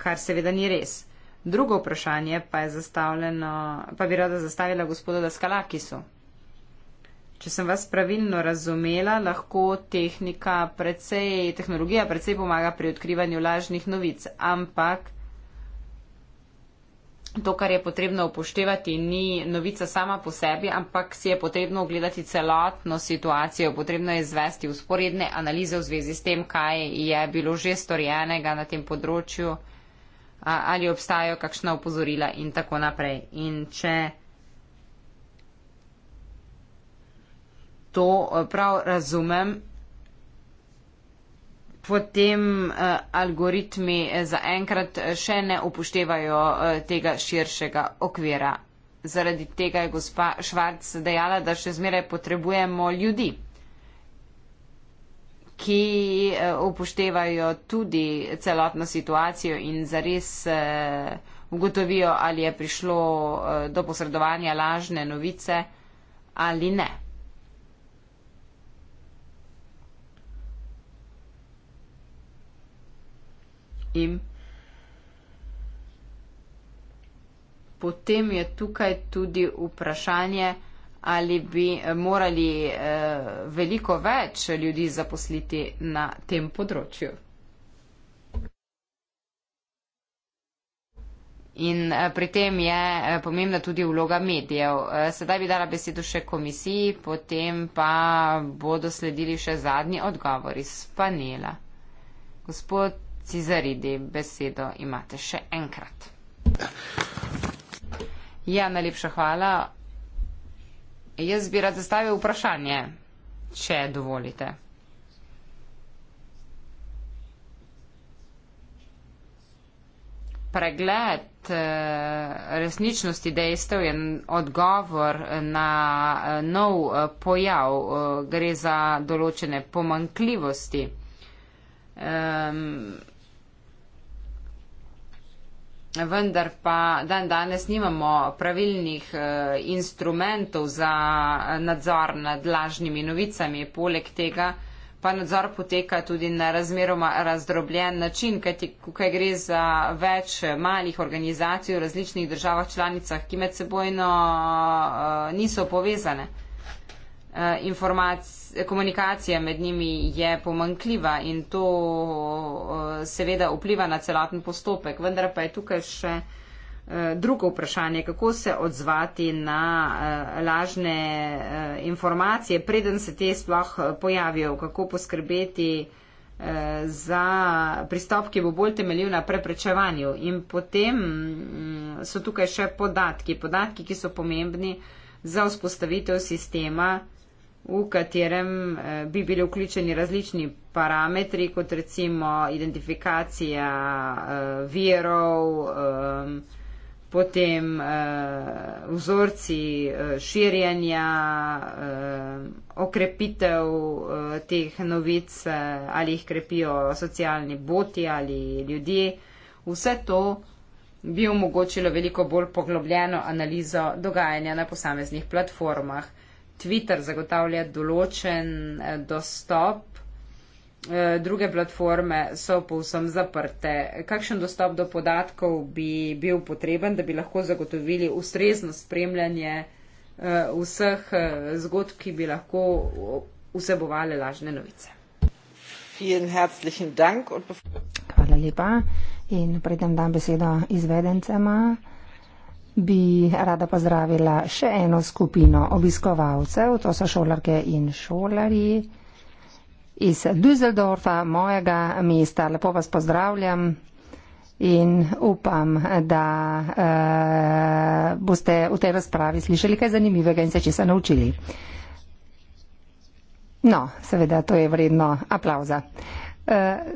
kar seveda ni res. Drugo vprašanje pa je zastavljeno, pa bi rada zastavila gospoda Daskalakisu. Če sem vas pravilno razumela, lahko tehnika precej, tehnologija precej pomaga pri odkrivanju lažnih novic, ampak to, kar je potrebno upoštevati, ni novica sama po sebi, ampak si je potrebno ogledati celotno situacijo, potrebno je izvesti usporedne analize v zvezi s tem, kaj je bilo že storjenega na tem področju ali obstajajo kakšna opozorila in tako naprej. In če to eh, prav razumem, potem eh, algoritmi eh, zaenkrat še ne upoštevajo tega širšega okvira. Zaradi tega je gospa Švarc dejala, da še zmeraj potrebujemo ljudi ki eh, upoštevajo tudi celotno situacijo in zares eh, ugotovijo, ali je prišlo eh, do posredovanja lažne novice ali ne. In potem je tukaj tudi vprašanje, ali bi eh, morali eh, veliko več ljudi zaposliti na tem področju. In eh, pri tem je eh, pomembna tudi vloga medijev. Sedaj bi dala besedo še komisiji, potem pa bodo sledili še zadnji odgovori z panela. Gospod Cizaridi, besedo imate še enkrat. Ja, najlepša hvala. Jaz bi rad zastavil vprašanje, če dovolite. Pregled eh, resničnosti dejstev je odgovor na eh, nov eh, pojav. Gre za določene pomankljivosti. Um, ehm, vendar pa dan danes nimamo pravilnih eh, instrumentov za eh, nadzor nad lažnimi novicami. Poleg tega pa nadzor poteka tudi na razmeroma razdrobljen način, kajti tukaj gre za več malih organizacij v različnih državah članicah, ki med sebojno eh, niso povezane. Eh, komunikacija med njimi je pomankljiva in to eh, seveda vpliva na celoten postopek. Vendar pa je tukaj še eh, drugo vprašanje, kako se odzvati na lažne informacije, preden se te sploh pojavijo, kako poskrbeti za pristop, ki bo bolj temeljiv na preprečevanju. In potem mm, so tukaj še podatki, podatki, ki so pomembni za vzpostavitev sistema, v katerem eh, bi bili vključeni različni parametri, kot recimo identifikacija eh, virov, eh, potem vzorci širjenja, okrepitev teh novic, ali jih krepijo socialni boti ali ljudje. Vse to bi omogočilo veliko bolj poglobljeno analizo dogajanja na posameznih platformah. Twitter zagotavlja določen eh, dostop, eh, druge platforme so povsem zaprte. Kakšen dostop do podatkov bi bil potreben, da bi lahko zagotovili ustrezno spremljanje eh, vseh zgodb, ki bi lahko vsebovali lažne novice? Hvala lepa in predem dam besedo izvedencema bi rada pozdravila še eno skupino obiskovalcev, to so šolarke in šolari iz Düsseldorfa, mojega mesta. Lepo vas pozdravljam in upam, da uh, boste v tej razpravi slišali kaj zanimivega in se česa naučili. No, seveda, to je vredno aplauza. Uh,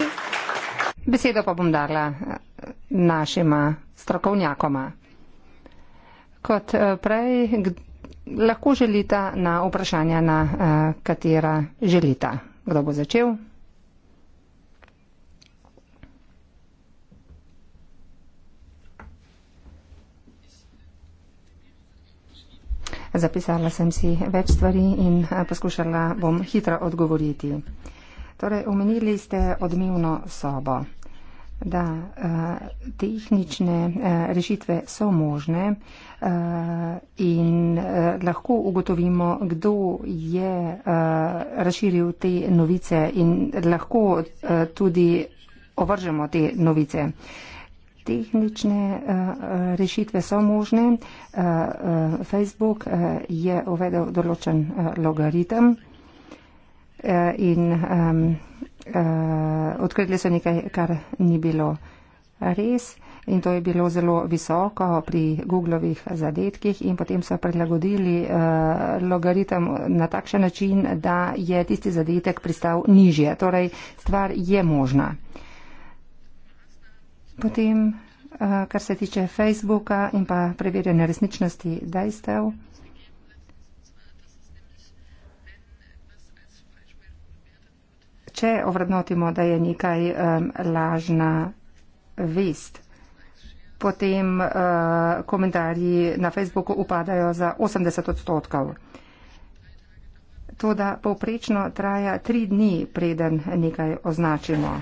eh, besedo pa bom dala eh, našima strokovnjakoma. Kot eh, prej, lahko želita na vprašanja, na eh, katera želita. Kdo bo začel? Zapisala sem si več stvari in eh, poskušala bom hitro odgovoriti. Torej, omenili ste odmivno sobo da eh, tehnične eh, rešitve so možne eh, in lahko ugotovimo, kdo je razširil te novice in lahko tudi ovržemo te novice. Tehnične rešitve so možne. Facebook je uvedel določen logaritem in uh, odkrili so nekaj, kar ni bilo res in to je bilo zelo visoko pri Googlovih zadetkih in potem so prilagodili uh, logaritem na takšen način, da je tisti zadetek pristal nižje. Torej, stvar je možna. Potem, uh, kar se tiče Facebooka in pa preverjanja resničnosti dejstev. če ovrednotimo, da je nekaj um, lažna vest. Potem uh, komentarji na Facebooku upadajo za 80 odstotkov. To, da povprečno traja tri dni, preden nekaj označimo.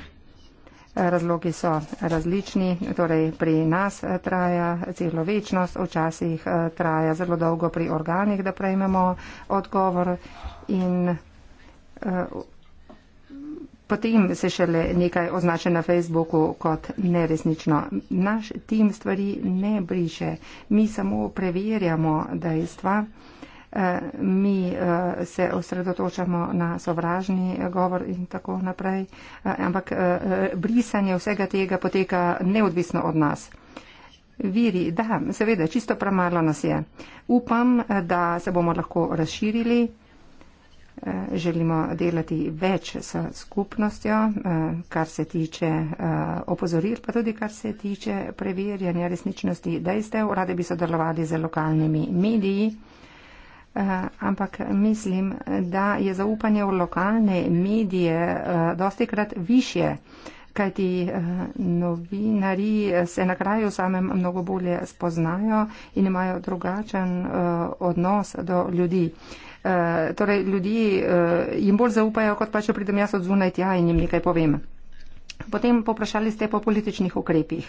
Razlogi so različni, torej pri nas eh, traja celo večnost, včasih eh, traja zelo dolgo pri organih, da prejmemo odgovor in uh, Potem se šele nekaj označe na Facebooku kot neresnično. Naš tim stvari ne briše. Mi samo preverjamo dejstva. Eh, mi eh, se osredotočamo na sovražni govor in tako naprej. Eh, ampak brisanje vsega tega poteka neodvisno od nas. Viri, da, seveda, čisto premalo nas je. Upam, da se bomo lahko razširili. Eh, želimo delati več s skupnostjo, eh, kar se tiče eh, opozoril, pa tudi kar se tiče preverjanja resničnosti dejstev. Radi bi sodelovali z lokalnimi mediji, ampak mislim, da je zaupanje v lokalne medije dosti krat više, kajti novinari se na kraju samem mnogo bolje spoznajo in imajo drugačen odnos do ljudi. Eh, torej ljudi uh, jim bolj zaupajo, kot pa če pridem jaz od zunaj tja in jim nekaj povem. Potem poprašali ste po političnih ukrepih.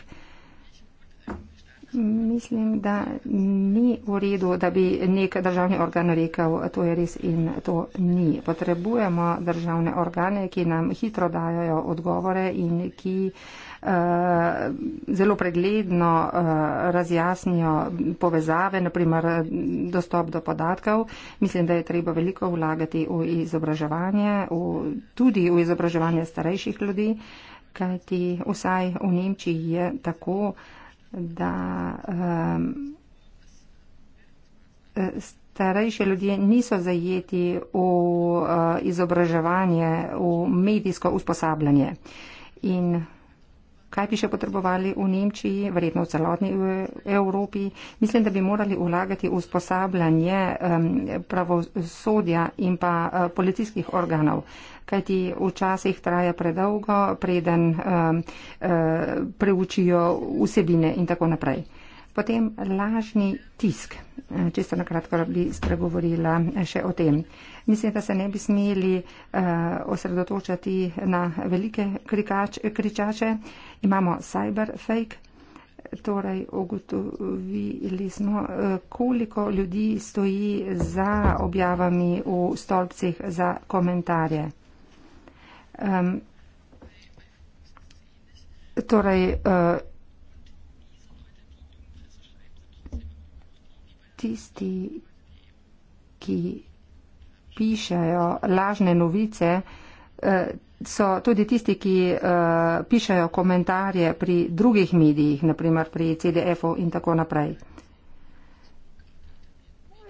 Mislim, da ni v redu, da bi nek državni organ rekel, to je res in to ni. Potrebujemo državne organe, ki nam hitro dajo odgovore in ki uh, Eh, zelo pregledno eh, razjasnijo povezave, naprimer eh, dostop do podatkov. Mislim, da je treba veliko vlagati v izobraževanje, v, tudi v izobraževanje starejših ljudi, kajti vsaj v Nemčiji je tako, da. Starejši ljudje niso zajeti v izobraževanje, v medijsko usposabljanje. In kaj bi še potrebovali v Nemčiji, verjetno v celotni Evropi. Mislim, da bi morali ulagati v usposabljanje pravosodja in pa eh, policijskih organov, kajti včasih traja predolgo, preden eh, preučijo vsebine in tako naprej. Potem lažni tisk. Eh, čisto na kratko bi spregovorila še o tem. Mislim, da se ne bi smeli uh, osredotočati na velike krikač, kričače. Uh, imamo cyberfake. Torej, ugotovili smo, eh, koliko ljudi stoji za objavami v stolpcih za komentarje. Um, torej, uh, tisti, ki pišajo lažne novice, uh, so tudi tisti, ki uh, eh, pišajo komentarje pri drugih medijih, naprimer pri CDF-u in tako naprej.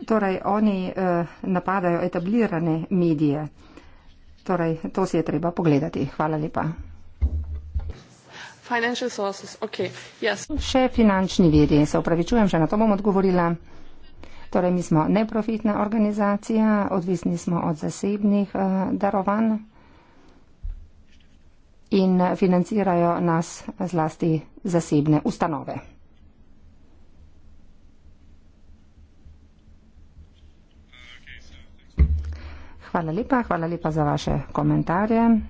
Torej, oni uh, napadajo etablirane medije. Torej, to si je treba pogledati. Hvala lepa. Okay. Yes. Še finančni viri, se upravičujem, še na to bom odgovorila. Torej, mi smo neprofitna organizacija, odvisni smo od zasebnih uh, darovanj in financirajo nas zlasti zasebne ustanove. Hvala lepa, hvala lepa za vaše komentarje.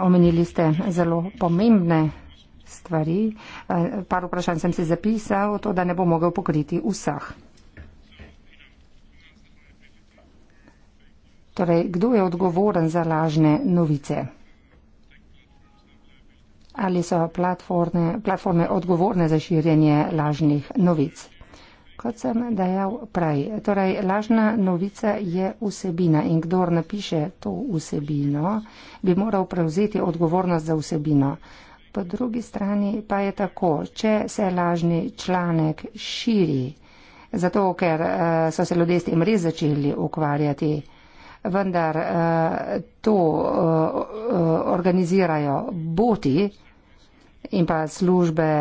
Omenili ste zelo pomembne stvari. Par vprašanj sem si zapisal, to da ne bom mogel pokriti vseh. Torej, kdo je odgovoren za lažne novice? Ali so platforme, platforme odgovorne za širjenje lažnih novic? Kot sem dejal prej, torej, lažna novica je vsebina in kdor napiše to vsebino, bi moral prevzeti odgovornost za vsebino. Po drugi strani pa je tako, če se lažni članek širi, zato ker eh, so se ljudje s tem res začeli ukvarjati vendar eh, to eh, eh, organizirajo boti in pa službe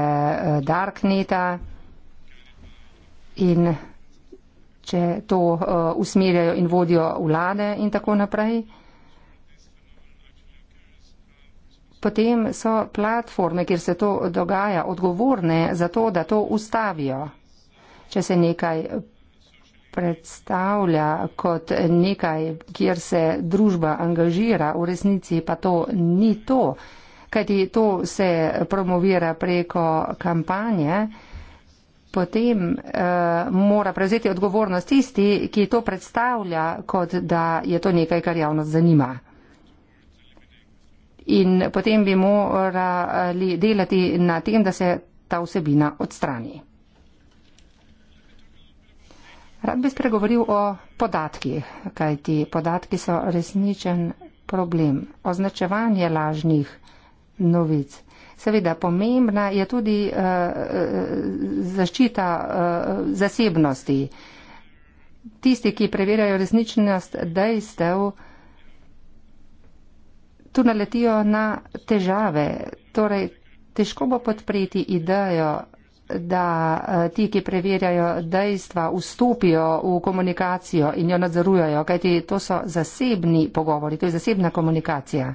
Darkneta in če to usmerjajo in vodijo vlade in tako naprej. Potem so platforme, kjer se to dogaja, odgovorne za to, da to ustavijo, če se nekaj predstavlja kot nekaj, kjer se družba angažira, v resnici pa to ni to, kajti to se promovira preko kampanje, potem uh, mora prevzeti odgovornost tisti, ki to predstavlja, kot da je to nekaj, kar javnost zanima. In potem bi morali delati na tem, da se ta vsebina odstrani. Rad bi spregovoril o podatkih, kajti podatki so resničen problem. Označevanje lažnih novic. Seveda, pomembna je tudi uh, zaščita uh, zasebnosti. Tisti, ki preverjajo resničnost dejstev, tu naletijo na težave. Torej, težko bo podpreti idejo da eh, ti, ki preverjajo dejstva, vstopijo v komunikacijo in jo nadzorujejo, kajti to so zasebni pogovori, to je zasebna komunikacija.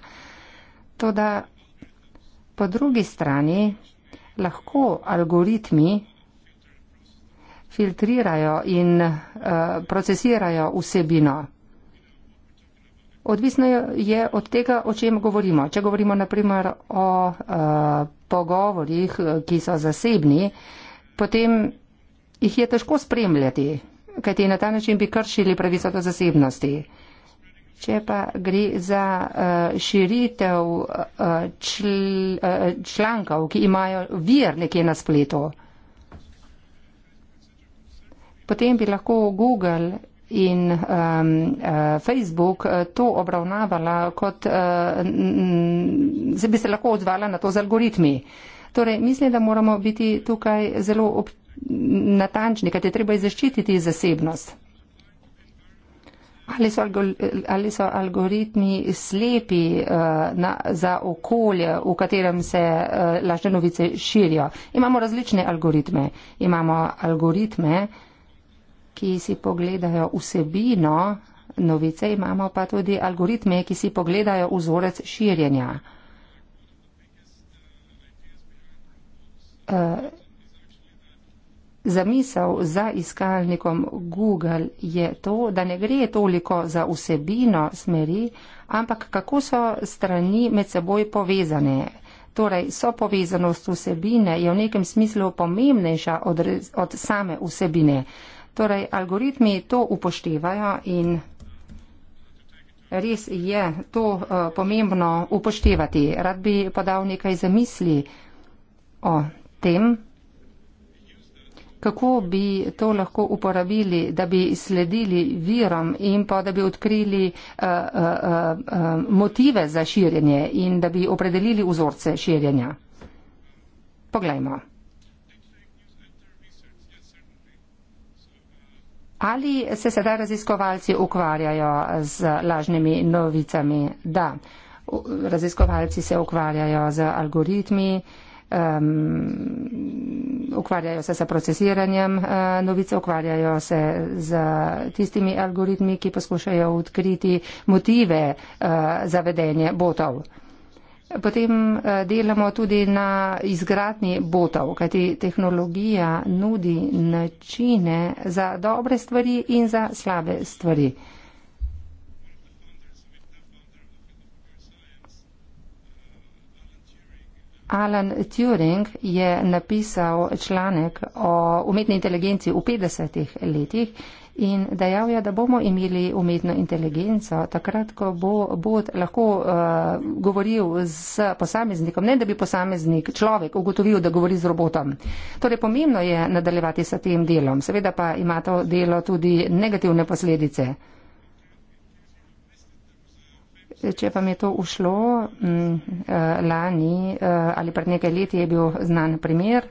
To, da po drugi strani lahko algoritmi filtrirajo in uh, procesirajo vsebino. Odvisno je od tega, o čem govorimo. Če govorimo naprimer o uh, pogovorjih, ki so zasebni, potem jih je težko spremljati, kajti na ta način bi kršili pravico do zasebnosti. Če pa gre za uh, širitev uh, čl, uh, člankov, ki imajo vir nekje na spletu, potem bi lahko Google in um, uh, Facebook uh, to obravnavala kot, da uh, bi se lahko odzvala na to z algoritmi. Torej, mislim, da moramo biti tukaj zelo natančni, kajte treba je zaščititi zasebnost. Ali so, ali so algoritmi slepi uh, na, za okolje, v katerem se uh, lažne novice širijo? Imamo različne algoritme. Imamo algoritme, uh, ki si pogledajo vsebino novice, imamo pa tudi algoritme, ki si pogledajo vzorec širjenja. Uh, zamisel za iskalnikom Google je to, da ne gre toliko za vsebino smeri, ampak kako so strani med seboj povezane. Torej, so povezanost vsebine je v nekem smislu pomembnejša od, od same vsebine. Uh, Torej, algoritmi to upoštevajo in res je to uh, pomembno upoštevati. Rad bi podal nekaj zamisli o tem, kako bi to lahko uporabili, da bi sledili virom in pa da bi odkrili uh, uh, uh, motive za širjenje in da bi opredelili vzorce širjenja. Poglejmo. Ali se sedaj raziskovalci ukvarjajo z lažnimi novicami? Da, raziskovalci se ukvarjajo z algoritmi, um, ukvarjajo se s procesiranjem uh, novice, ukvarjajo se z tistimi algoritmi, ki poskušajo odkriti motive uh, eh, zavedenja botov. Potem eh, delamo tudi na izgradni botov, kajti tehnologija nudi načine za dobre stvari in za slabe stvari. Alan Turing je napisal članek o umetni inteligenci v 50-ih letih in dejal je, da bomo imeli umetno inteligenco, takrat, ko bo bot lahko uh, govoril z posameznikom, ne da bi posameznik, človek, ugotovil, da govori z robotom. Torej, pomembno je nadaljevati s tem delom. Seveda pa ima to delo tudi negativne posledice. Če pa mi je to ušlo, m, mm, eh, lani eh, ali pred nekaj leti je bil znan primer,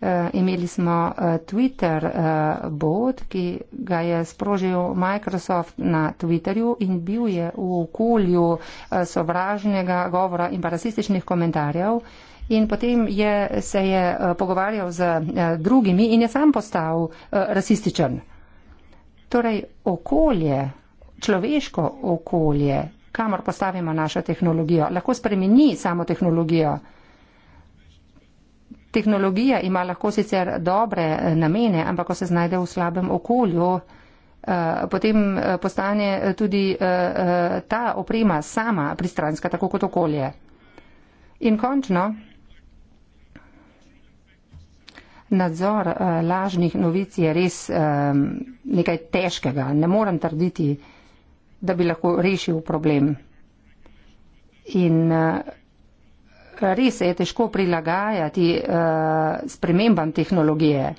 Eh, imeli smo eh, Twitter eh, bot, ki ga je sprožil Microsoft na Twitterju in bil je v okolju sovražnega govora in pa rasističnih komentarjev. In potem je, se je pogovarjal z drugimi in je sam postal rasističen. Torej, okolje, človeško okolje, kamor postavimo našo tehnologijo, lahko spremeni samo tehnologijo. Tehnologija ima lahko sicer dobre eh, namene, ampak ko se znajde v slabem okolju, eh, potem eh, postane tudi ta oprema sama pristranska, tako kot okolje. In končno, nadzor lažnih novic je res nekaj težkega. Ne morem trditi, da bi lahko rešil problem. In res se je težko prilagajati uh, spremembam tehnologije.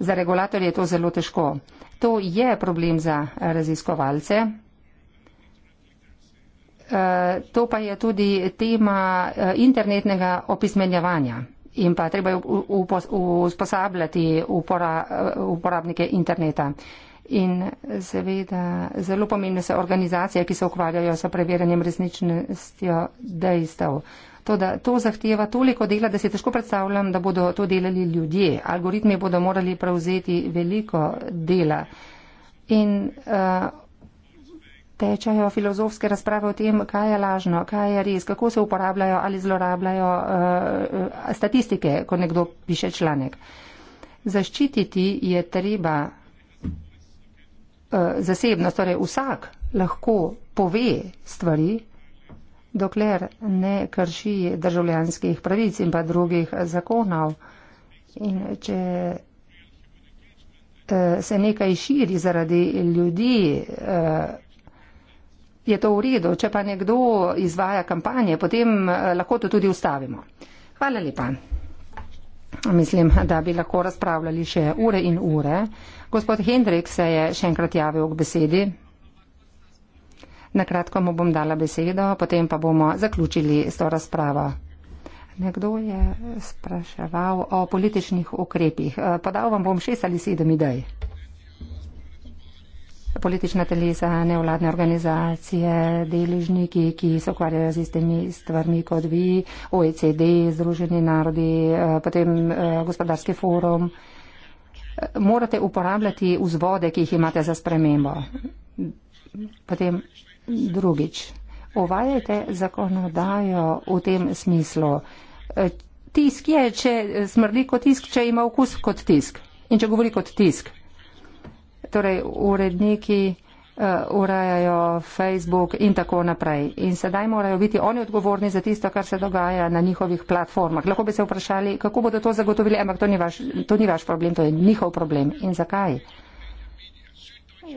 Za regulatorje je to zelo težko. To je problem za raziskovalce. Uh, to pa je tudi tema uh, internetnega opismenjevanja in pa treba usposabljati upora, uporabnike interneta. In seveda zelo pomembne so organizacije, ki se ukvarjajo s preverjanjem resničnostjo dejstev. Uh, To, da to zahteva toliko dela, da si težko predstavljam, da bodo to delali ljudje. Algoritmi bodo morali prevzeti veliko dela. In uh, eh, tečajo filozofske razprave o tem, kaj je lažno, kaj je res, kako se uporabljajo ali zlorabljajo uh, statistike, ko nekdo piše članek. Zaščititi je treba uh, zasebnost, torej vsak lahko pove stvari dokler ne krši državljanskih pravic in pa drugih zakonov. In če eh, se nekaj širi zaradi ljudi, eh, je to v redu. Če pa nekdo izvaja kampanje, potem eh, lahko to tudi ustavimo. Hvala lepa. Mislim, da bi lahko razpravljali še ure in ure. Gospod Hendrik se je še enkrat javil k besedi. Na kratko mu bom dala besedo, potem pa bomo zaključili s to razpravo. Nekdo je spraševal o političnih ukrepih. Eh, podal vam bom šest ali sedem idej. Politična telesa, nevladne organizacije, deležniki, ki se ukvarjajo z istimi stvarmi kot vi, OECD, Združeni narodi, eh, potem eh, gospodarski forum. Morate uporabljati vzvode, ki jih imate za spremembo. Potem Drugič, uvajajte zakonodajo v tem smislu. E, tisk je, če smrdi kot tisk, če ima okus kot tisk in če govori kot tisk. Torej, uredniki e, urajajo Facebook in tako naprej. In sedaj morajo biti oni odgovorni za tisto, kar se dogaja na njihovih platformah. Lahko bi se vprašali, kako bodo to zagotovili, ampak to ni vaš, to ni vaš problem, to je njihov problem. In zakaj?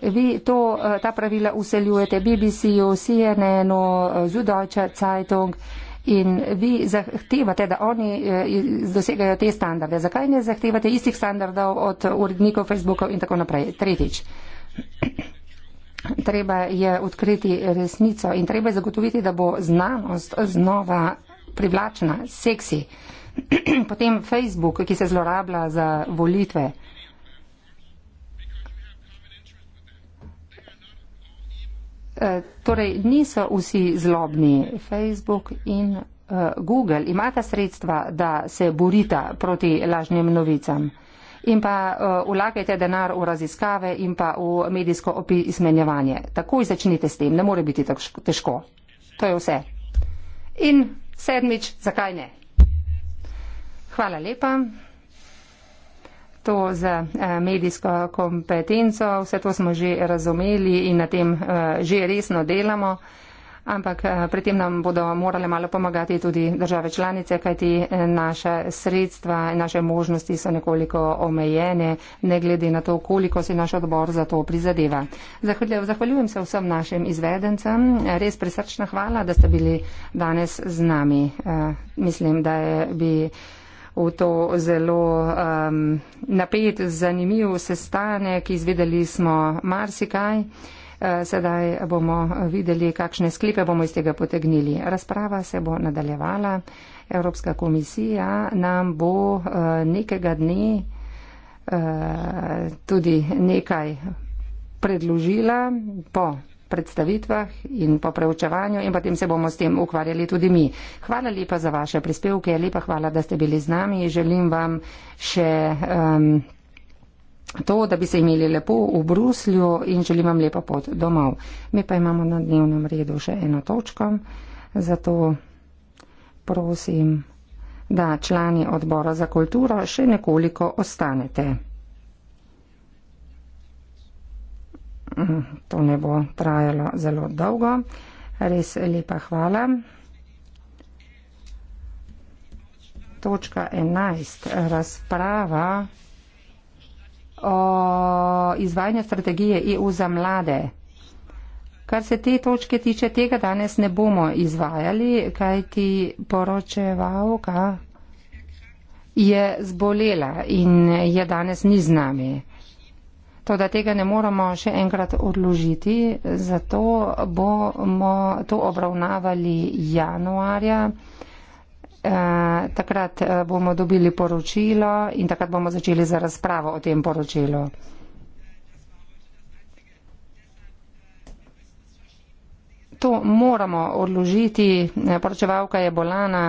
Vi to, eh, ta pravila useljujete BBC-ju, CNN-u, eh, Zudoča, Cajtung in vi zahtevate, da oni eh, dosegajo te standarde. Zakaj ne zahtevate istih standardov od urednikov Facebooka in tako naprej? Tretjič. Treba je odkriti resnico in treba je zagotoviti, da bo znanost znova privlačna, seksi. Potem Facebook, ki se zlorablja za volitve. Eh, torej niso vsi zlobni. Facebook in uh, Google imata sredstva, da se borita proti lažnim novicam. In pa uh, eh, ulagajte denar v raziskave in pa v medijsko opismenjevanje. Takoj začnite s tem, ne more biti tako težko. To je vse. In sedmič, zakaj ne? Hvala lepa to z eh, medijsko kompetenco, vse to smo že razumeli in na tem eh, že resno delamo. Ampak eh, pri tem nam bodo morale malo pomagati tudi države članice, kajti naše sredstva in naše možnosti so nekoliko omejene, ne glede na to, koliko si naš odbor za to prizadeva. Zahvaljujem se vsem našim izvedencem. Res presrčna hvala, da ste bili danes z nami. Mislim, da je bi v to zelo um, napet, zanimiv sestanek. Izvedeli smo marsikaj. Uh, sedaj bomo videli, kakšne sklepe bomo iz tega potegnili. Razprava se bo nadaljevala. Evropska komisija nam bo uh, nekega dne uh, tudi nekaj predložila po predstavitvah in po preučevanju in potem se bomo s tem ukvarjali tudi mi. Hvala lepa za vaše prispevke, lepa hvala, da ste bili z nami. Želim vam še um, to, da bi se imeli lepo v Bruslju in želim vam lepo pot domov. Mi pa imamo na dnevnem redu še eno točko, zato prosim, da člani odbora za kulturo še nekoliko ostanete. Mhm, to ne bo trajalo zelo dolgo. Res lepa hvala. Točka 11. Razprava o izvajanju strategije EU za mlade. Kar se te točke tiče, tega danes ne bomo izvajali, kaj ti poročevalka je zbolela in je danes ni z nami. To, da tega ne moremo še enkrat odložiti, zato bomo to obravnavali januarja. Eh, takrat eh, bomo dobili poročilo in takrat bomo začeli za razpravo o tem poročilu. To moramo odložiti, eh, poročevalka je bolana,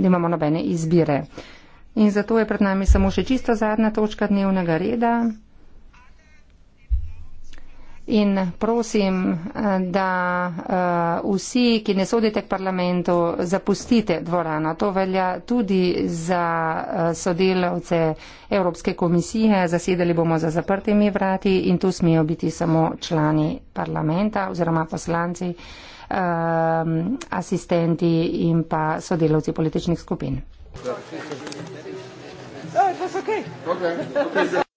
nimamo nobene izbire. In zato je pred nami samo še čisto zadnja točka dnevnega reda. In prosim, eh, da eh, vsi, ki ne sodite k parlamentu, zapustite dvorano. To velja tudi za eh, sodelavce Evropske komisije. Zasedali bomo za zaprtimi vrati in tu smijo biti samo člani parlamenta oziroma poslanci, asistenti in pa sodelavci političnih skupin. Hvala. Oh, that's okay. Okay. okay.